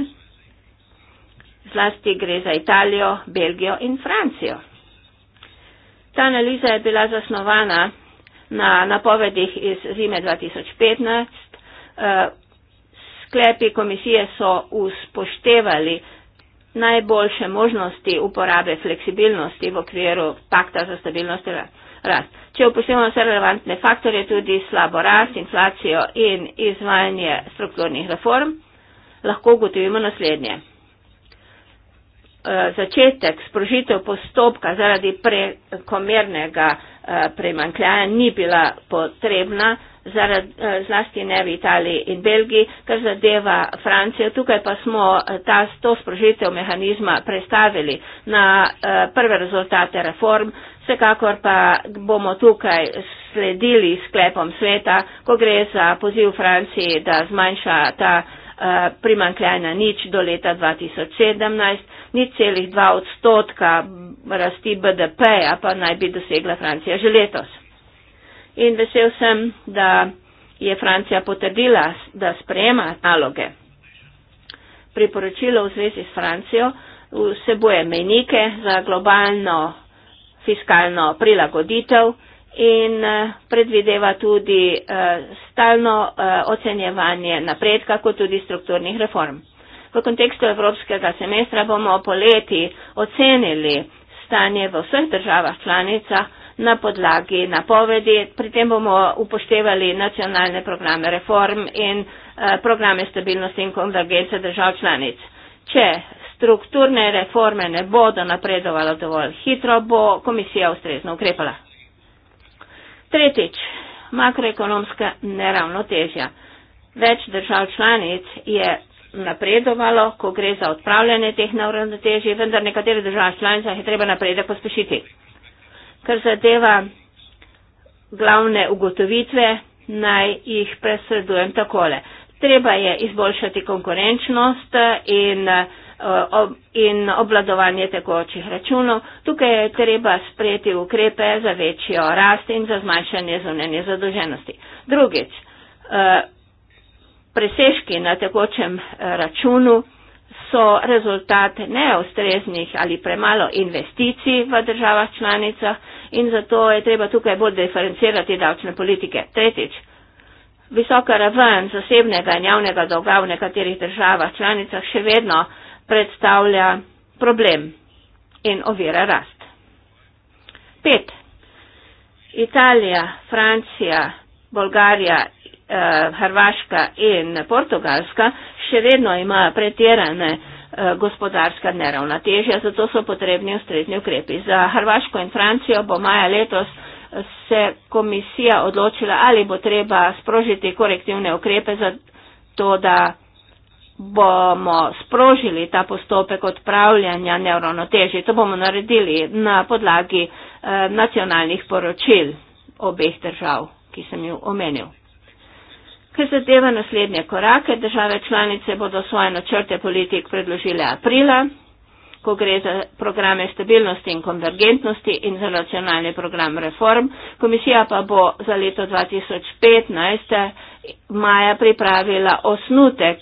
Zlasti gre za Italijo, Belgijo in Francijo. Ta analiza je bila zasnovana na napovedih iz zime 2015. Eh, sklepi komisije so uspoštevali najboljše možnosti uporabe fleksibilnosti v okviru pakta za stabilnost in rast. Če upoštevamo vse relevantne faktore, tudi slabo rast, inflacijo in izvajanje strukturnih reform, lahko ugotovimo naslednje. Eh, začetek sprožitev postopka zaradi prekomernega eh, premankljaja ni bila potrebna, zaradi, eh, zlasti ne v Italiji in Belgiji, kar zadeva Francijo. Tukaj pa smo ta, to sprožitev mehanizma predstavili na prve rezultate reform. Vsekakor pa bomo tukaj sledili sklepom sveta, ko gre za poziv Franciji, da zmanjša ta primankljaj na nič do leta 2017 ni celih dva odstotka rasti BDP-ja, pa naj bi dosegla Francija že letos. In vesel sem, da je Francija potrdila, da sprejema naloge. Priporočilo v zvezi s Francijo vseboje menike za globalno fiskalno prilagoditev in eh, predvideva tudi eh, stalno eh, ocenjevanje napredka, kot tudi strukturnih reform. V kontekstu evropskega semestra bomo poleti ocenili stanje v vseh državah članicah na podlagi napovedi. Pri tem bomo upoštevali nacionalne programe reform in eh, programe stabilnosti in konvergence držav članic. Če strukturne reforme ne bodo napredovalo dovolj hitro, bo komisija ustrezno ukrepala. Tretjič, makroekonomska neravnotežja. Več držav članic je napredovalo, ko gre za odpravljanje teh neuravnotežij, vendar nekatere države članice je treba napredek pospešiti. Kar zadeva glavne ugotovitve, naj jih presredujem takole. Treba je izboljšati konkurenčnost in, eh, in obladovanje tekočih računov. Tukaj je treba sprejeti ukrepe za večjo rast in za zmanjšanje zunanje zadolženosti. Drugič, eh, presežki na tekočem eh, računu so rezultat neustreznih ali premalo investicij v državah članicah in zato je treba tukaj bolj diferencirati davčne politike. Tretjič, visoka raven zasebnega in javnega dolga v nekaterih državah članicah še vedno predstavlja problem in ovira rast. Pet. Italija, Francija, Bolgarija Eh, Hrvaška in Portugalska še vedno ima pretirane eh, gospodarska neravnotežja, zato so potrebni ustrezni ukrepi. Za Hrvaško in Francijo bo maja letos eh, se komisija odločila, ali bo treba sprožiti korektivne ukrepe za to, da bomo sprožili ta postopek odpravljanja neravnotežja. To bomo naredili na podlagi nacionalnih poročil obeh držav, ki sem jih omenil ki zadeva naslednje korake. Države članice bodo svoje načrte politik predložile aprila, ko gre za programe stabilnosti in konvergentnosti in za nacionalni program reform. Komisija pa bo za leto 2015 maja pripravila osnutek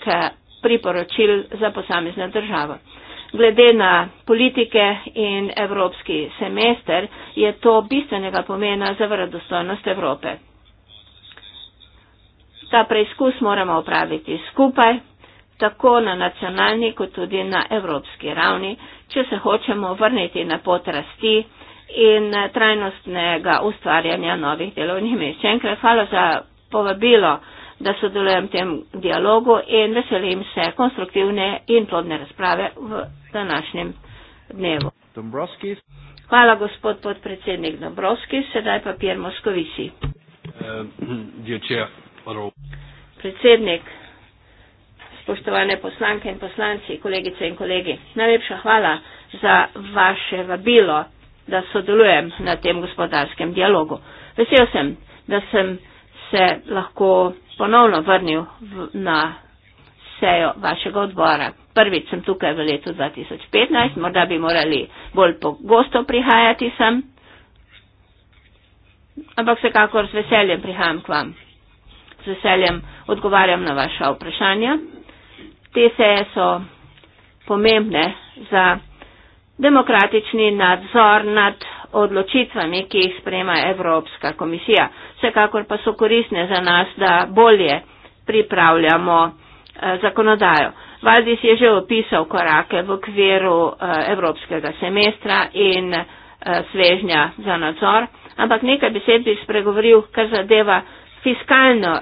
priporočil za posamezne države. Glede na politike in evropski semester je to bistvenega pomena za vredostojnost Evrope. Ta preizkus moramo opraviti skupaj, tako na nacionalni kot tudi na evropski ravni, če se hočemo vrniti na pot rasti in eh, trajnostnega ustvarjanja novih delovnih mest. Še enkrat hvala za povabilo, da sodelujem v tem dialogu in veselim se konstruktivne in plodne razprave v današnjem dnevu. Dombrovskis. Hvala, gospod podpredsednik Dombrovski. Sedaj pa Pier Moskovici. Uh, eh, Predsednik, spoštovane poslanke in poslanci, kolegice in kolegi, najlepša hvala za vaše vabilo, da sodelujem na tem gospodarskem dialogu. Vesel sem, da sem se lahko ponovno vrnil v, na sejo vašega odbora. Prvič sem tukaj v letu 2015, morda bi morali bolj pogosto prihajati sem, ampak vsekakor z veseljem prihajam k vam z veseljem odgovarjam na vaša vprašanja. Te seje so pomembne za demokratični nadzor nad odločitvami, ki jih sprema Evropska komisija. Vsekakor pa so koristne za nas, da bolje pripravljamo eh, zakonodajo. Valdis je že opisal korake v okviru eh, Evropskega semestra in eh, svežnja za nadzor, ampak nekaj besed bi spregovoril, kar zadeva fiskalno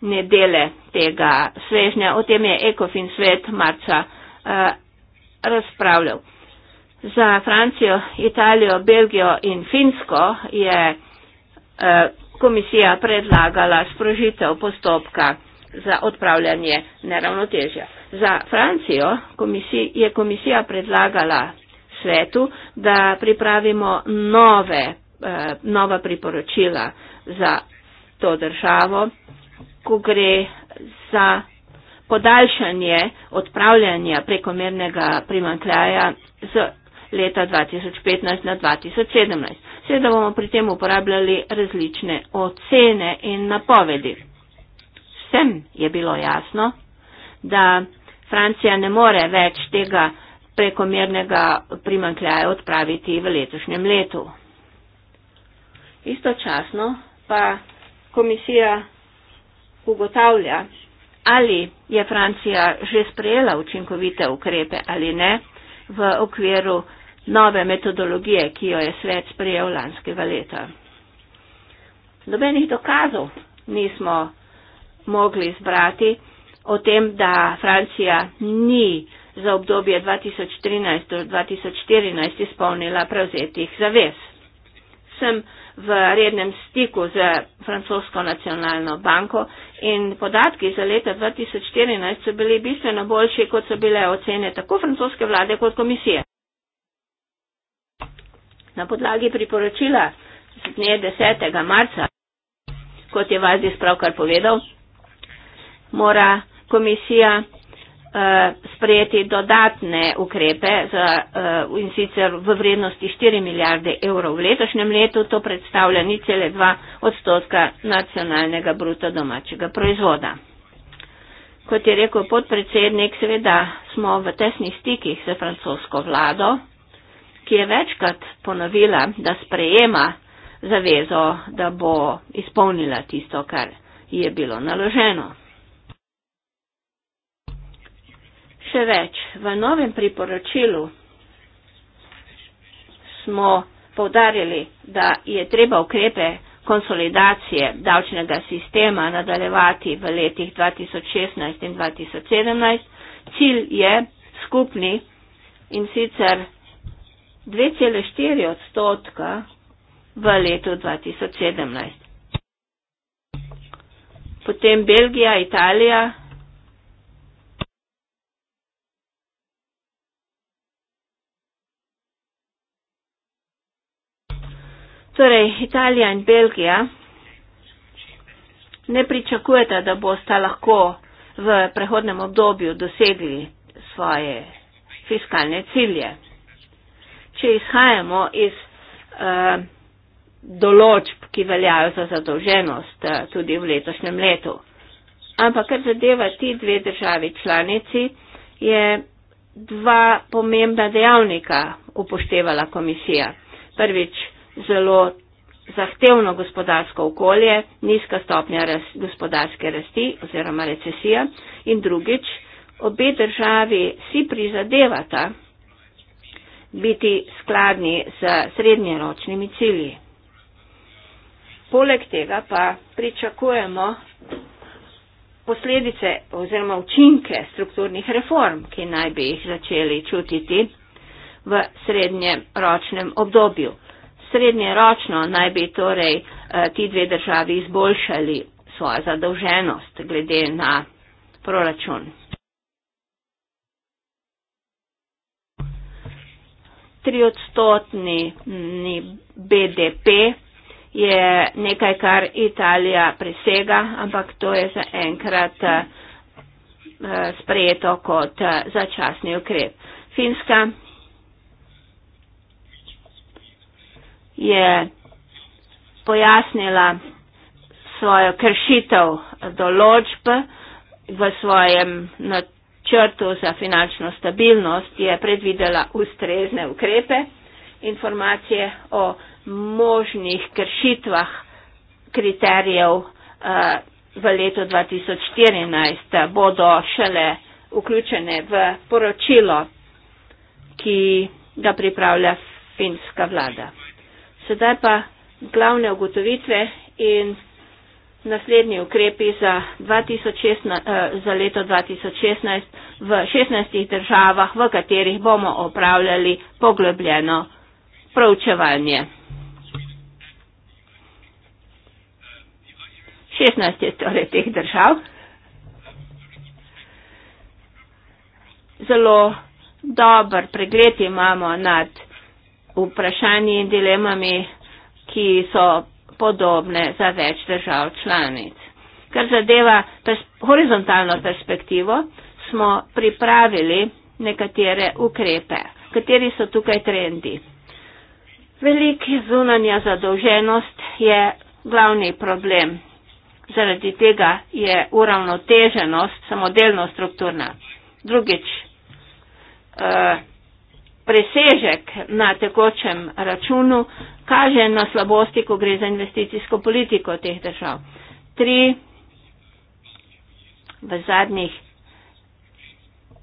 ne dele tega svežnja. O tem je Ekofin svet marca eh, razpravljal. Za Francijo, Italijo, Belgijo in Finsko je eh, komisija predlagala sprožitev postopka za odpravljanje neravnotežja. Za Francijo je komisija predlagala svetu, da pripravimo nove, eh, nova priporočila za to državo, ko gre za podaljšanje odpravljanja prekomernega primankljaja z leta 2015 na 2017. Seveda bomo pri tem uporabljali različne ocene in napovedi. Vsem je bilo jasno, da Francija ne more več tega prekomernega primankljaja odpraviti v letošnjem letu. Istočasno pa komisija ugotavlja, ali je Francija že sprejela učinkovite ukrepe ali ne v okviru nove metodologije, ki jo je svet sprejel lanskega leta. Nobenih dokazov nismo mogli zbrati o tem, da Francija ni za obdobje 2013 do 2014 izpolnila prevzetih zavez. Sem v rednem stiku z francosko nacionalno banko in podatki za leta 2014 so bili bistveno boljši, kot so bile ocene tako francoske vlade kot komisije. Na podlagi priporočila z dne 10. marca, kot je Vazis pravkar povedal, mora komisija Eh, sprejeti dodatne ukrepe za, eh, in sicer v vrednosti 4 milijarde evrov v letošnjem letu, to predstavlja ni cele 2 odstotka nacionalnega bruto domačega proizvoda. Kot je rekel podpredsednik, seveda smo v tesnih stikih z francosko vlado, ki je večkrat ponovila, da sprejema zavezo, da bo izpolnila tisto, kar je bilo naloženo. Še več, v novem priporočilu smo povdarjali, da je treba ukrepe konsolidacije davčnega sistema nadaljevati v letih 2016 in 2017. Cilj je skupni in sicer 2,4 odstotka v letu 2017. Potem Belgija, Italija, Torej, Italija in Belgija ne pričakujete, da boste lahko v prehodnem obdobju dosegli svoje fiskalne cilje. Če izhajamo iz eh, določb, ki veljajo za zadolženost eh, tudi v letošnjem letu. Ampak kar zadeva ti dve državi članici, je dva pomembna dejavnika upoštevala komisija. Prvič, zelo zahtevno gospodarsko okolje, nizka stopnja raz, gospodarske rasti oziroma recesija in drugič, obe državi si prizadevata biti skladni z srednjeročnimi cilji. Poleg tega pa pričakujemo posledice oziroma učinke strukturnih reform, ki naj bi jih začeli čutiti v srednjeročnem obdobju. Srednjeročno naj bi torej eh, ti dve državi izboljšali svojo zadolženost glede na proračun. Triodstotni BDP je nekaj, kar Italija presega, ampak to je zaenkrat eh, sprejeto kot eh, začasni ukrep. Finska je pojasnila svojo kršitev določb v svojem načrtu za finančno stabilnost, je predvidela ustrezne ukrepe, informacije o možnih kršitvah kriterijev eh, v letu 2014 eh, bodo šele vključene v poročilo, ki ga pripravlja finska vlada sedaj pa glavne ugotovitve in naslednji ukrepi za, 2016, eh, za leto 2016 v 16 državah, v katerih bomo opravljali poglobljeno proučevanje. 16 je torej teh držav. Zelo dober pregled imamo nad vprašanji in dilemami, ki so podobne za več držav članic. Kar zadeva pers horizontalno perspektivo, smo pripravili nekatere ukrepe. Kateri so tukaj trendi? Veliki zunanja zadolženost je glavni problem. Zaradi tega je uravnoteženost samodelno strukturna. Drugič, eh, presežek na tekočem računu kaže na slabosti, ko gre za investicijsko politiko teh držav. Tri v zadnjih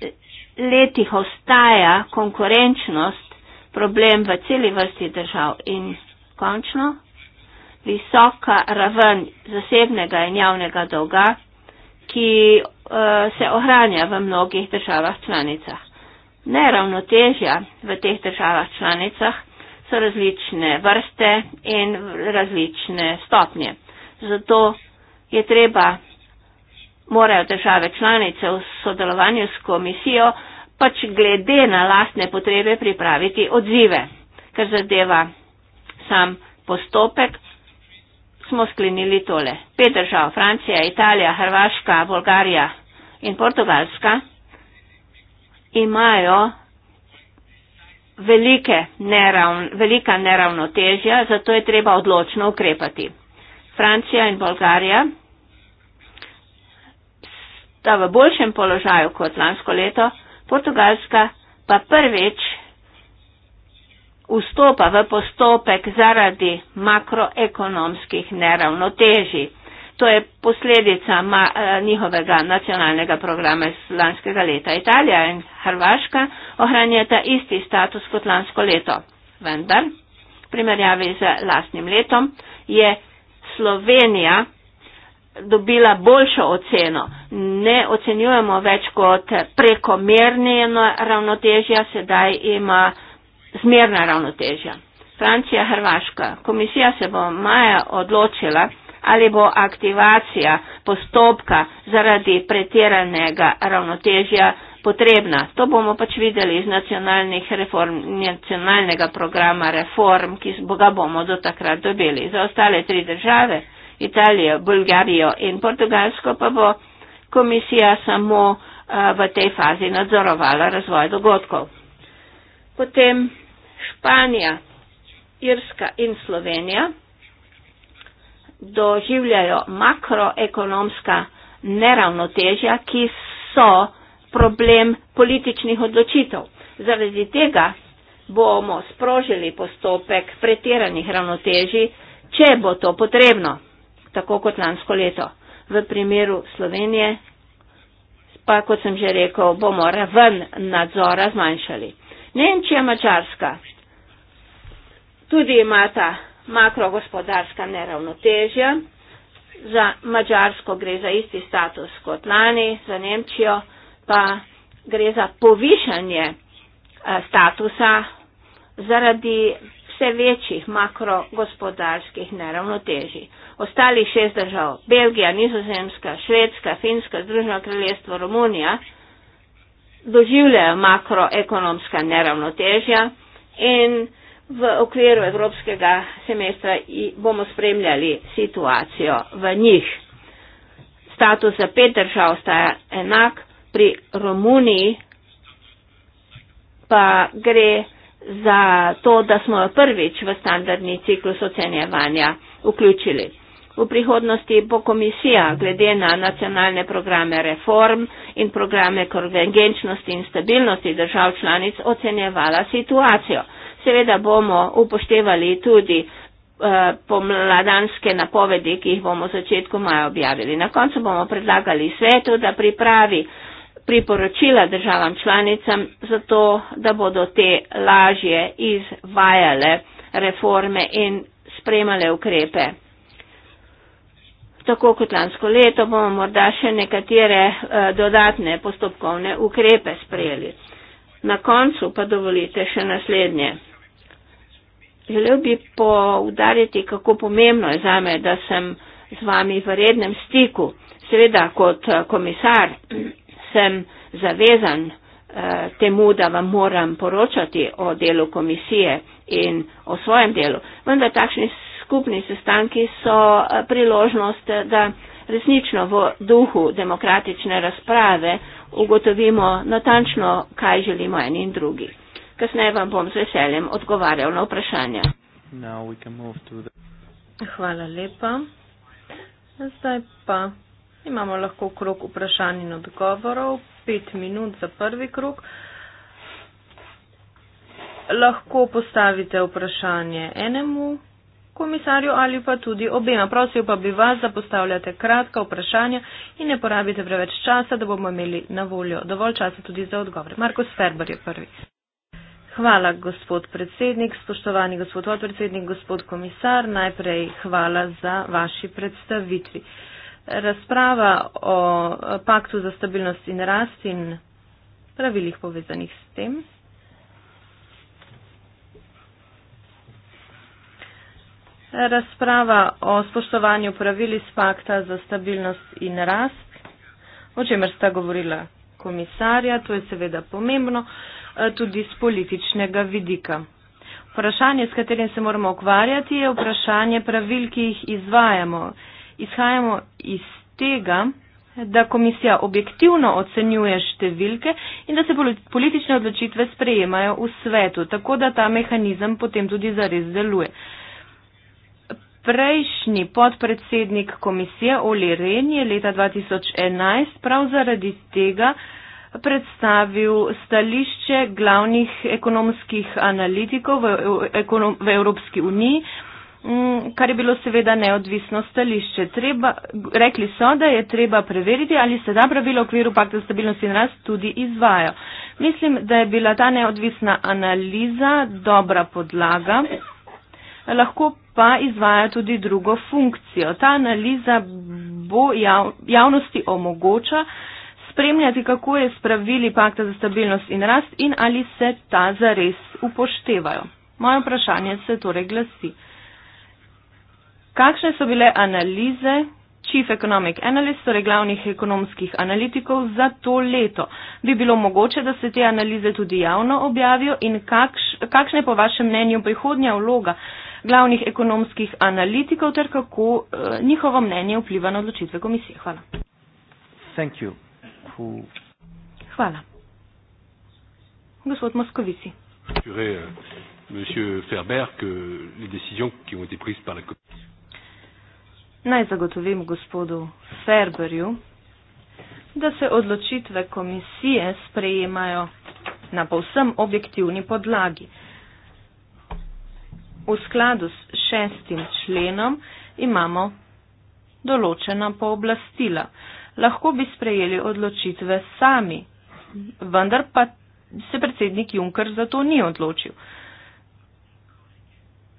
eh, letih ostaja konkurenčnost problem v celi vrsti držav in končno visoka raven zasebnega in javnega dolga, ki uh, se ohranja v mnogih državah članicah neravnotežja v teh državah članicah so različne vrste in različne stopnje. Zato je treba, morajo države članice v sodelovanju s komisijo pač glede na lastne potrebe pripraviti odzive, kar zadeva sam postopek. Smo sklenili tole. Pet držav, Francija, Italija, Hrvaška, Bolgarija in Portugalska imajo neravn, velika neravnotežja, zato je treba odločno ukrepati. Francija in Bolgarija sta v boljšem položaju kot lansko leto, Portugalska pa prvič vstopa v postopek zaradi makroekonomskih neravnotežij. To je posledica ma, eh, njihovega nacionalnega programa iz lanskega leta. Italija in Hrvaška ohranjata isti status kot lansko leto. Vendar, v primerjavi z lastnim letom, je Slovenija dobila boljšo oceno. Ne ocenjujemo več kot prekomerne ravnotežja, sedaj ima zmerna ravnotežja. Francija, Hrvaška. Komisija se bo maja odločila, ali bo aktivacija postopka zaradi pretiranega ravnotežja potrebna. To bomo pač videli iz reform, nacionalnega programa reform, ki ga bomo do takrat dobili. Za ostale tri države, Italijo, Bulgarijo in Portugalsko, pa bo komisija samo v tej fazi nadzorovala razvoj dogodkov. Potem Španija, Irska in Slovenija doživljajo makroekonomska neravnotežja, ki so problem političnih odločitev. Zaradi tega bomo sprožili postopek pretiranih ravnotežij, če bo to potrebno, tako kot lansko leto. V primeru Slovenije pa, kot sem že rekel, bomo raven nadzora zmanjšali. Nemčija, Mačarska tudi imata makrogospodarska neravnotežja. Za Mačarsko gre za isti status kot lani, za Nemčijo pa gre za povišanje eh, statusa zaradi vse večjih makrogospodarskih neravnotežij. Ostalih šest držav, Belgija, Nizozemska, Švedska, Finska, Združeno kraljestvo, Romunija, doživljajo makroekonomska neravnotežja in V okviru evropskega semestra bomo spremljali situacijo v njih. Status za pet držav ostaja enak, pri Romuniji pa gre za to, da smo jo prvič v standardni ciklus ocenjevanja vključili. V prihodnosti bo komisija glede na nacionalne programe reform in programe konvergenčnosti in stabilnosti držav članic ocenjevala situacijo seveda bomo upoštevali tudi eh, pomladanske napovedi, ki jih bomo v začetku maja objavili. Na koncu bomo predlagali svetu, da pripravi priporočila državam članicam, zato da bodo te lažje izvajale reforme in spremale ukrepe. Tako kot lansko leto bomo morda še nekatere eh, dodatne postopkovne ukrepe sprejeli. Na koncu pa dovolite še naslednje. Želel bi poudariti, kako pomembno je za me, da sem z vami v rednem stiku. Seveda, kot eh, komisar sem zavezan eh, temu, da vam moram poročati o delu komisije in o svojem delu. Vendar takšni skupni sestanki so eh, priložnost, eh, da resnično v duhu demokratične razprave ugotovimo natančno, kaj želimo eni in drugi. Kasneje vam bom z veseljem odgovarjal na vprašanja. The... Hvala lepa. Zdaj pa imamo lahko krok vprašanj in odgovorov. Pet minut za prvi krok. Lahko postavite vprašanje enemu komisarju ali pa tudi obema. Prosil pa bi vas, da postavljate kratka vprašanja in ne porabite preveč časa, da bomo imeli na voljo dovolj časa tudi za odgovore. Marko Sferber je prvi. Hvala, gospod predsednik, spoštovani gospod podpredsednik, gospod komisar. Najprej hvala za vaši predstavitvi. Razprava o paktu za stabilnost in rast in pravilih povezanih s tem. Razprava o spoštovanju pravil iz pakta za stabilnost in rast, o čemer sta govorila komisarja, to je seveda pomembno. Uh, Eh, tudi z političnega vidika. Vprašanje, s katerim se moramo ukvarjati, je vprašanje pravil, ki jih izvajamo. Izhajamo iz tega, da komisija objektivno ocenjuje številke in da se politične odločitve sprejemajo v svetu, tako da ta mehanizem potem tudi zares deluje. Prejšnji podpredsednik komisije Ole Ren je leta 2011 prav zaradi tega, predstavil stališče glavnih ekonomskih analitikov v, ekonom, v Evropski uniji, mm, kar je bilo seveda neodvisno stališče. Treba, rekli so, da je treba preveriti, ali se da pravilo v okviru pakta stabilnosti in rast tudi izvaja. Mislim, da je bila ta neodvisna analiza dobra podlaga, lahko pa izvaja tudi drugo funkcijo. Ta analiza bo jav, javnosti omogoča, spremljati, kako je s pravili pakta za stabilnost in rast in ali se ta zares upoštevajo. Moje vprašanje se torej glasi. Kakšne so bile analize Chief Economic Analyst, torej glavnih ekonomskih analitikov za to leto? Bi bilo mogoče, da se te analize tudi javno objavijo in kakš, kakšne po vašem mnenju prihodnja vloga glavnih ekonomskih analitikov ter kako eh, njihovo mnenje vpliva na odločitve komisije? Hvala. Thank you. Bohu. Hvala. Gospod Moskovici. Euh, Naj zagotovim gospodu Ferberju, da se odločitve komisije sprejemajo na povsem objektivni podlagi. V skladu s šestim členom imamo določena pooblastila lahko bi sprejeli odločitve sami. Vendar pa se predsednik Juncker za to ni odločil.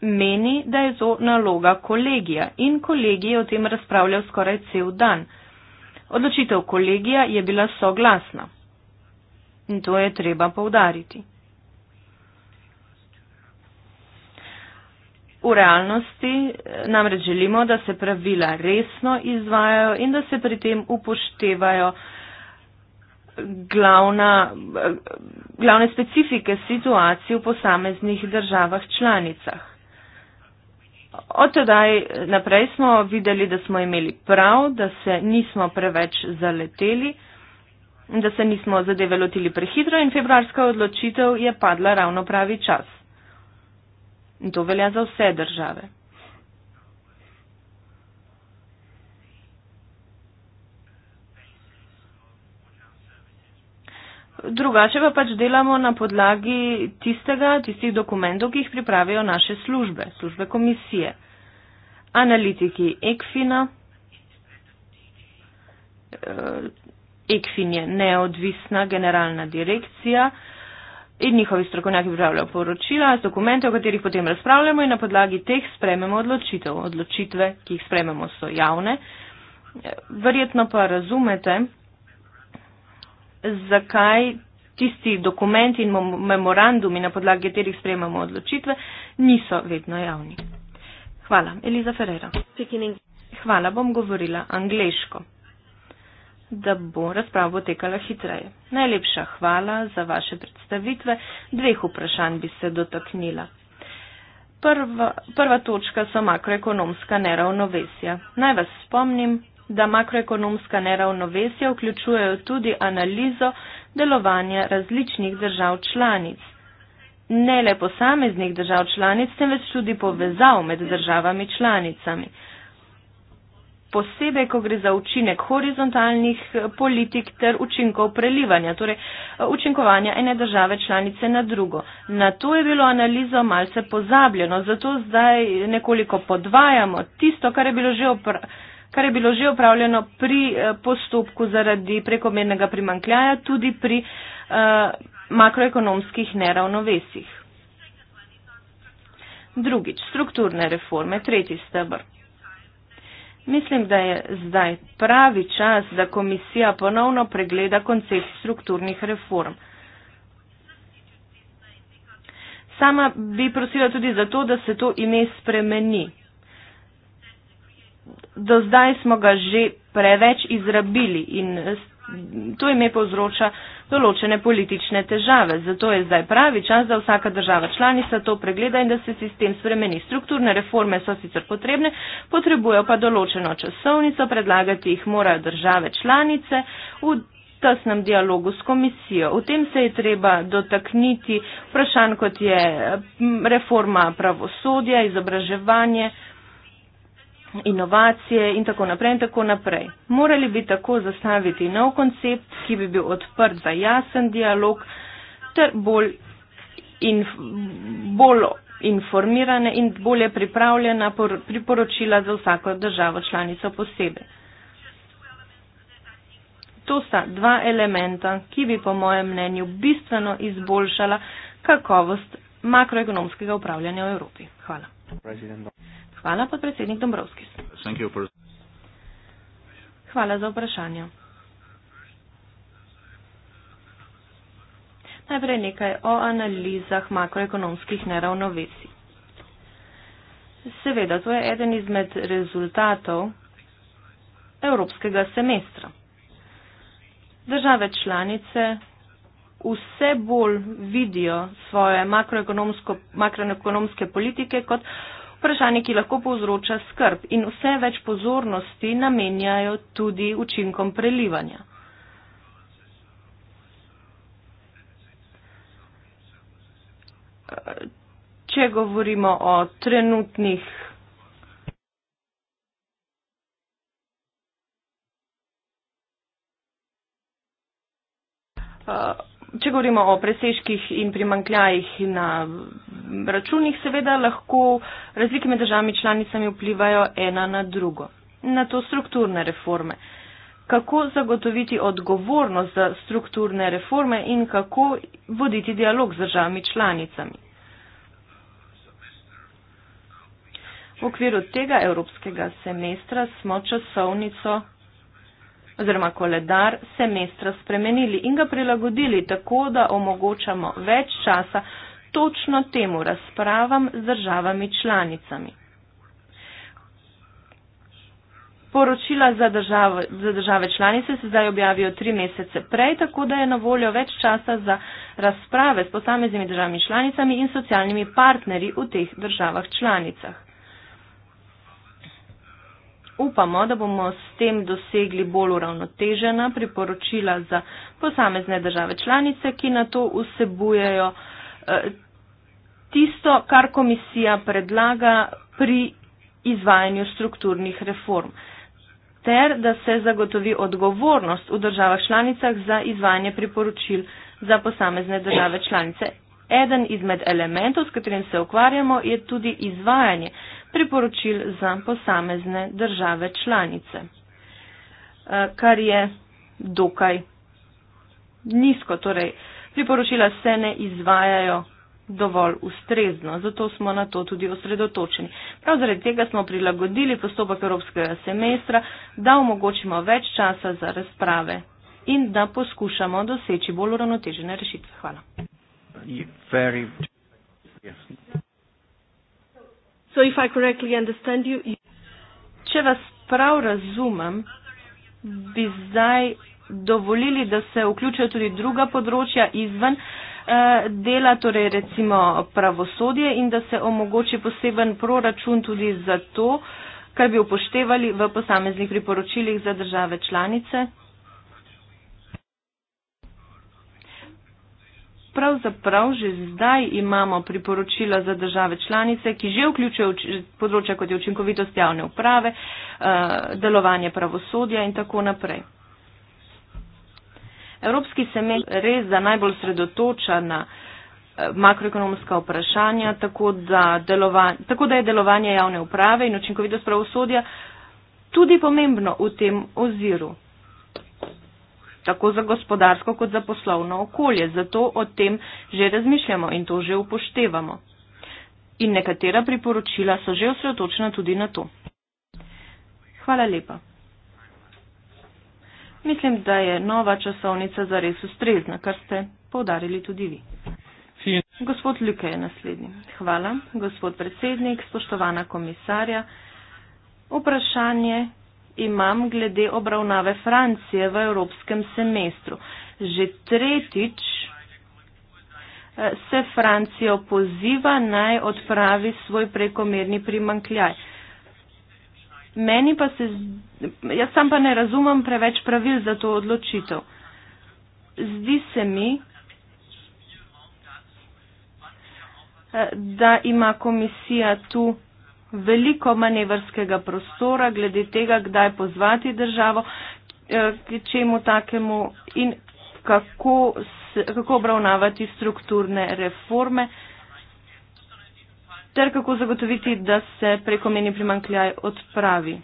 Meni, da je to naloga kolegija in kolegij je o tem razpravljal skoraj cel dan. Odločitev kolegija je bila soglasna. In to je treba povdariti. V realnosti eh, namreč želimo, da se pravila resno izvajajo in da se pri tem upoštevajo glavna, eh, glavne specifike situacij v posameznih državah članicah. Od tedaj naprej smo videli, da smo imeli prav, da se nismo preveč zaleteli, da se nismo zadeve lotili prehitro in februarska odločitev je padla ravno pravi čas. In to velja za vse države. Drugače pa pač delamo na podlagi tistega, tistih dokumentov, ki jih pripravijo naše službe, službe komisije, analitiki ECFINA. ECFIN eh, je neodvisna generalna direkcija, in njihovi strokovnjaki pripravljajo poročila, dokumente, o katerih potem razpravljamo in na podlagi teh sprememo odločitev. Odločitve, ki jih sprememo, so javne. Verjetno pa razumete, zakaj tisti dokumenti in memorandumi, na podlagi katerih sprememo odločitve, niso vedno javni. Hvala. Eliza Ferrero. Hvala, bom govorila angliško da bo razprava potekala hitreje. Najlepša hvala za vaše predstavitve. Dveh vprašanj bi se dotaknila. Prva, prva točka so makroekonomska neravnovesja. Naj vas spomnim, da makroekonomska neravnovesja vključujejo tudi analizo delovanja različnih držav članic. Ne le posameznih držav članic, temveč tudi povezav med državami članicami posebej, ko gre za učinek horizontalnih eh, politik ter učinkov prelivanja, torej eh, učinkovanja ene države članice na drugo. Na to je bilo analizo malce pozabljeno, zato zdaj nekoliko podvajamo tisto, kar je bilo že opravljeno kar je bilo že upravljeno pri eh, postopku zaradi prekomernega primankljaja, tudi pri uh, makroekonomskih neravnovesih. Drugič, strukturne reforme, tretji stebr. Mislim, da je zdaj pravi čas, da komisija ponovno pregleda koncept strukturnih reform. Sama bi prosila tudi za to, da se to ime spremeni. Do zdaj smo ga že preveč izrabili in To ime povzroča določene politične težave, zato je zdaj pravi čas, da vsaka država članica to pregleda in da se sistem spremeni. Strukturne reforme so sicer potrebne, potrebujejo pa določeno časovnico, predlagati jih morajo države članice v tesnem dialogu s komisijo. V tem se je treba dotakniti vprašanj, kot je reforma pravosodja, izobraževanje, inovacije in tako naprej in tako naprej. Morali bi tako zastaviti nov koncept, ki bi bil odprt za jasen dialog ter bolj, in, bolj informirane in bolje pripravljena priporočila za vsako državo članico posebej. To sta dva elementa, ki bi po mojem mnenju bistveno izboljšala kakovost makroekonomskega upravljanja v Evropi. Hvala. Hvala, podpredsednik Dombrovskis. For... Hvala za vprašanje. Najprej nekaj o analizah makroekonomskih neravnovesij. Seveda, to je eden izmed rezultatov evropskega semestra. Države članice vse bolj vidijo svoje makroekonomske politike kot vprašanje, ki lahko povzroča skrb in vse več pozornosti namenjajo tudi učinkom prelivanja. Če govorimo o trenutnih. Če govorimo o preseških in primankljajih na računih seveda lahko razlike med državami članicami vplivajo ena na drugo. Na to strukturne reforme. Kako zagotoviti odgovornost za strukturne reforme in kako voditi dialog z državami članicami? V okviru tega evropskega semestra smo časovnico oziroma koledar semestra spremenili in ga prilagodili tako, da omogočamo več časa točno temu razpravam z državami članicami. Poročila za države, za države članice se zdaj objavijo tri mesece prej, tako da je na voljo več časa za razprave s posameznimi državami članicami in socialnimi partnerji v teh državah članicah. Upamo, da bomo s tem dosegli bolj uravnotežena priporočila za posamezne države članice, ki na to vsebujejo tisto, kar komisija predlaga pri izvajanju strukturnih reform, ter da se zagotovi odgovornost v državah članicah za izvajanje priporočil za posamezne države članice. Eden izmed elementov, s katerim se ukvarjamo, je tudi izvajanje priporočil za posamezne države članice, eh, kar je dokaj nizko. Torej, uh, Priporočila se ne izvajajo dovolj ustrezno, zato smo na to tudi osredotočeni. Prav zaradi tega smo prilagodili postopek evropskega semestra, da omogočimo več časa za razprave in da poskušamo doseči bolj uravnotežene rešitve. Hvala. Če vas prav razumem, bi zdaj dovolili, da se vključijo tudi druga področja izven eh, dela, torej recimo pravosodje in da se omogoči poseben proračun tudi za to, kar bi upoštevali v posameznih priporočilih za države članice. Pravzaprav že zdaj imamo priporočila za države članice, ki že vključujejo področja kot je učinkovitost javne uprave, eh, delovanje pravosodja in tako naprej. Evropski semestr res da najbolj sredotoča na eh, makroekonomska vprašanja, tako da, tako da je delovanje javne uprave in učinkovitost pravosodja tudi pomembno v tem oziru, tako za gospodarsko kot za poslovno okolje. Zato o tem že razmišljamo in to že upoštevamo. In nekatera priporočila so že osredotočena tudi na to. Hvala lepa. Mislim, da je nova časovnica zares ustrezna, kar ste povdarili tudi vi. Fin. Gospod Ljuke je naslednji. Hvala. Gospod predsednik, spoštovana komisarja. Vprašanje imam glede obravnave Francije v evropskem semestru. Že tretjič eh, se Francijo poziva naj odpravi svoj prekomerni primankljaj meni pa se, jaz sam pa ne razumem preveč pravil za to odločitev. Zdi se mi, eh, da ima komisija tu veliko manevrskega prostora glede tega, kdaj pozvati državo, eh, k čemu takemu in kako, kako obravnavati strukturne reforme ter kako zagotoviti, da se prekomeni primankljaj odpravi.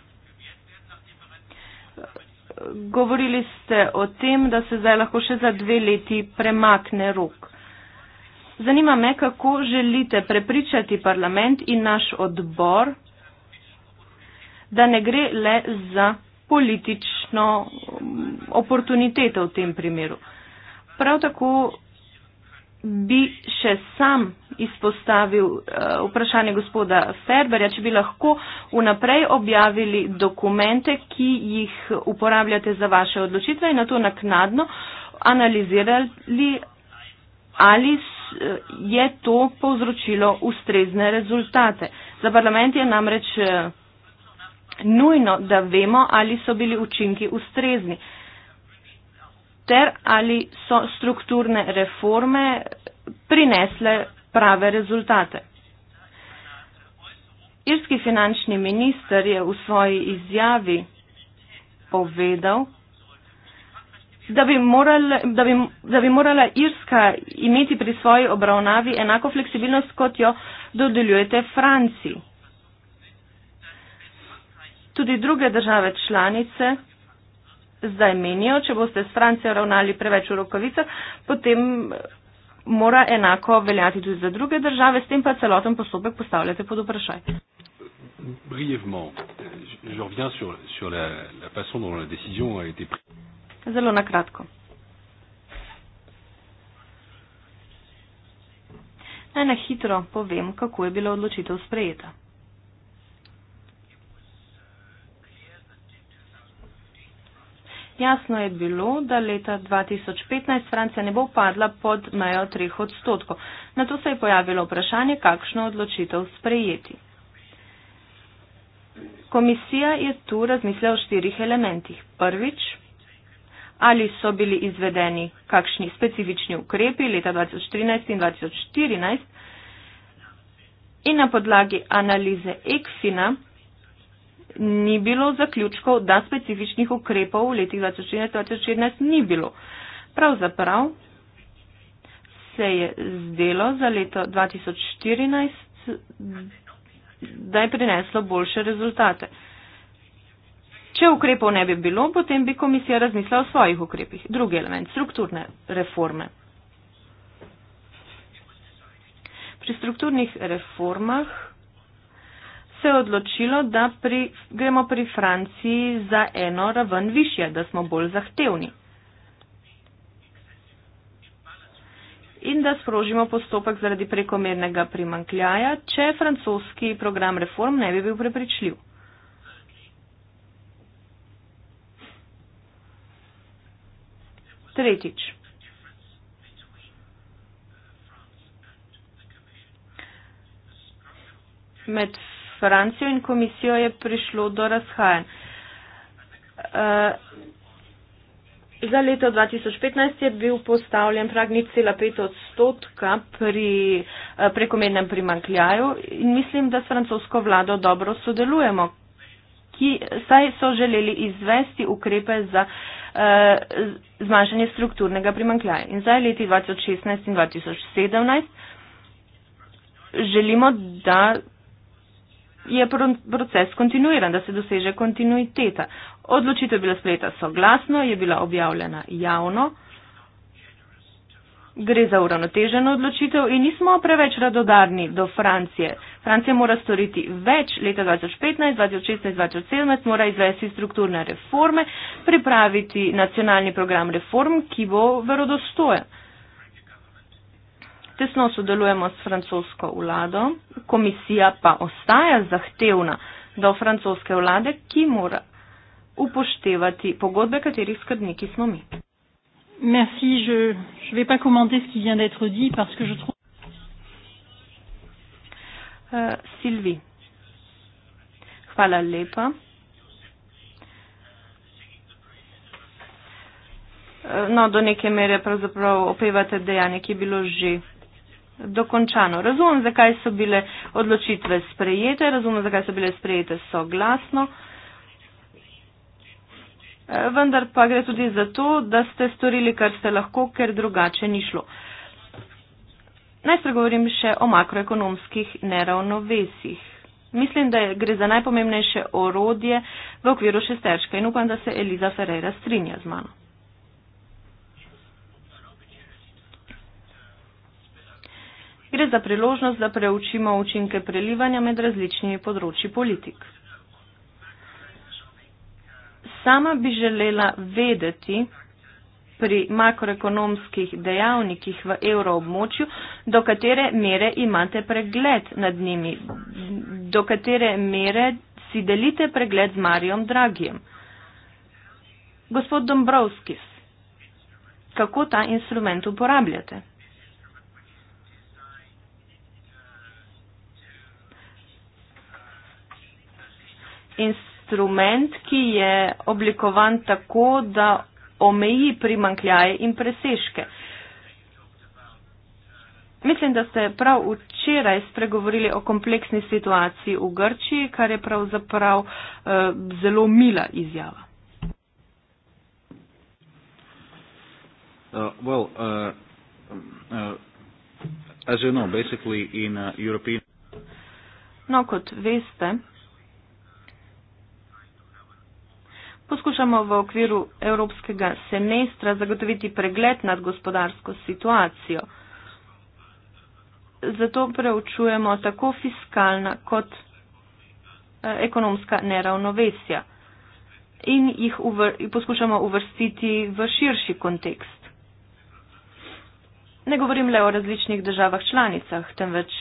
Govorili ste o tem, da se zdaj lahko še za dve leti premakne rok. Zanima me, kako želite prepričati parlament in naš odbor, da ne gre le za politično um, oportuniteto v tem primeru. Prav tako bi še sam izpostavil uh, vprašanje gospoda Ferberja, če bi lahko vnaprej objavili dokumente, ki jih uporabljate za vaše odločitve in na to naknadno analizirali, ali eh, je to povzročilo ustrezne rezultate. Za parlament je namreč uh, nujno, da vemo, ali so bili učinki ustrezni. Uh, ter ali so strukturne reforme prinesle prave rezultate. Irski finančni minister je v svoji izjavi povedal, da bi, morale, da, bi, da bi morala Irska imeti pri svoji obravnavi enako fleksibilnost, kot jo dodeljujete Franciji. Tudi druge države članice zdaj menijo, če boste s Francijo ravnali preveč v rokovicah, potem mora enako veljati tudi za druge države, s tem pa celoten postopek postavljate pod vprašaj. Zelo na kratko. Naj na hitro povem, kako je bila odločitev sprejeta. Jasno je bilo, da leta 2015 Francija ne bo padla pod mejo treh odstotkov. Na to se je pojavilo vprašanje, kakšno odločitev sprejeti. Komisija je tu razmislila o štirih elementih. Prvič, ali so bili izvedeni kakšni specifični ukrepi leta 2013 in 2014 in na podlagi analize ECFINA ni bilo zaključkov, da specifičnih ukrepov v letih 2014-2016 ni bilo. Pravzaprav se je zdelo za leto 2014, da je prineslo boljše rezultate. Če ukrepov ne bi bilo, potem bi komisija razmislila o svojih ukrepih. Drugi element, strukturne reforme. Pri strukturnih reformah se je odločilo, da pri, gremo pri Franciji za eno raven više, da smo bolj zahtevni. In da sprožimo postopek zaradi prekomernega primankljaja, če francoski program reform ne bi bil prepričljiv. Tretjič. Med Francijo in komisijo je prišlo do razhajanj. Eh, za leto 2015 je bil postavljen prag 0,5 odstotka pri eh, prekomernem primankljaju in mislim, da s francosko vlado dobro sodelujemo, ki saj so želeli izvesti ukrepe za eh, zmanjšanje strukturnega primankljaja. In zdaj leti 2016 in 2017 želimo, da je proces kontinuiran, da se doseže kontinuiteta. Odločitev je bila sprejeta soglasno, je bila objavljena javno. Gre za uravnoteženo odločitev in nismo preveč radodarni do Francije. Francija mora storiti več leta 2015, 2016, 2017, mora izvesti strukturne reforme, pripraviti nacionalni program reform, ki bo verodostojen tesno sodelujemo s francosko vlado. Komisija pa ostaja zahtevna do francoske vlade, ki mora upoštevati pogodbe, katerih skrbniki smo mi. Merci, je, je vais pas commenter ce qui vient d'être dit parce que je trouve. Uh, Sylvie. Hvala lepa. Eh, no, do neke mere pravzaprav opevate dejanje, ki je bilo že dokončano. Razumem, zakaj so bile odločitve sprejete, razumem, zakaj so bile sprejete soglasno. Vendar pa gre tudi za to, da ste storili, kar ste lahko, ker drugače ni šlo. Najprej govorim še o makroekonomskih neravnovesjih. Mislim, da gre za najpomembnejše orodje v okviru šesterčka in upam, da se Eliza Ferreira strinja z mano. gre za priložnost, da preučimo učinke prelivanja med različnimi področji politik. Sama bi želela vedeti pri makroekonomskih dejavnikih v evroobmočju, do katere mere imate pregled nad njimi, do katere mere si delite pregled z Marijom Dragijem. Gospod Dombrovskis, kako ta instrument uporabljate? instrument, ki je oblikovan tako, da omeji primankljaje in presežke. Mislim, da ste prav včeraj spregovorili o kompleksni situaciji v Grčiji, kar je pravzaprav eh, zelo mila izjava. Uh, well, uh, uh, you know, in, uh, European... No, kot veste, poskušamo v okviru evropskega semestra zagotoviti pregled nad gospodarsko situacijo. Zato preučujemo tako fiskalna kot eh, ekonomska neravnovesja in jih uvr poskušamo uvrstiti v širši kontekst. Ne govorim le o različnih državah članicah, temveč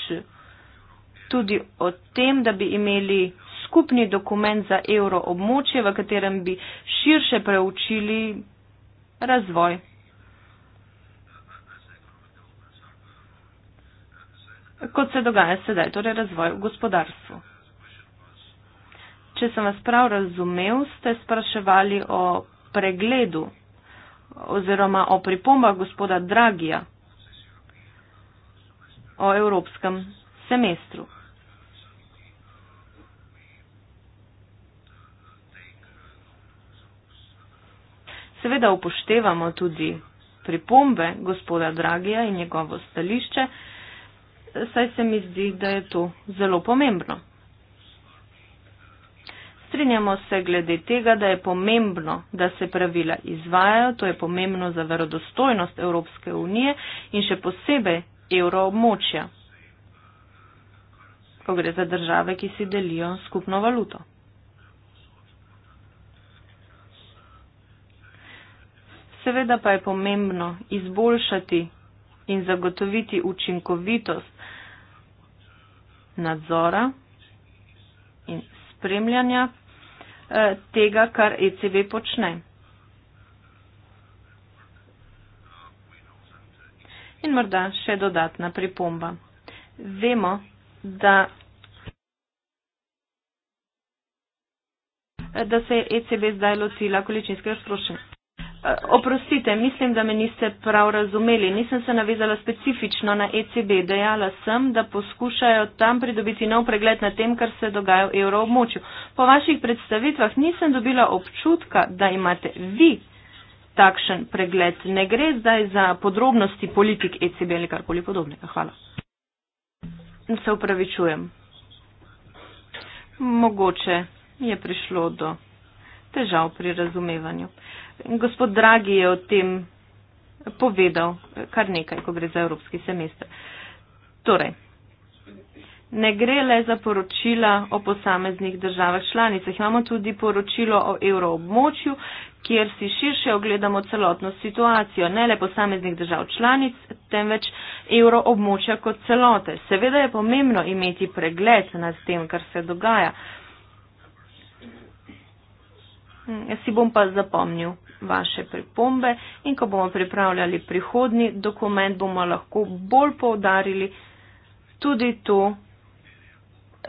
tudi o tem, da bi imeli skupni dokument za evro območje, v katerem bi širše preučili razvoj. Kot se dogaja sedaj, torej razvoj v gospodarstvu. Če sem vas prav razumel, ste spraševali o pregledu oziroma o pripombah gospoda Dragija o evropskem semestru. Seveda upoštevamo tudi pripombe gospoda Dragija in njegovo stališče, saj se mi zdi, da je to zelo pomembno. Strinjamo se glede tega, da je pomembno, da se pravila izvajajo, to je pomembno za verodostojnost Evropske unije in še posebej evroobmočja, ko gre za države, ki si delijo skupno valuto. Seveda pa je pomembno izboljšati in zagotoviti učinkovitost nadzora in spremljanja eh, tega, kar ECB počne. In morda še dodatna pripomba. Vemo, da, da se je ECB zdaj lotila količinskega sproščanja. Eh, oprostite, mislim, da me niste prav razumeli. Nisem se navezala specifično na ECB. Dejala sem, da poskušajo tam pridobiti nov pregled na tem, kar se dogaja v evroobmočju. Po vaših predstavitvah nisem dobila občutka, da imate vi takšen pregled. Ne gre zdaj za podrobnosti politik ECB ali karkoli podobnega. Hvala. Se upravičujem. Mogoče je prišlo do težav pri razumevanju. Gospod Dragi je o tem povedal kar nekaj, ko gre za evropski semester. Torej, ne gre le za poročila o posameznih državah članicah. Imamo tudi poročilo o evroobmočju, kjer si širše ogledamo celotno situacijo, ne le posameznih držav članic, temveč evroobmočja kot celote. Seveda je pomembno imeti pregled nad tem, kar se dogaja. Jaz hm, si bom pa zapomnil vaše pripombe in ko bomo pripravljali prihodni dokument, bomo lahko bolj poudarili tudi to,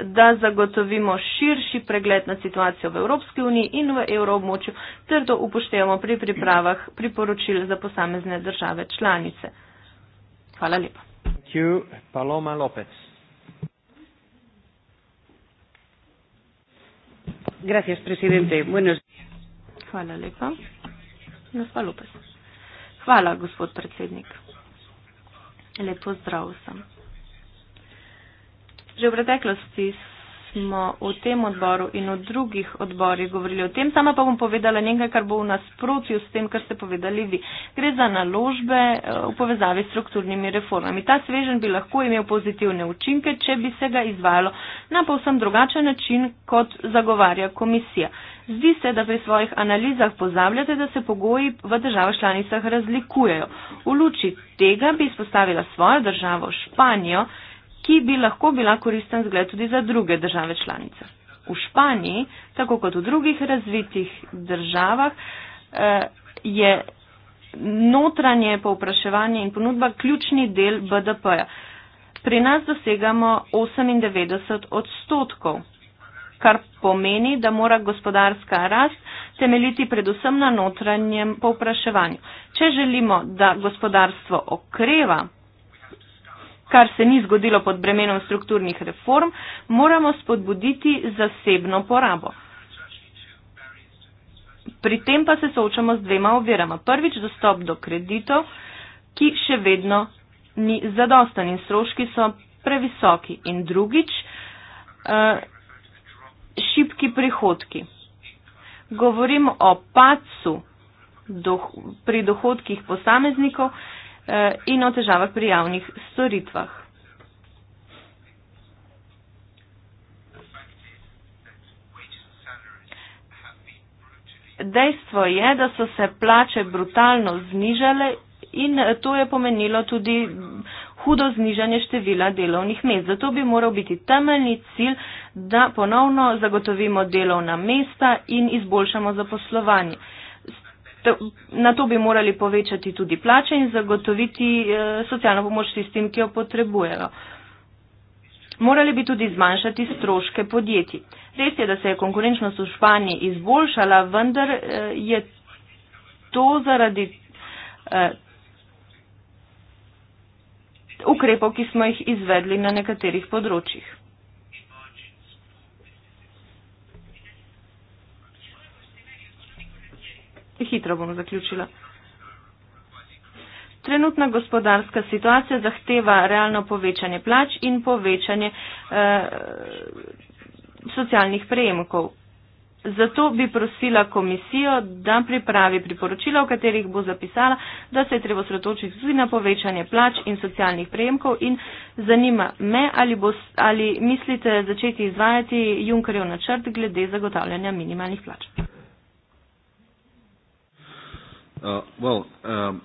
da zagotovimo širši pregled nad situacijo v Evropski uniji in v evroobmočju, ter to upoštevamo pri pripravah priporočil za posamezne države članice. Hvala lepa. Gracias, presidente. Buenos Hvala lepa. Gospa Lopes. Hvala, gospod predsednik. Lepo zdrav vsem. Že v preteklosti smo v tem odboru in v drugih odborih govorili o tem. Sama pa bom povedala nekaj, kar bo v nasprotju s tem, kar ste povedali vi. Gre za naložbe eh, v povezavi s strukturnimi reformami. Ta svežen bi lahko imel pozitivne učinke, če bi se ga izvajalo na povsem drugačen način, kot zagovarja komisija. Zdi se, da pri svojih analizah pozabljate, da se pogoji v državah članicah razlikujejo. V luči tega bi izpostavila svojo državo Španijo, ki bi lahko bila koristen zgled tudi za druge države članice. V Španiji, tako kot v drugih razvitih državah, eh, je notranje povpraševanje in ponudba ključni del BDP-ja. Pri nas dosegamo 98 odstotkov, kar pomeni, da mora gospodarska rast temeljiti predvsem na notranjem povpraševanju. Če želimo, da gospodarstvo okreva, kar se ni zgodilo pod bremenom strukturnih reform, moramo spodbuditi zasebno porabo. Pri tem pa se soočamo z dvema ovirama. Prvič, dostop do kreditov, ki še vedno ni zadostan in stroški so previsoki. In drugič, eh, šibki prihodki. Govorim o pacu doh pri dohodkih posameznikov, Eh, in o težavah pri javnih storitvah. Dejstvo je, da so se plače brutalno znižale in eh, to je pomenilo tudi hudo znižanje števila delovnih mest. Zato bi moral biti temeljni cilj, da ponovno zagotovimo delovna mesta in izboljšamo zaposlovanje na to bi morali povečati tudi plače in zagotoviti eh, socialno pomoč tistim, ki jo potrebujejo. Morali bi tudi zmanjšati stroške podjetij. Res je, da se je konkurenčnost v Španiji izboljšala, vendar eh, je to zaradi eh, ukrepov, ki smo jih izvedli na nekaterih področjih. Hitro bom zaključila. Trenutna gospodarska situacija zahteva realno povečanje plač in povečanje eh, socialnih prejemkov. Zato bi prosila komisijo, da pripravi priporočila, v katerih bo zapisala, da se je treba sretočiti tudi na povečanje plač in socialnih prejemkov in zanima me, ali, bo, ali mislite začeti izvajati Junkerjev načrt glede zagotavljanja minimalnih plač. Uh, well, um,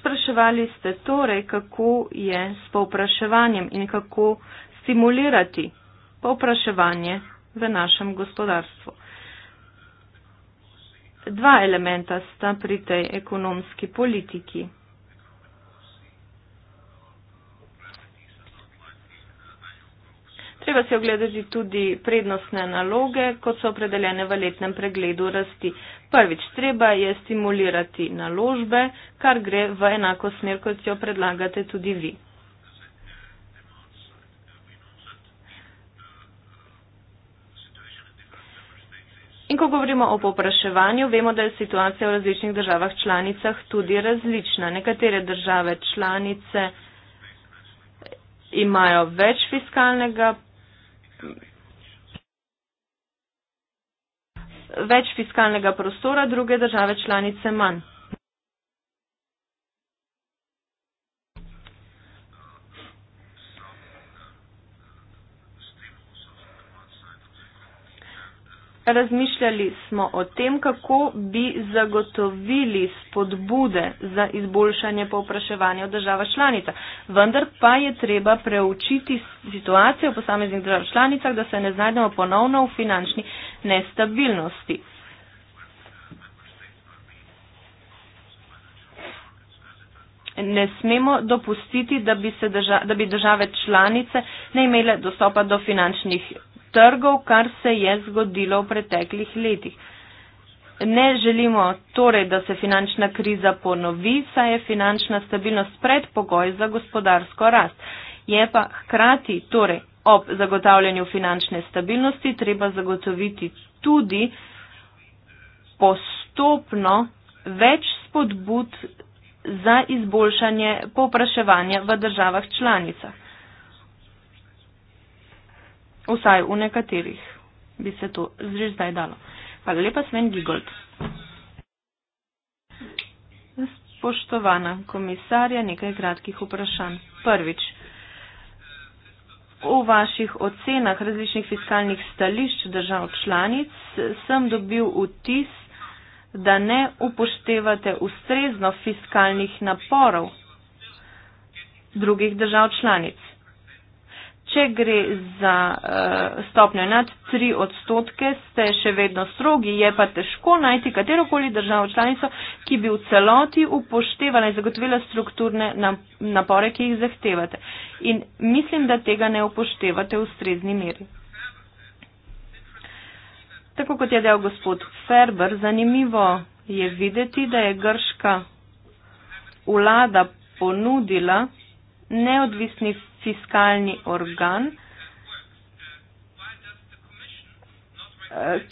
Spraševali ste torej, kako je s povpraševanjem in kako stimulirati povpraševanje v našem gospodarstvu. Dva elementa sta pri tej ekonomski politiki. Treba si ogledati tudi prednostne naloge, kot so opredeljene v letnem pregledu rasti. Prvič, treba je stimulirati naložbe, kar gre v enako smer, kot jo predlagate tudi vi. In ko govorimo o popraševanju, vemo, da je situacija v različnih državah članicah tudi različna. Nekatere države članice imajo več fiskalnega Več fiskalnega prostora, druge države članice manj. Razmišljali smo o tem, kako bi zagotovili spodbude za izboljšanje povpraševanja v državah članica. Vendar pa je treba preučiti situacijo v posameznih držav članicah, da se ne znajdemo ponovno v finančni nestabilnosti. Ne smemo dopustiti, da bi, se drža, da bi države članice ne imele dostopa do finančnih trgov, kar se je zgodilo v preteklih letih. Ne želimo torej, da se finančna kriza ponovi, saj je finančna stabilnost predpogoj za gospodarsko rast. Je pa hkrati torej ob zagotavljanju finančne stabilnosti treba zagotoviti tudi postopno več spodbud za izboljšanje popraševanja v državah članicah. Vsaj v nekaterih bi se to že zdaj dalo. Hvala lepa, Sven Gigold. Spoštovana komisarja, nekaj kratkih vprašanj. Prvič, v vaših ocenah različnih fiskalnih stališč držav članic sem dobil vtis, da ne upoštevate ustrezno fiskalnih naporov drugih držav članic. Če gre za uh, stopnjo nad 3 odstotke, ste še vedno strogi, je pa težko najti katerokoli državo članico, ki bi v celoti upoštevala in zagotovila strukturne napore, ki jih zahtevate. In mislim, da tega ne upoštevate v strezni meri. Tako kot je dejal gospod Ferber, zanimivo je videti, da je grška vlada ponudila neodvisni fiskalni organ,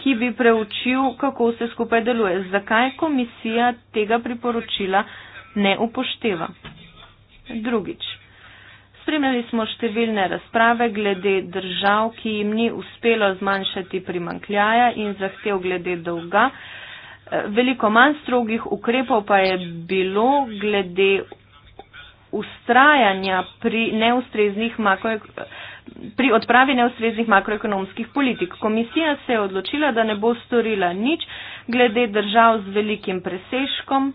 ki bi preučil, kako vse skupaj deluje. Zakaj komisija tega priporočila ne upošteva? Drugič. Spremljali smo številne razprave glede držav, ki jim ni uspelo zmanjšati primankljaja in zahtev glede dolga. Veliko manj strogih ukrepov pa je bilo glede ustrajanja pri neustreznih makroekonomskih pri odpravi neustreznih makroekonomskih politik. Komisija se je odločila, da ne bo storila nič glede držav z velikim presežkom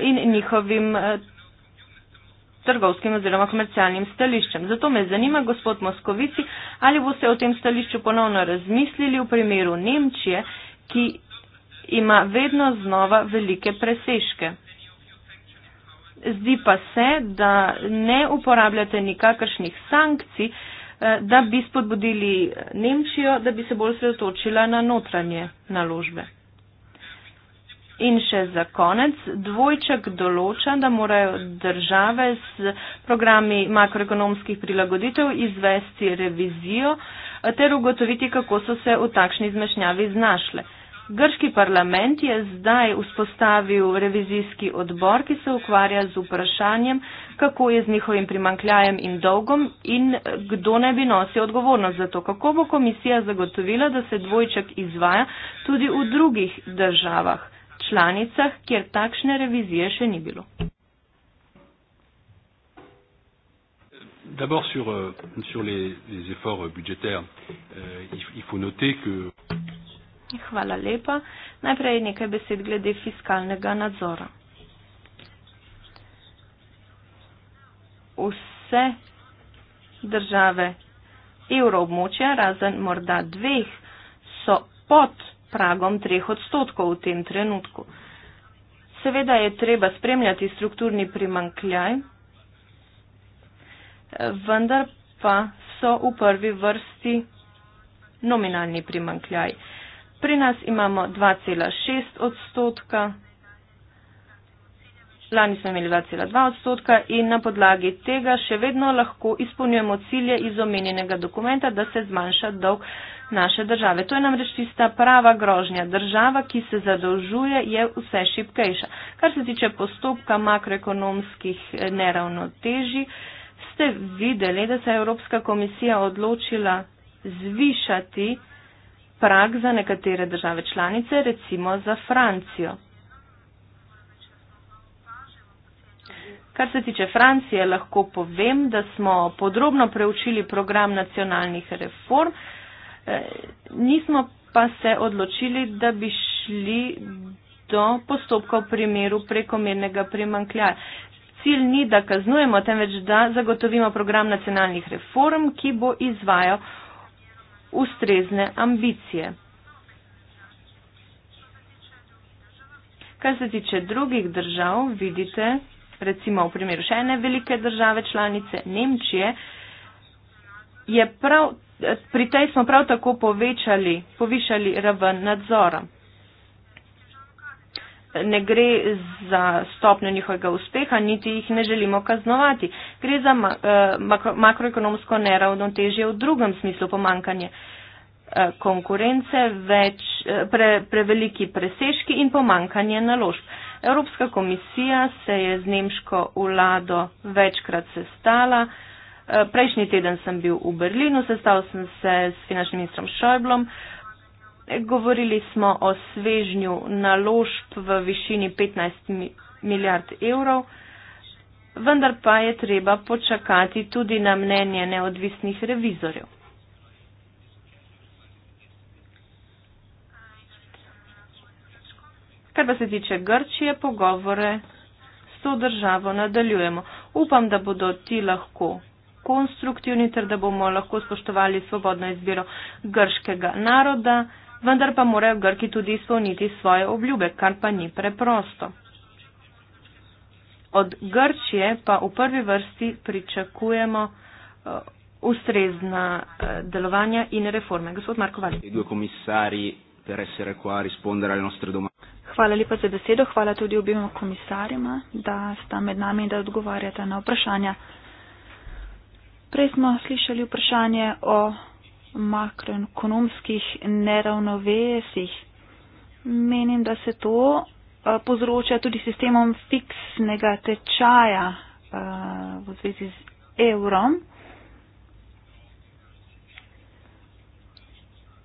in njihovim eh, trgovskim oziroma komercialnim stališčem. Zato me zanima, gospod Moskovici, ali boste o tem stališču ponovno razmislili v primeru Nemčije, ki ima vedno znova velike presežke zdi pa se, da ne uporabljate nikakršnih sankcij, eh, da bi spodbudili eh, Nemčijo, da bi se bolj sredotočila na notranje naložbe. In še za konec, dvojček določa, da morajo države s programi makroekonomskih prilagoditev izvesti revizijo eh, ter ugotoviti, kako so se v takšni zmešnjavi znašle. Grški parlament je zdaj vzpostavil revizijski odbor, ki se ukvarja z vprašanjem, kako je z njihovim primankljajem in dolgom in kdo naj bi nosil odgovornost za to. Kako bo komisija zagotovila, da se dvojček izvaja tudi v drugih državah, članicah, kjer takšne revizije še ni bilo? D'abord sur, euh, sur les, les efforts budgétaires, euh, il, il faut noter que Hvala lepa. Najprej nekaj besed glede fiskalnega nadzora. Vse države evroobmočja, razen morda dveh, so pod pragom treh odstotkov v tem trenutku. Seveda je treba spremljati strukturni primankljaj, vendar pa so v prvi vrsti nominalni primankljaj. Pri nas imamo 2,6 odstotka, lani smo imeli 2,2 odstotka in na podlagi tega še vedno lahko izpolnjujemo cilje iz omenjenega dokumenta, da se zmanjša dolg naše države. To je namreč tista prava grožnja. Država, ki se zadolžuje, je vse šipkejša. Kar se tiče postopka makroekonomskih eh, neravnoteži, ste videli, da se je Evropska komisija odločila zvišati prag za nekatere države članice, recimo za Francijo. Kar se tiče Francije, lahko povem, da smo podrobno preučili program nacionalnih reform, eh, nismo pa se odločili, da bi šli do postopka v primeru prekomernega primankljaja. Cilj ni, da kaznujemo, temveč da zagotovimo program nacionalnih reform, ki bo izvajal ustrezne ambicije. Kar se tiče drugih držav, vidite, recimo v primeru še ene velike države članice Nemčije, je prav, pri tej smo prav tako povečali, povišali raven nadzora ne gre za stopnjo njihovega uspeha, niti jih ne želimo kaznovati. Gre za eh, makroekonomsko neravnotežje v drugem smislu, pomankanje eh, konkurence, več, eh, pre, preveliki presežki in pomankanje naložb. Evropska komisija se je z nemško vlado večkrat sestala. Prejšnji teden sem bil v Berlinu, sestal sem se s finančnim ministrom Šojblom. Govorili smo o svežnju naložb v višini 15 milijard evrov, vendar pa je treba počakati tudi na mnenje neodvisnih revizorjev. Kar pa se tiče Grčije, pogovore s to državo nadaljujemo. Upam, da bodo ti lahko konstruktivni ter da bomo lahko spoštovali svobodno izbiro grškega naroda vendar pa morajo Grki tudi izpolniti svoje obljube, kar pa ni preprosto. Od Grčije pa v prvi vrsti pričakujemo uh, ustrezna uh, delovanja in reforme. Gospod Markovali. Hvala lepa za besedo, hvala tudi obima komisarjima, da sta med nami in da odgovarjata na vprašanja. Prej smo slišali vprašanje o makroekonomskih neravnovesih. Menim, da se to eh, povzroča tudi sistemom fiksnega tečaja eh, v zvezi z evrom.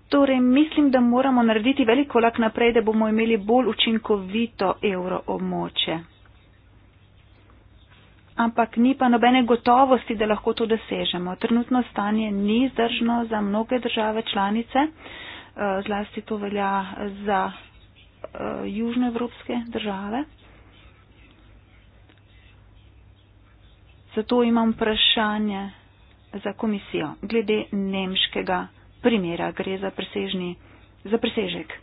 Torej, mislim, da moramo narediti veliko lak naprej, da bomo imeli bolj učinkovito evro območje ampak ni pa nobene gotovosti, da lahko to dosežemo. Trenutno stanje ni zdržno za mnoge države članice, eh, zlasti to velja za eh, južnoevropske države. Zato imam vprašanje za komisijo glede nemškega primera. Gre za, presežni, za presežek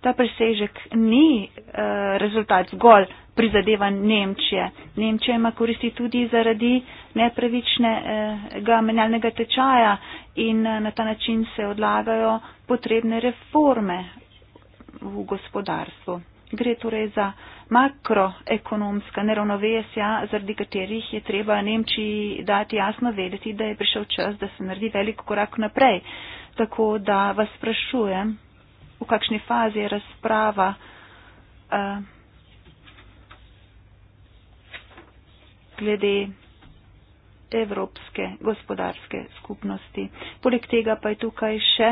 ta presežek ni uh, rezultat zgolj prizadeva Nemčije. Nemčija ima koristi tudi zaradi nepravičnega menjalnega tečaja in eh, na ta način se odlagajo potrebne reforme v gospodarstvu. Gre torej za makroekonomska neravnovesja, zaradi katerih je treba Nemčiji dati jasno vedeti, da je prišel čas, da se naredi velik korak naprej. Tako da vas sprašujem, v kakšni fazi je razprava. Uh, glede Evropske gospodarske skupnosti. Poleg tega pa je tukaj še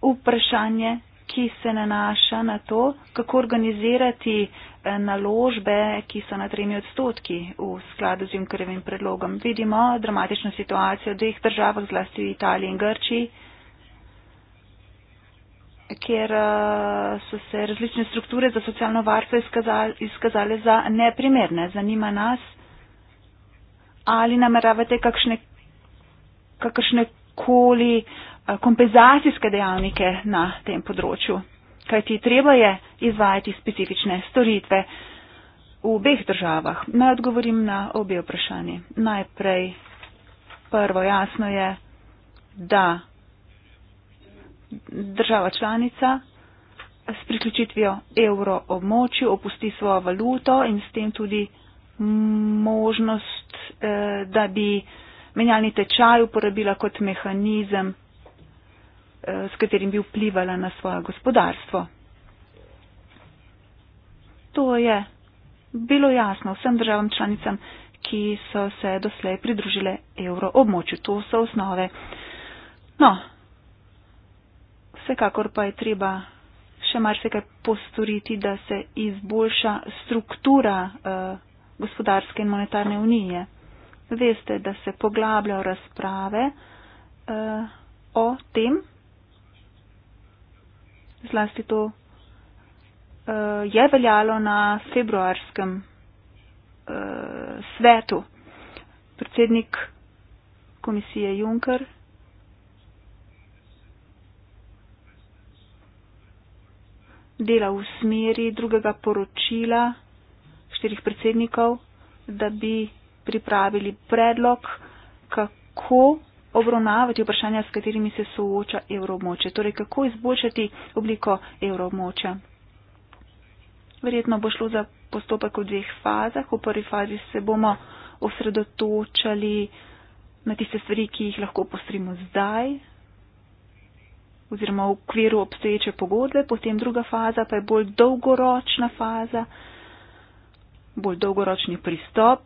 vprašanje, ki se nanaša na to, kako organizirati eh, naložbe, ki so na tremi odstotki v skladu z Junkerjevim predlogom. Vidimo dramatično situacijo v dveh državah, zlasti v Italiji in Grčiji kjer eh, so se različne strukture za socialno varstvo izkazali, izkazali za neprimerne. Zanima nas, ali nameravate kakšne, kakšne koli eh, kompenzacijske dejavnike na tem področju. Kajti treba je izvajati specifične storitve v obeh državah. Naj odgovorim na obe vprašanje. Najprej prvo jasno je, da država članica s priključitvijo evro območju opusti svojo valuto in s tem tudi možnost, eh, da bi menjalni tečaj uporabila kot mehanizem, eh, s katerim bi vplivala na svoje gospodarstvo. To je bilo jasno vsem državam članicam, ki so se doslej pridružile evro območju. To so osnove. No, Vsekakor pa je treba še marsikaj postoriti, da se izboljša struktura eh, gospodarske in monetarne unije. Veste, da se poglabljajo razprave eh, o tem, zlasti to eh, je veljalo na februarskem eh, svetu. Predsednik komisije Juncker dela v smeri drugega poročila štirih predsednikov, da bi pripravili predlog, kako obravnavati vprašanja, s katerimi se sooča evromoče, torej kako izboljšati obliko evromoče. Verjetno bo šlo za postopek v dveh fazah. V prvi fazi se bomo osredotočali na tiste stvari, ki jih lahko postrimo zdaj, oziroma v okviru obstoječe pogodbe, potem druga faza pa je bolj dolgoročna faza, bolj dolgoročni pristop.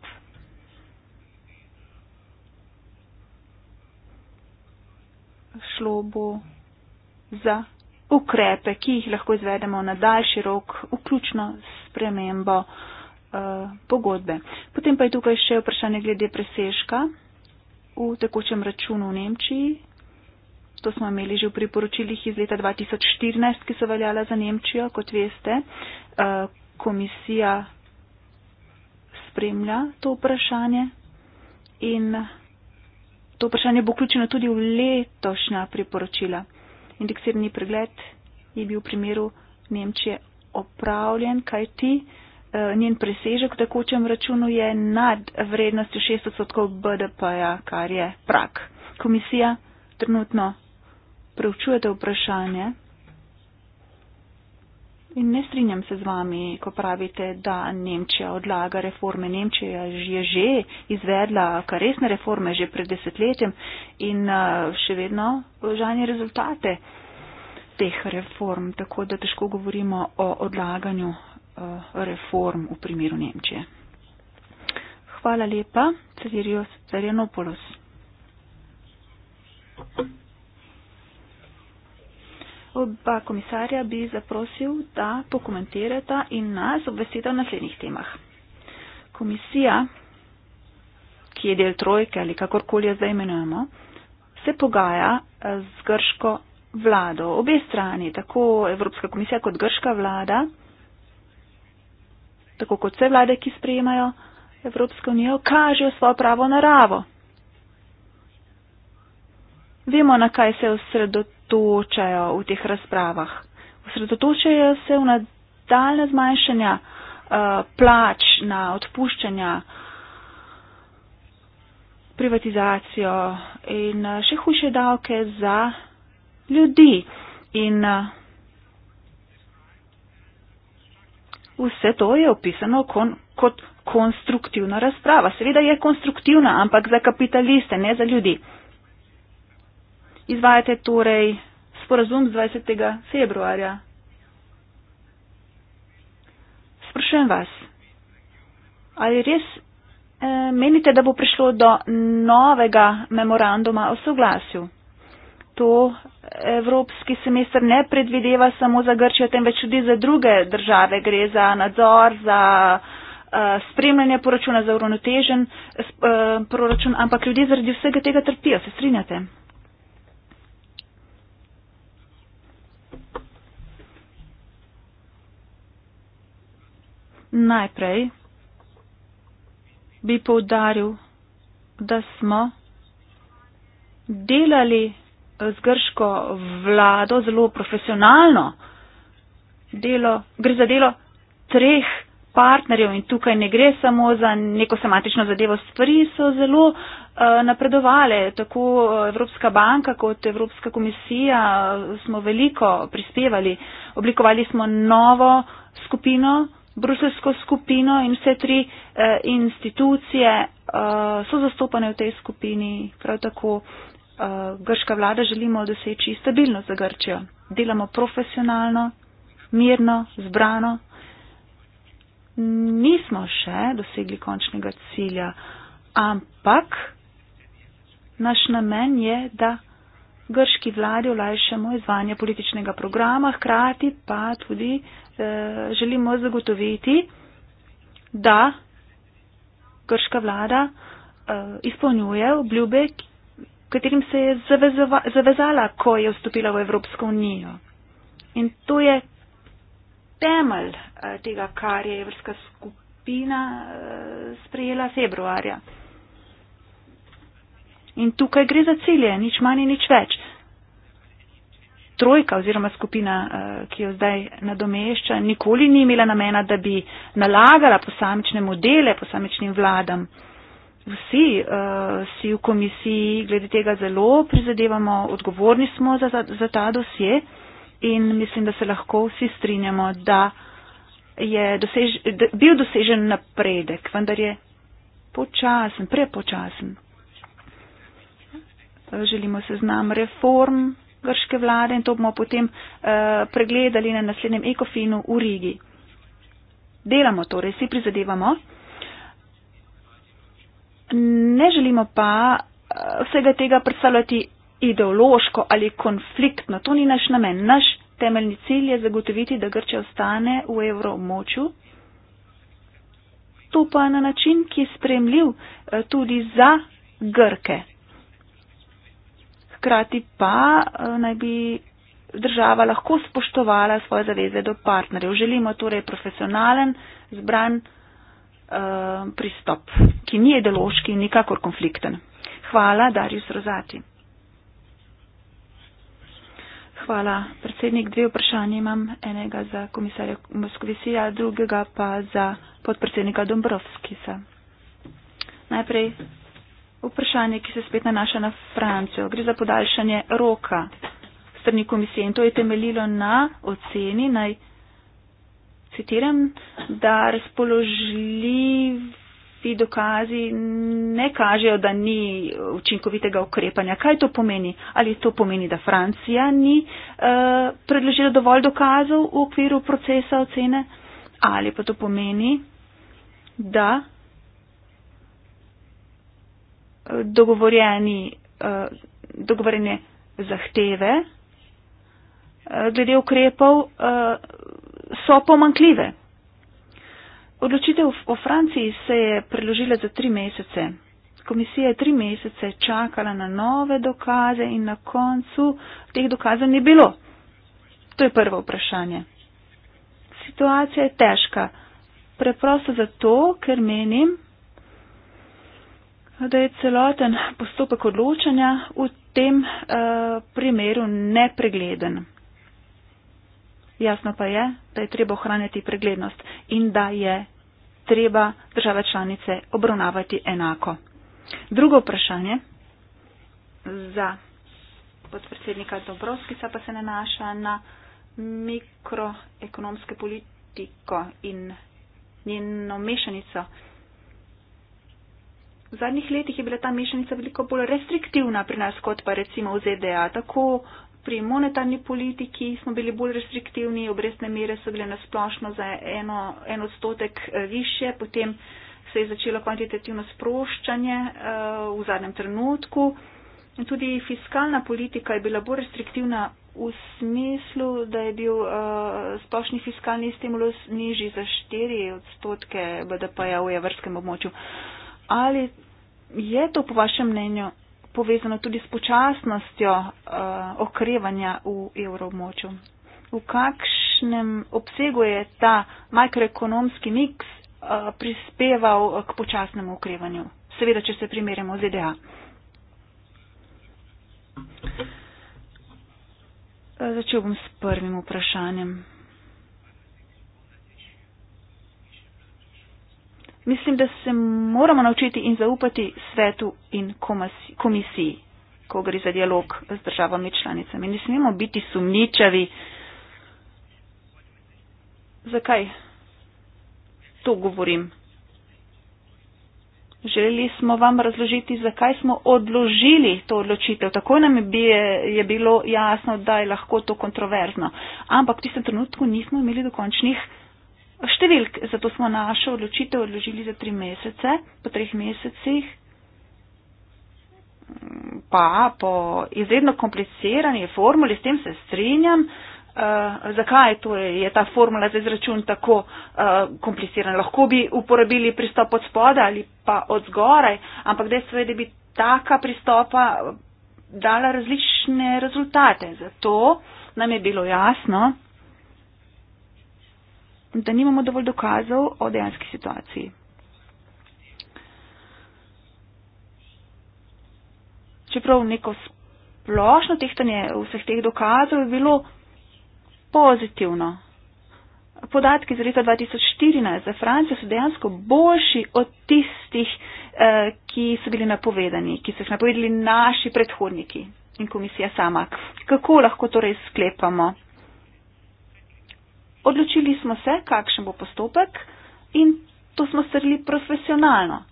Šlo bo za ukrepe, ki jih lahko izvedemo na daljši rok, vključno s premembo uh, eh, pogodbe. Potem pa je tukaj še vprašanje glede preseška v tekočem računu v Nemčiji, to smo imeli že v priporočilih iz leta 2014, ki so veljala za Nemčijo, kot veste, eh, komisija spremlja to vprašanje in to vprašanje bo vključeno tudi v letošnja priporočila. Indeksirni pregled je bil v primeru Nemčije opravljen, kaj ti eh, njen presežek v tekočem računu je nad vrednostjo 6 odstotkov BDP-ja, kar je prak. Komisija trenutno preučujete vprašanje. In ne strinjam se z vami, ko pravite, da Nemčija odlaga reforme. Nemčija je že izvedla kar resne reforme že pred desetletjem in uh, še vedno požanje rezultate teh reform. Tako da težko govorimo o odlaganju uh, reform v primeru Nemčije. Hvala lepa, Cedirios Cerianopoulos. Thank you. Oba komisarja bi zaprosil, da pokomentirata in nas obvestita v naslednjih temah. Komisija, ki je del trojke ali kakorkoli jo zdaj imenujemo, se pogaja eh, z grško vlado. Obe strani, tako Evropska komisija kot grška vlada, tako kot vse vlade, ki sprejemajo Evropsko unijo, kažejo svojo pravo naravo. Vemo, na kaj se osredotočajo osredotočajo v teh razpravah. Osredotočajo se v nadaljne zmanjšanja eh, plač, na odpuščanja, privatizacijo in eh, še hujše davke za ljudi. In eh, vse to je opisano kon, kot konstruktivna razprava. Seveda je konstruktivna, ampak za kapitaliste, ne za ljudi izvajate torej sporazum z 20. februarja. Sprašujem vas, ali res eh, menite, da bo prišlo do novega memoranduma o soglasju? To eh, evropski semester ne predvideva samo za Grčijo, temveč tudi za druge države. Gre za nadzor, za eh, spremljanje poračuna, za uravnotežen eh, proračun, ampak ljudje zaradi vsega tega trpijo. Se strinjate? Najprej bi povdaril, da smo delali z grško vlado zelo profesionalno. Delo, gre za delo treh partnerjev in tukaj ne gre samo za neko sematično zadevo. Stvari so zelo uh, napredovale, tako eh, Evropska banka kot Evropska komisija eh, smo veliko prispevali. Oblikovali smo novo skupino bruselsko skupino in vse tri eh, institucije eh, so zastopane v tej skupini. Prav tako eh, grška vlada želimo doseči stabilnost za Grčijo. Delamo profesionalno, mirno, zbrano. Nismo še dosegli končnega cilja, ampak naš namen je, da grški vladi olajšamo izvanje političnega programa, hkrati pa tudi eh, želimo zagotoviti, da grška vlada eh, izpolnjuje obljube, katerim se je zavezova, zavezala, ko je vstopila v Evropsko unijo. In to je temelj eh, tega, kar je Evropska skupina eh, sprejela februarja. In tukaj gre za cilje, nič manj in nič več. Trojka oziroma skupina, eh, ki jo zdaj nadomešča, nikoli ni imela namena, da bi nalagala posamične modele posamičnim vladam. Vsi uh, si v komisiji glede tega zelo prizadevamo, odgovorni smo za, za, za ta dosje in mislim, da se lahko vsi strinjamo, da je dosež, da, bil dosežen napredek, vendar je počasen, prepočasen želimo seznam reform grške vlade in to bomo potem eh, pregledali na naslednjem ekofinu v Rigi. Delamo torej, si prizadevamo. Ne želimo pa eh, vsega tega predstavljati ideološko ali konfliktno. To ni naš namen. Naš temeljni cilj je zagotoviti, da Grče ostane v evromoču. To pa na način, ki je spremljiv eh, tudi za Grke hkrati pa eh, naj bi država lahko spoštovala svoje zaveze do partnerjev. Želimo torej profesionalen, zbran uh, pristop, ki ni ideološki in nikakor konflikten. Hvala, Darius Rozati. Hvala, predsednik. Dve vprašanje imam. Enega za komisarja Moskovisija, drugega pa za podpredsednika Dombrovskisa. Najprej vprašanje, ki se spet nanaša na Francijo. Gre za podaljšanje roka strani komisije in to je temeljilo na oceni, naj citiram, da razpoložljivi dokazi ne kažejo, da ni učinkovitega ukrepanja. Kaj to pomeni? Ali to pomeni, da Francija ni uh, predložila dovolj dokazov v okviru procesa ocene? Ali pa to pomeni, da dogovorjeni, eh, dogovorjene zahteve eh, glede ukrepov eh, so pomankljive. Odločitev o Franciji se je preložila za tri mesece. Komisija je tri mesece čakala na nove dokaze in na koncu teh dokazov ni bilo. To je prvo vprašanje. Situacija je težka. Preprosto zato, ker menim, da je celoten postopek odločanja v tem uh, primeru nepregleden. Jasno pa je, da je treba ohranjati preglednost in da je treba države članice obravnavati enako. Drugo vprašanje za podpredsednika Dobrovskisa pa se nanaša na mikroekonomske politiko in njeno mešanico. V zadnjih letih je bila ta mešanica veliko bolj restriktivna pri nas kot pa recimo v ZDA. Tako pri monetarni politiki smo bili bolj restriktivni, obrestne mere so bile nasplošno za eno, en odstotek eh, više, potem se je začelo kvantitativno sproščanje uh, v zadnjem trenutku. In tudi fiskalna politika je bila bolj restriktivna v smislu, da je bil uh, splošni fiskalni stimulus nižji za 4 odstotke BDP-ja v evrskem območju. Uh, ali je to po vašem mnenju povezano tudi s počasnostjo uh, okrevanja v evroobmočju? V kakšnem obsegu je ta makroekonomski miks uh, prispeval k počasnemu okrevanju? Seveda, če se primerjamo z EDA. Eh, začel bom s prvim vprašanjem. Mislim, da se moramo naučiti in zaupati svetu in komisiji, ko gre za dialog z državami članicami. Ne smemo biti sumničavi. Zakaj to govorim? Želeli smo vam razložiti, zakaj smo odložili to odločitev. Takoj nam je bilo jasno, da je lahko to kontroverzno. Ampak v tistem trenutku nismo imeli dokončnih številk, zato smo našo odločitev odložili za tri mesece, po treh mesecih pa po izredno komplicirani formuli, s tem se strinjam, uh, zakaj to je, je ta formula za izračun tako uh, eh, komplicirana. Lahko bi uporabili pristop od spoda ali pa od zgoraj, ampak dejstvo je, da bi taka pristopa dala različne rezultate. Zato nam je bilo jasno, da nimamo dovolj dokazov o dejanski situaciji. Čeprav neko splošno tehtanje vseh teh dokazov je bilo pozitivno. Podatki iz leta 2014 za Francijo so dejansko boljši od tistih, eh, ki so bili napovedani, ki so jih napovedali naši predhodniki in komisija sama. Kako lahko torej sklepamo? odločili smo se, kakšen bo postopek in to smo strli profesionalno.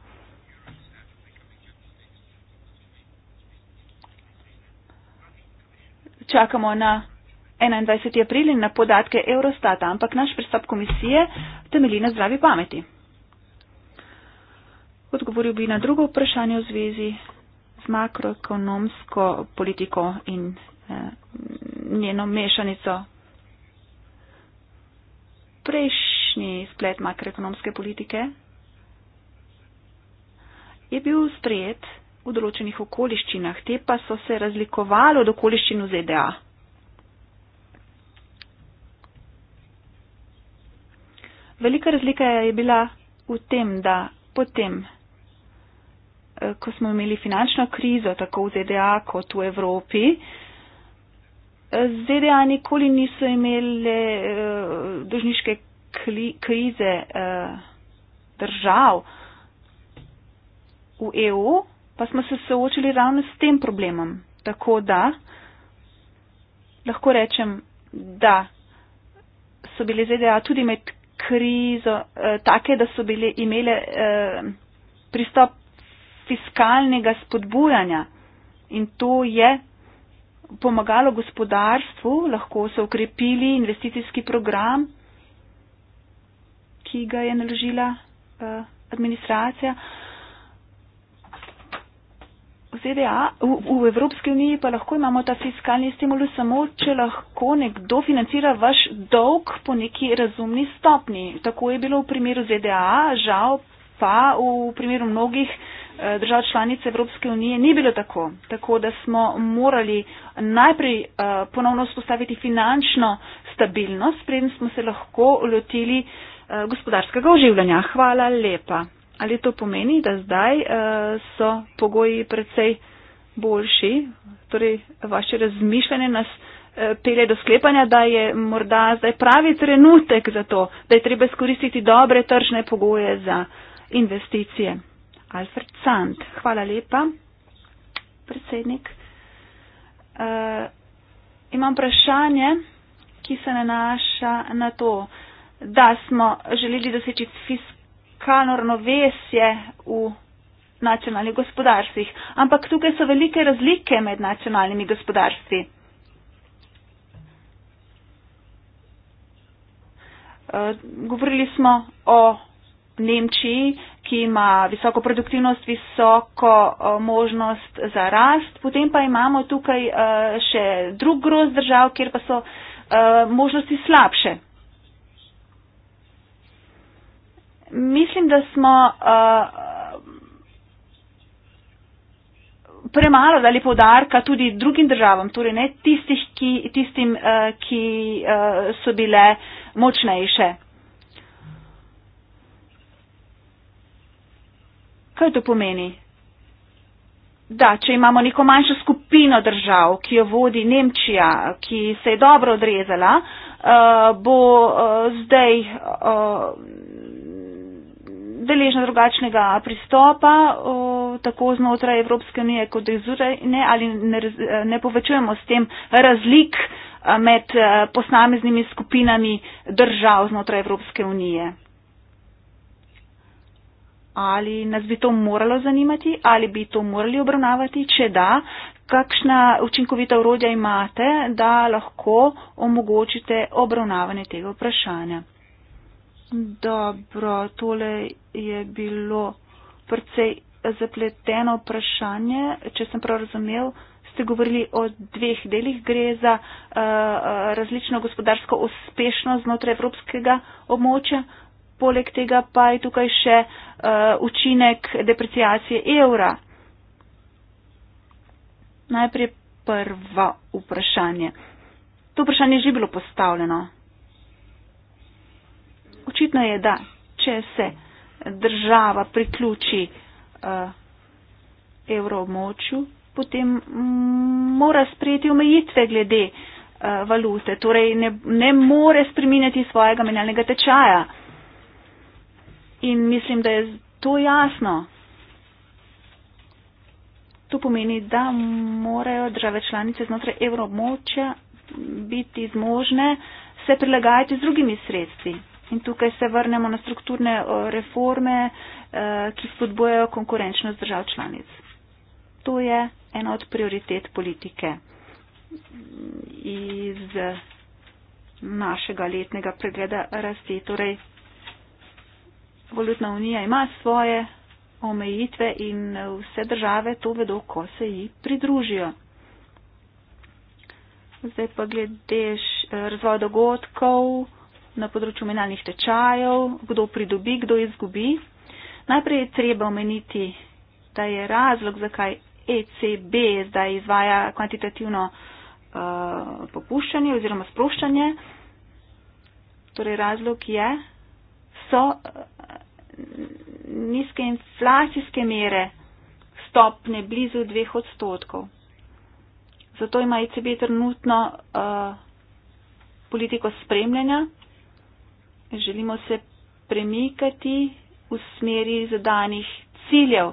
Čakamo na 21. april in na podatke Eurostata, ampak naš pristop komisije temelji na zdravi pameti. Odgovoril bi na drugo vprašanje v zvezi z makroekonomsko politiko in eh, njeno mešanico prejšnji splet makroekonomske politike je bil sprejet v določenih okoliščinah, te pa so se razlikovali od okoliščin v ZDA. Velika razlika je bila v tem, da potem, eh, ko smo imeli finančno krizo tako v ZDA kot v Evropi, ZDA nikoli niso imeli uh, eh, dožniške kli, krize uh, držav v EU, pa smo se soočili ravno s tem problemom. Tako da lahko rečem, da so bile ZDA tudi med krizo uh, take, da so bile imele uh, pristop fiskalnega spodbujanja in to je pomagalo gospodarstvu, lahko so ukrepili investicijski program, ki ga je naložila eh, administracija. V ZDA, v, v Evropski uniji pa lahko imamo ta fiskalni stimulus samo, če lahko nekdo financira vaš dolg po neki razumni stopni. Tako je bilo v primeru ZDA, žal pa v primeru mnogih eh, Eh, držav članic Evropske unije ni bilo tako. Tako da smo morali najprej eh, ponovno vzpostaviti finančno stabilnost, preden smo se lahko lotili eh, gospodarskega oživljanja. Hvala lepa. Ali to pomeni, da zdaj so pogoji predvsej boljši? Torej, vaše razmišljanje nas pele do sklepanja, da je morda zdaj pravi trenutek za to, da je treba skoristiti dobre tržne pogoje za investicije. Alfred Sand. Hvala lepa, predsednik. E, imam vprašanje, ki se nanaša na to, da smo želeli doseči fiskalno ravnovesje v nacionalnih gospodarstvih, ampak tukaj so velike razlike med nacionalnimi gospodarstvi. Eh, govorili smo o Nemčiji, ki ima visoko produktivnost, visoko eh, možnost za rast. Potem pa imamo tukaj eh, še drug groz držav, kjer pa so eh, možnosti slabše. Mislim, da smo premalo dali podarka tudi drugim državam, torej ne tistih, ki, tistim, ki so bile močnejše. Kaj to pomeni? Da, če imamo neko manjšo skupino držav, ki jo vodi Nemčija, ki se je dobro odrezala, eh, bo eh, zdaj eh, deležna drugačnega pristopa, tako znotraj Evropske unije, kot tudi zunaj, ne, ali ne, ne povečujemo s tem razlik med posameznimi skupinami držav znotraj Evropske unije ali nas bi to moralo zanimati, ali bi to morali obravnavati, če da, kakšna učinkovita urodja imate, da lahko omogočite obravnavanje tega vprašanja. Dobro, tole je bilo precej zapleteno vprašanje, če sem prav razumel. Ste govorili o dveh delih, gre za uh, različno gospodarsko uspešnost znotraj evropskega območja. Uh, poleg tega pa je tukaj še uh, učinek depreciacije evra. Najprej prvo vprašanje. To vprašanje je že bilo postavljeno. Očitno je, da če se država priključi uh, eh, evromočju, potem mm, mora sprejeti omejitve glede uh, valute, torej ne, ne more spreminjati svojega menjalnega tečaja. In mislim, da je to jasno. To pomeni, da morajo države članice znotraj evromočja biti zmožne se prilagajati z drugimi sredstvi. In tukaj se vrnemo na strukturne eh, reforme, eh, ki spodbojajo konkurenčnost držav članic. To je ena od prioritet politike iz našega letnega pregleda rasti. Torej, valutna unija ima svoje omejitve in vse države to vedo, ko se ji pridružijo. Zdaj pa glede razvoja dogodkov na področju menjalnih tečajev, kdo pridobi, kdo izgubi. Najprej je treba omeniti, da je razlog, zakaj ECB zdaj izvaja kvantitativno uh, popuščanje oziroma sproščanje. Torej razlog je, so nizke inflacijske mere stopne blizu dveh odstotkov. Zato ima ECB trenutno uh, politiko spremljanja. Želimo se premikati v smeri zadanih ciljev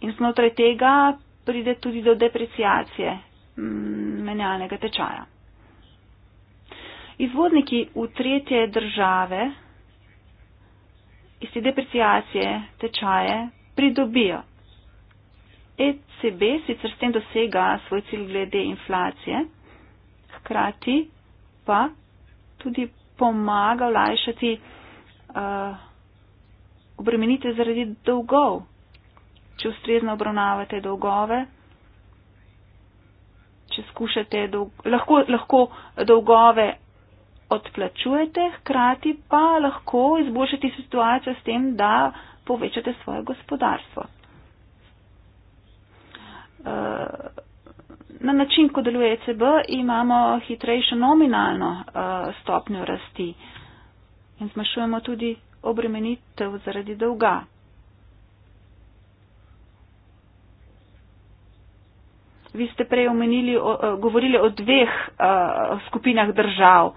in znotraj tega pride tudi do depreciacije mm, menjalnega tečaja. Izvodniki v tretje države iz te depreciacije tečaje pridobijo. ECB sicer s tem dosega svoj cilj glede inflacije, hkrati pa tudi pomaga vlajšati uh, obremenitve zaradi dolgov, če ustrezno obravnavate dolgove, če skušate dolg, lahko, lahko dolgove odplačujete, hkrati pa lahko izboljšati situacijo s tem, da povečate svoje gospodarstvo. Eh, na način, ko deluje ECB, imamo hitrejšo nominalno eh, stopnjo rasti in zmanjšujemo tudi obremenitev zaradi dolga. Vi ste prej omenili, eh, govorili o dveh skupinah držav,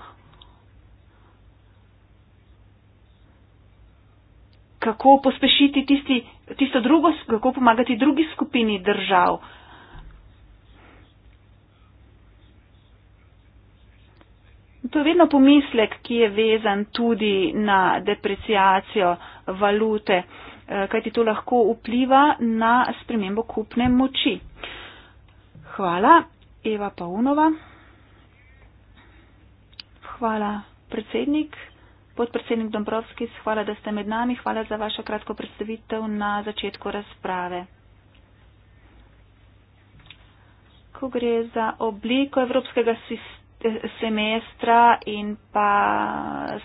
kako pospešiti tisti, tisto drugo, kako pomagati drugi skupini držav. To je vedno pomislek, ki je vezan tudi na depreciacijo valute, eh, kajti to lahko vpliva na spremembo kupne moči. Hvala, Eva Paunova. Hvala, predsednik. Podpredsednik Dombrovski, hvala, da ste med nami. Hvala za vašo kratko predstavitev na začetku razprave. Ko gre za obliko evropskega semestra in pa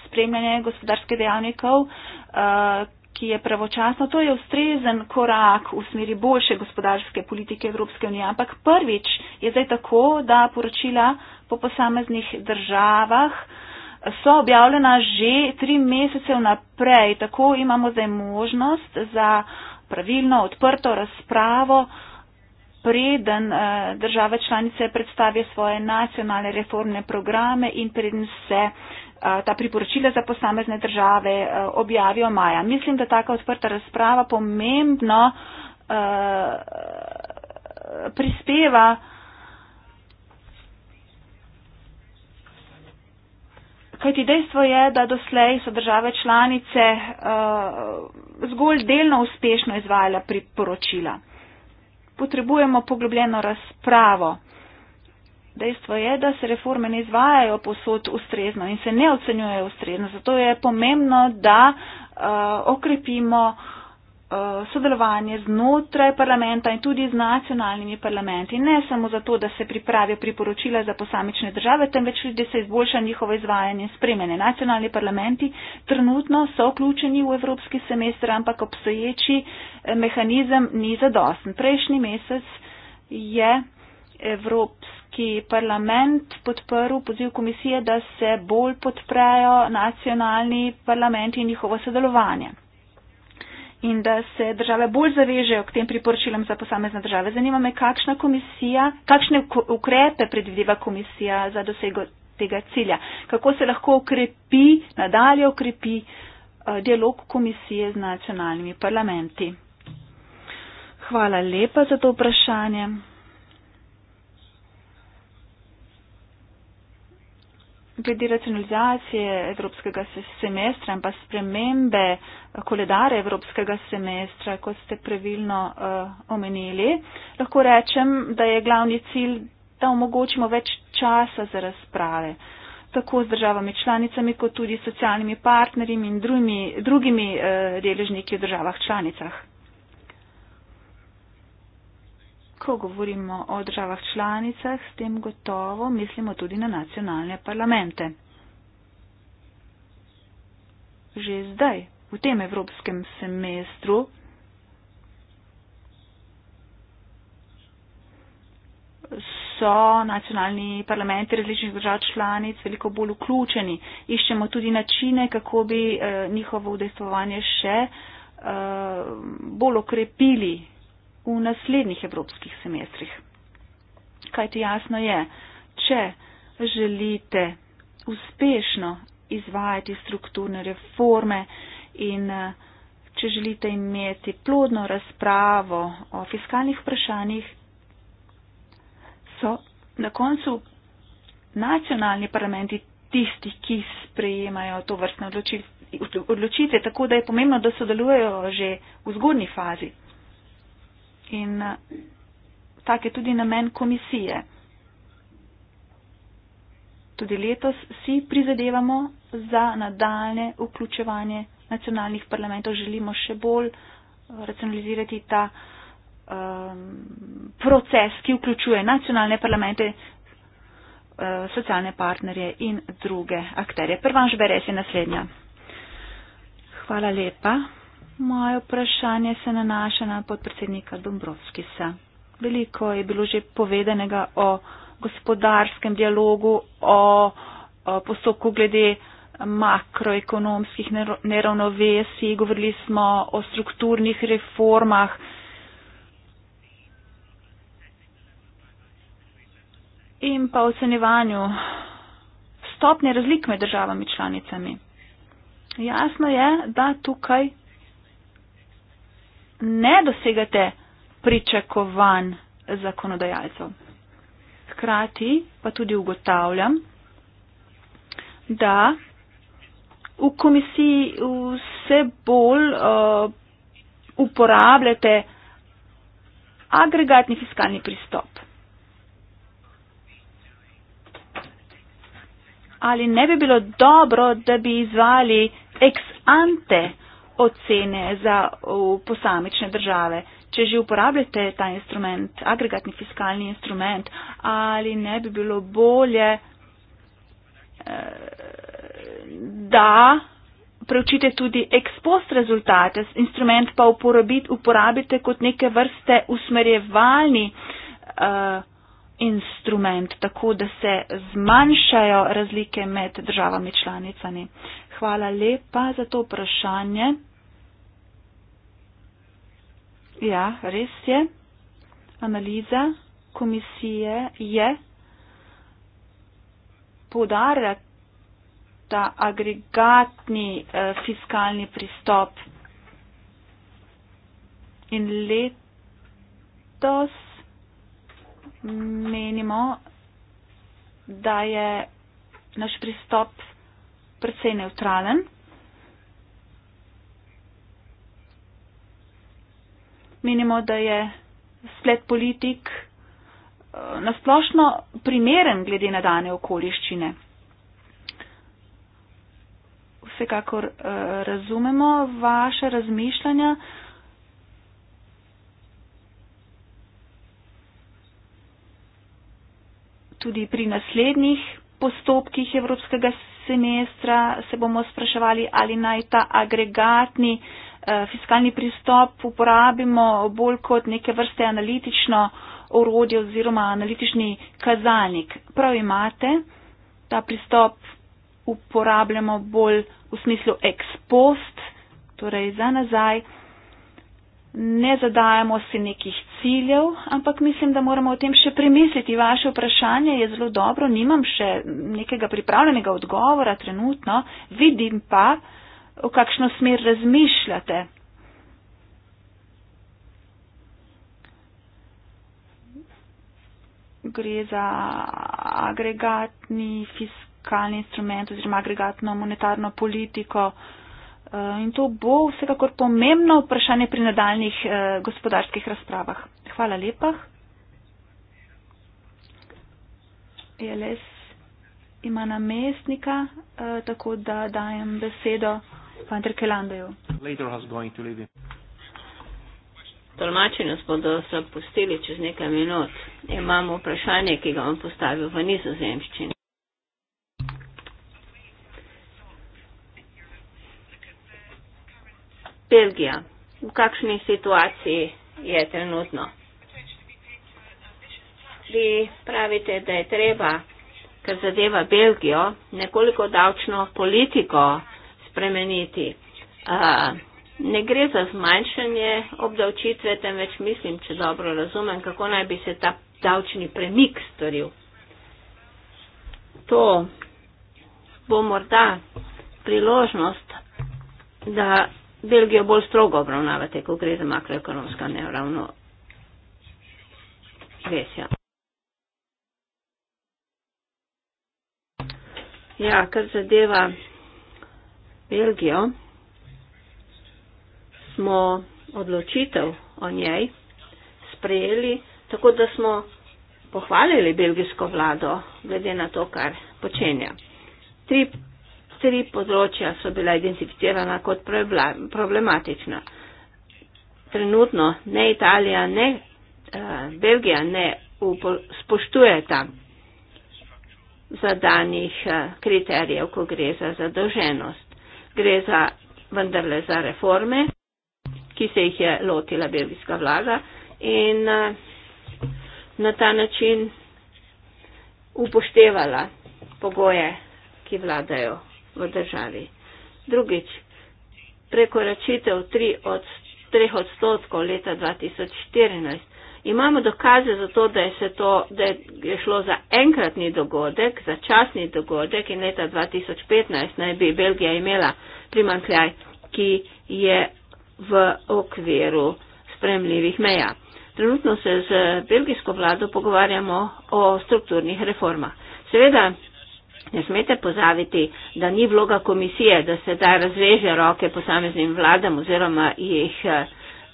spremljanje gospodarskih dejavnikov, eh, ki je pravočasno, to je ustrezen korak v smeri boljše gospodarske politike Evropske unije. Ampak prvič je zdaj tako, da poročila po posameznih državah so objavljena že tri mesece vnaprej. Tako imamo zdaj možnost za pravilno odprto razpravo, preden eh, države članice predstavijo svoje nacionalne reformne programe in preden se eh, ta priporočila za posamezne države eh, objavijo maja. Mislim, da taka odprta razprava pomembno prispeva Kajti dejstvo je, da doslej so države članice uh, zgolj delno uspešno izvajala priporočila. Potrebujemo poglobljeno razpravo. Dejstvo je, da se reforme ne izvajajo posod ustrezno in se ne ocenjujejo ustrezno. Zato je pomembno, da uh, okrepimo uh, Eh, sodelovanje znotraj parlamenta in tudi z nacionalnimi parlamenti. Ne samo zato, da se pripravijo priporočila za posamične države, temveč tudi, da se izboljša njihovo izvajanje in spremenje. Nacionalni parlamenti trenutno so vključeni v evropski semester, ampak obstoječi eh, mehanizem ni zadosten. Prejšnji mesec je Evropski parlament podprl poziv komisije, da se bolj podprejo nacionalni parlamenti in njihovo sodelovanje in da se države bolj zavežejo k tem priporočilom za posamezne države. Zanima me, kakšna komisija, kakšne ukrepe predvideva komisija za dosego tega cilja. Kako se lahko ukrepi, nadalje ukrepi eh, dialog komisije z nacionalnimi parlamenti. Hvala lepa za to vprašanje. Glede racionalizacije evropskega semestra in pa spremembe eh, koledare evropskega semestra, kot ste pravilno uh, omenili, lahko rečem, da je glavni cilj, da omogočimo več časa za razprave, tako z državami članicami, kot tudi s socialnimi partnerji in drugimi, drugimi uh, deležniki v državah članicah. ko govorimo o državah članicah, s tem gotovo mislimo tudi na nacionalne parlamente. Že zdaj, v tem evropskem semestru, so nacionalni parlamenti različnih držav članic veliko bolj vključeni. Iščemo tudi načine, kako bi eh, njihovo udejstvovanje še eh, bolj okrepili v naslednjih evropskih semestrih. Kaj ti jasno je, če želite uspešno izvajati strukturne reforme in eh, če želite imeti plodno razpravo o fiskalnih vprašanjih, so na koncu nacionalni parlamenti tisti, ki sprejemajo to vrstne odločitve, tako da je pomembno, da sodelujejo že v zgodni fazi in eh, tak je tudi namen komisije. Tudi letos si prizadevamo za nadaljne vključevanje nacionalnih parlamentov, želimo še bolj eh, racionalizirati ta um, proces, ki vključuje nacionalne parlamente, eh, socialne partnerje in druge akterje. Prva žbere je naslednja. Hvala lepa. Moje vprašanje se nanaša na podpredsednika Dombrovskisa. Veliko je bilo že povedanega o gospodarskem dialogu, o, o postopku glede makroekonomskih neravnovesij, govorili smo o strukturnih reformah. In pa ocenjevanju stopnje razlik med državami članicami. Jasno je, da tukaj ne dosegate pričakovanj zakonodajalcev. Hkrati pa tudi ugotavljam, da v komisiji vse bolj uh, uporabljate agregatni fiskalni pristop. Ali ne bi bilo dobro, da bi izvali ex ante ocene za posamične države. Če že uporabljate ta instrument, agregatni fiskalni instrument, ali ne bi bilo bolje, eh, da preučite tudi ekspost rezultate, instrument pa uporabite kot neke vrste usmerjevalni. Uh, instrument, tako da se zmanjšajo razlike med državami članicami. Hvala lepa za to vprašanje. Ja, res je. Analiza komisije je podarila ta agregatni eh, fiskalni pristop. In letos menimo, da je naš pristop precej neutralen. Menimo, da je splet politik eh, nasplošno primeren glede na dane okoliščine. Vsekakor eh, razumemo vaše razmišljanja. tudi pri naslednjih postopkih evropskega semestra se bomo spraševali, ali naj ta agregatni eh, fiskalni pristop uporabimo bolj kot neke vrste analitično orodje oziroma analitični kazalnik. Prav imate, ta pristop uporabljamo bolj v smislu ex post, torej za nazaj ne zadajamo si nekih ciljev, ampak mislim, da moramo o tem še premisliti. Vaše vprašanje je zelo dobro, nimam še nekega pripravljenega odgovora trenutno, vidim pa, v kakšno smer razmišljate. Gre za agregatni fiskalni instrument oziroma agregatno monetarno politiko. Uh, Eh, in to bo vsekakor pomembno vprašanje pri nadaljnih eh, gospodarskih razpravah. Hvala lepa. ELS ima namestnika, eh, tako da dajem besedo Pantr Kelandoju. Tolmači nas bodo zapustili čez nekaj minut. Imamo vprašanje, ki ga vam postavil v nizozemščini. Belgija. V kakšni situaciji je trenutno? Vi pravite, da je treba, kar zadeva Belgijo, nekoliko davčno politiko spremeniti. Ne gre za zmanjšanje obdavčitve, temveč mislim, če dobro razumem, kako naj bi se ta davčni premik storil. To bo morda priložnost, da Belgijo bolj strogo obravnavate, ko gre za makroekonomska neravno. Res, ja. Ja, kar zadeva Belgijo, smo odločitev o njej sprejeli, tako da smo pohvalili belgijsko vlado glede na to, kar počenja. Tri tri področja so bila identificirana kot problematična. Trenutno ne Italija, ne uh, Belgija ne upo, spoštuje tam zadanih uh, kriterijev, ko gre za zadolženost. Gre za vendarle za reforme, ki se jih je lotila belgijska vlada in uh, na ta način upoštevala pogoje, ki vladajo v državi. Drugič, prekoračitev 3 od, 3 odstotkov leta 2014. Imamo dokaze za to, da je, se to, da je šlo za enkratni dogodek, za časni dogodek in leta 2015 naj bi Belgija imela primankljaj, ki je v okviru spremljivih meja. Trenutno se z belgijsko vlado pogovarjamo o strukturnih reformah. Seveda Ne smete pozaviti, da ni vloga komisije, da se da razveže roke posameznim vladam oziroma jih eh,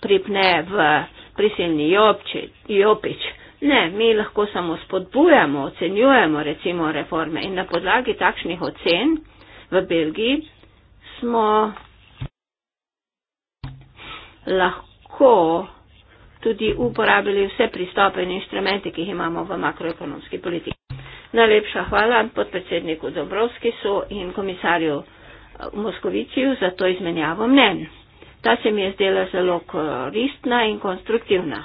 pripne v prisilni jopič. Ne, mi lahko samo spodbujamo, ocenjujemo recimo reforme in na podlagi takšnih ocen v Belgiji smo lahko tudi uporabili vse pristope in inštrumente, ki jih imamo v makroekonomski politiki. Najlepša hvala podpredsedniku Dobrovskisu in komisarju eh, Moskoviciju za to izmenjavo mnen. Ta se mi je zdela zelo koristna in konstruktivna.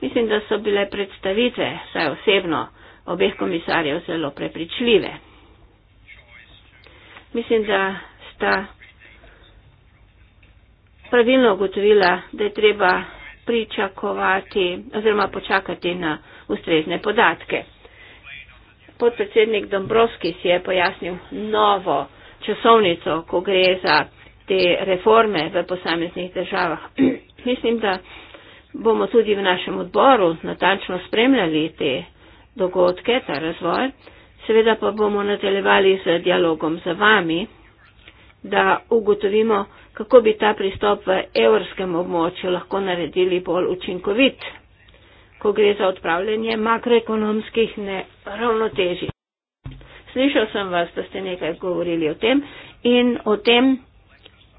Mislim, da so bile predstavitve, saj osebno, obeh komisarjev zelo prepričljive. Mislim, da sta pravilno ugotovila, da je treba pričakovati oziroma počakati na ustrezne podatke. Podpredsednik Dombrovski si je pojasnil novo časovnico, ko gre za te reforme v posameznih državah. Mislim, da bomo tudi v našem odboru natančno spremljali te dogodke, ta razvoj. Seveda pa bomo nadaljevali z dialogom z vami da ugotovimo, kako bi ta pristop v evropskem območju lahko naredili bolj učinkovit, ko gre za odpravljanje makroekonomskih neravnoteži. Slišal sem vas, da ste nekaj govorili o tem in o tem,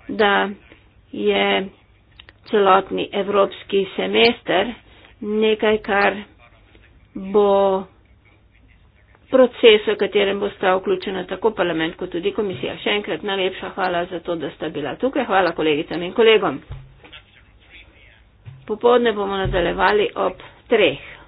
da je celotni evropski semester nekaj, kar bo proces, v katerem bo sta vključena tako parlament kot tudi komisija. Še enkrat najlepša hvala za to, da sta bila tukaj. Hvala kolegicam in kolegom. Popovdne bomo nadaljevali ob treh.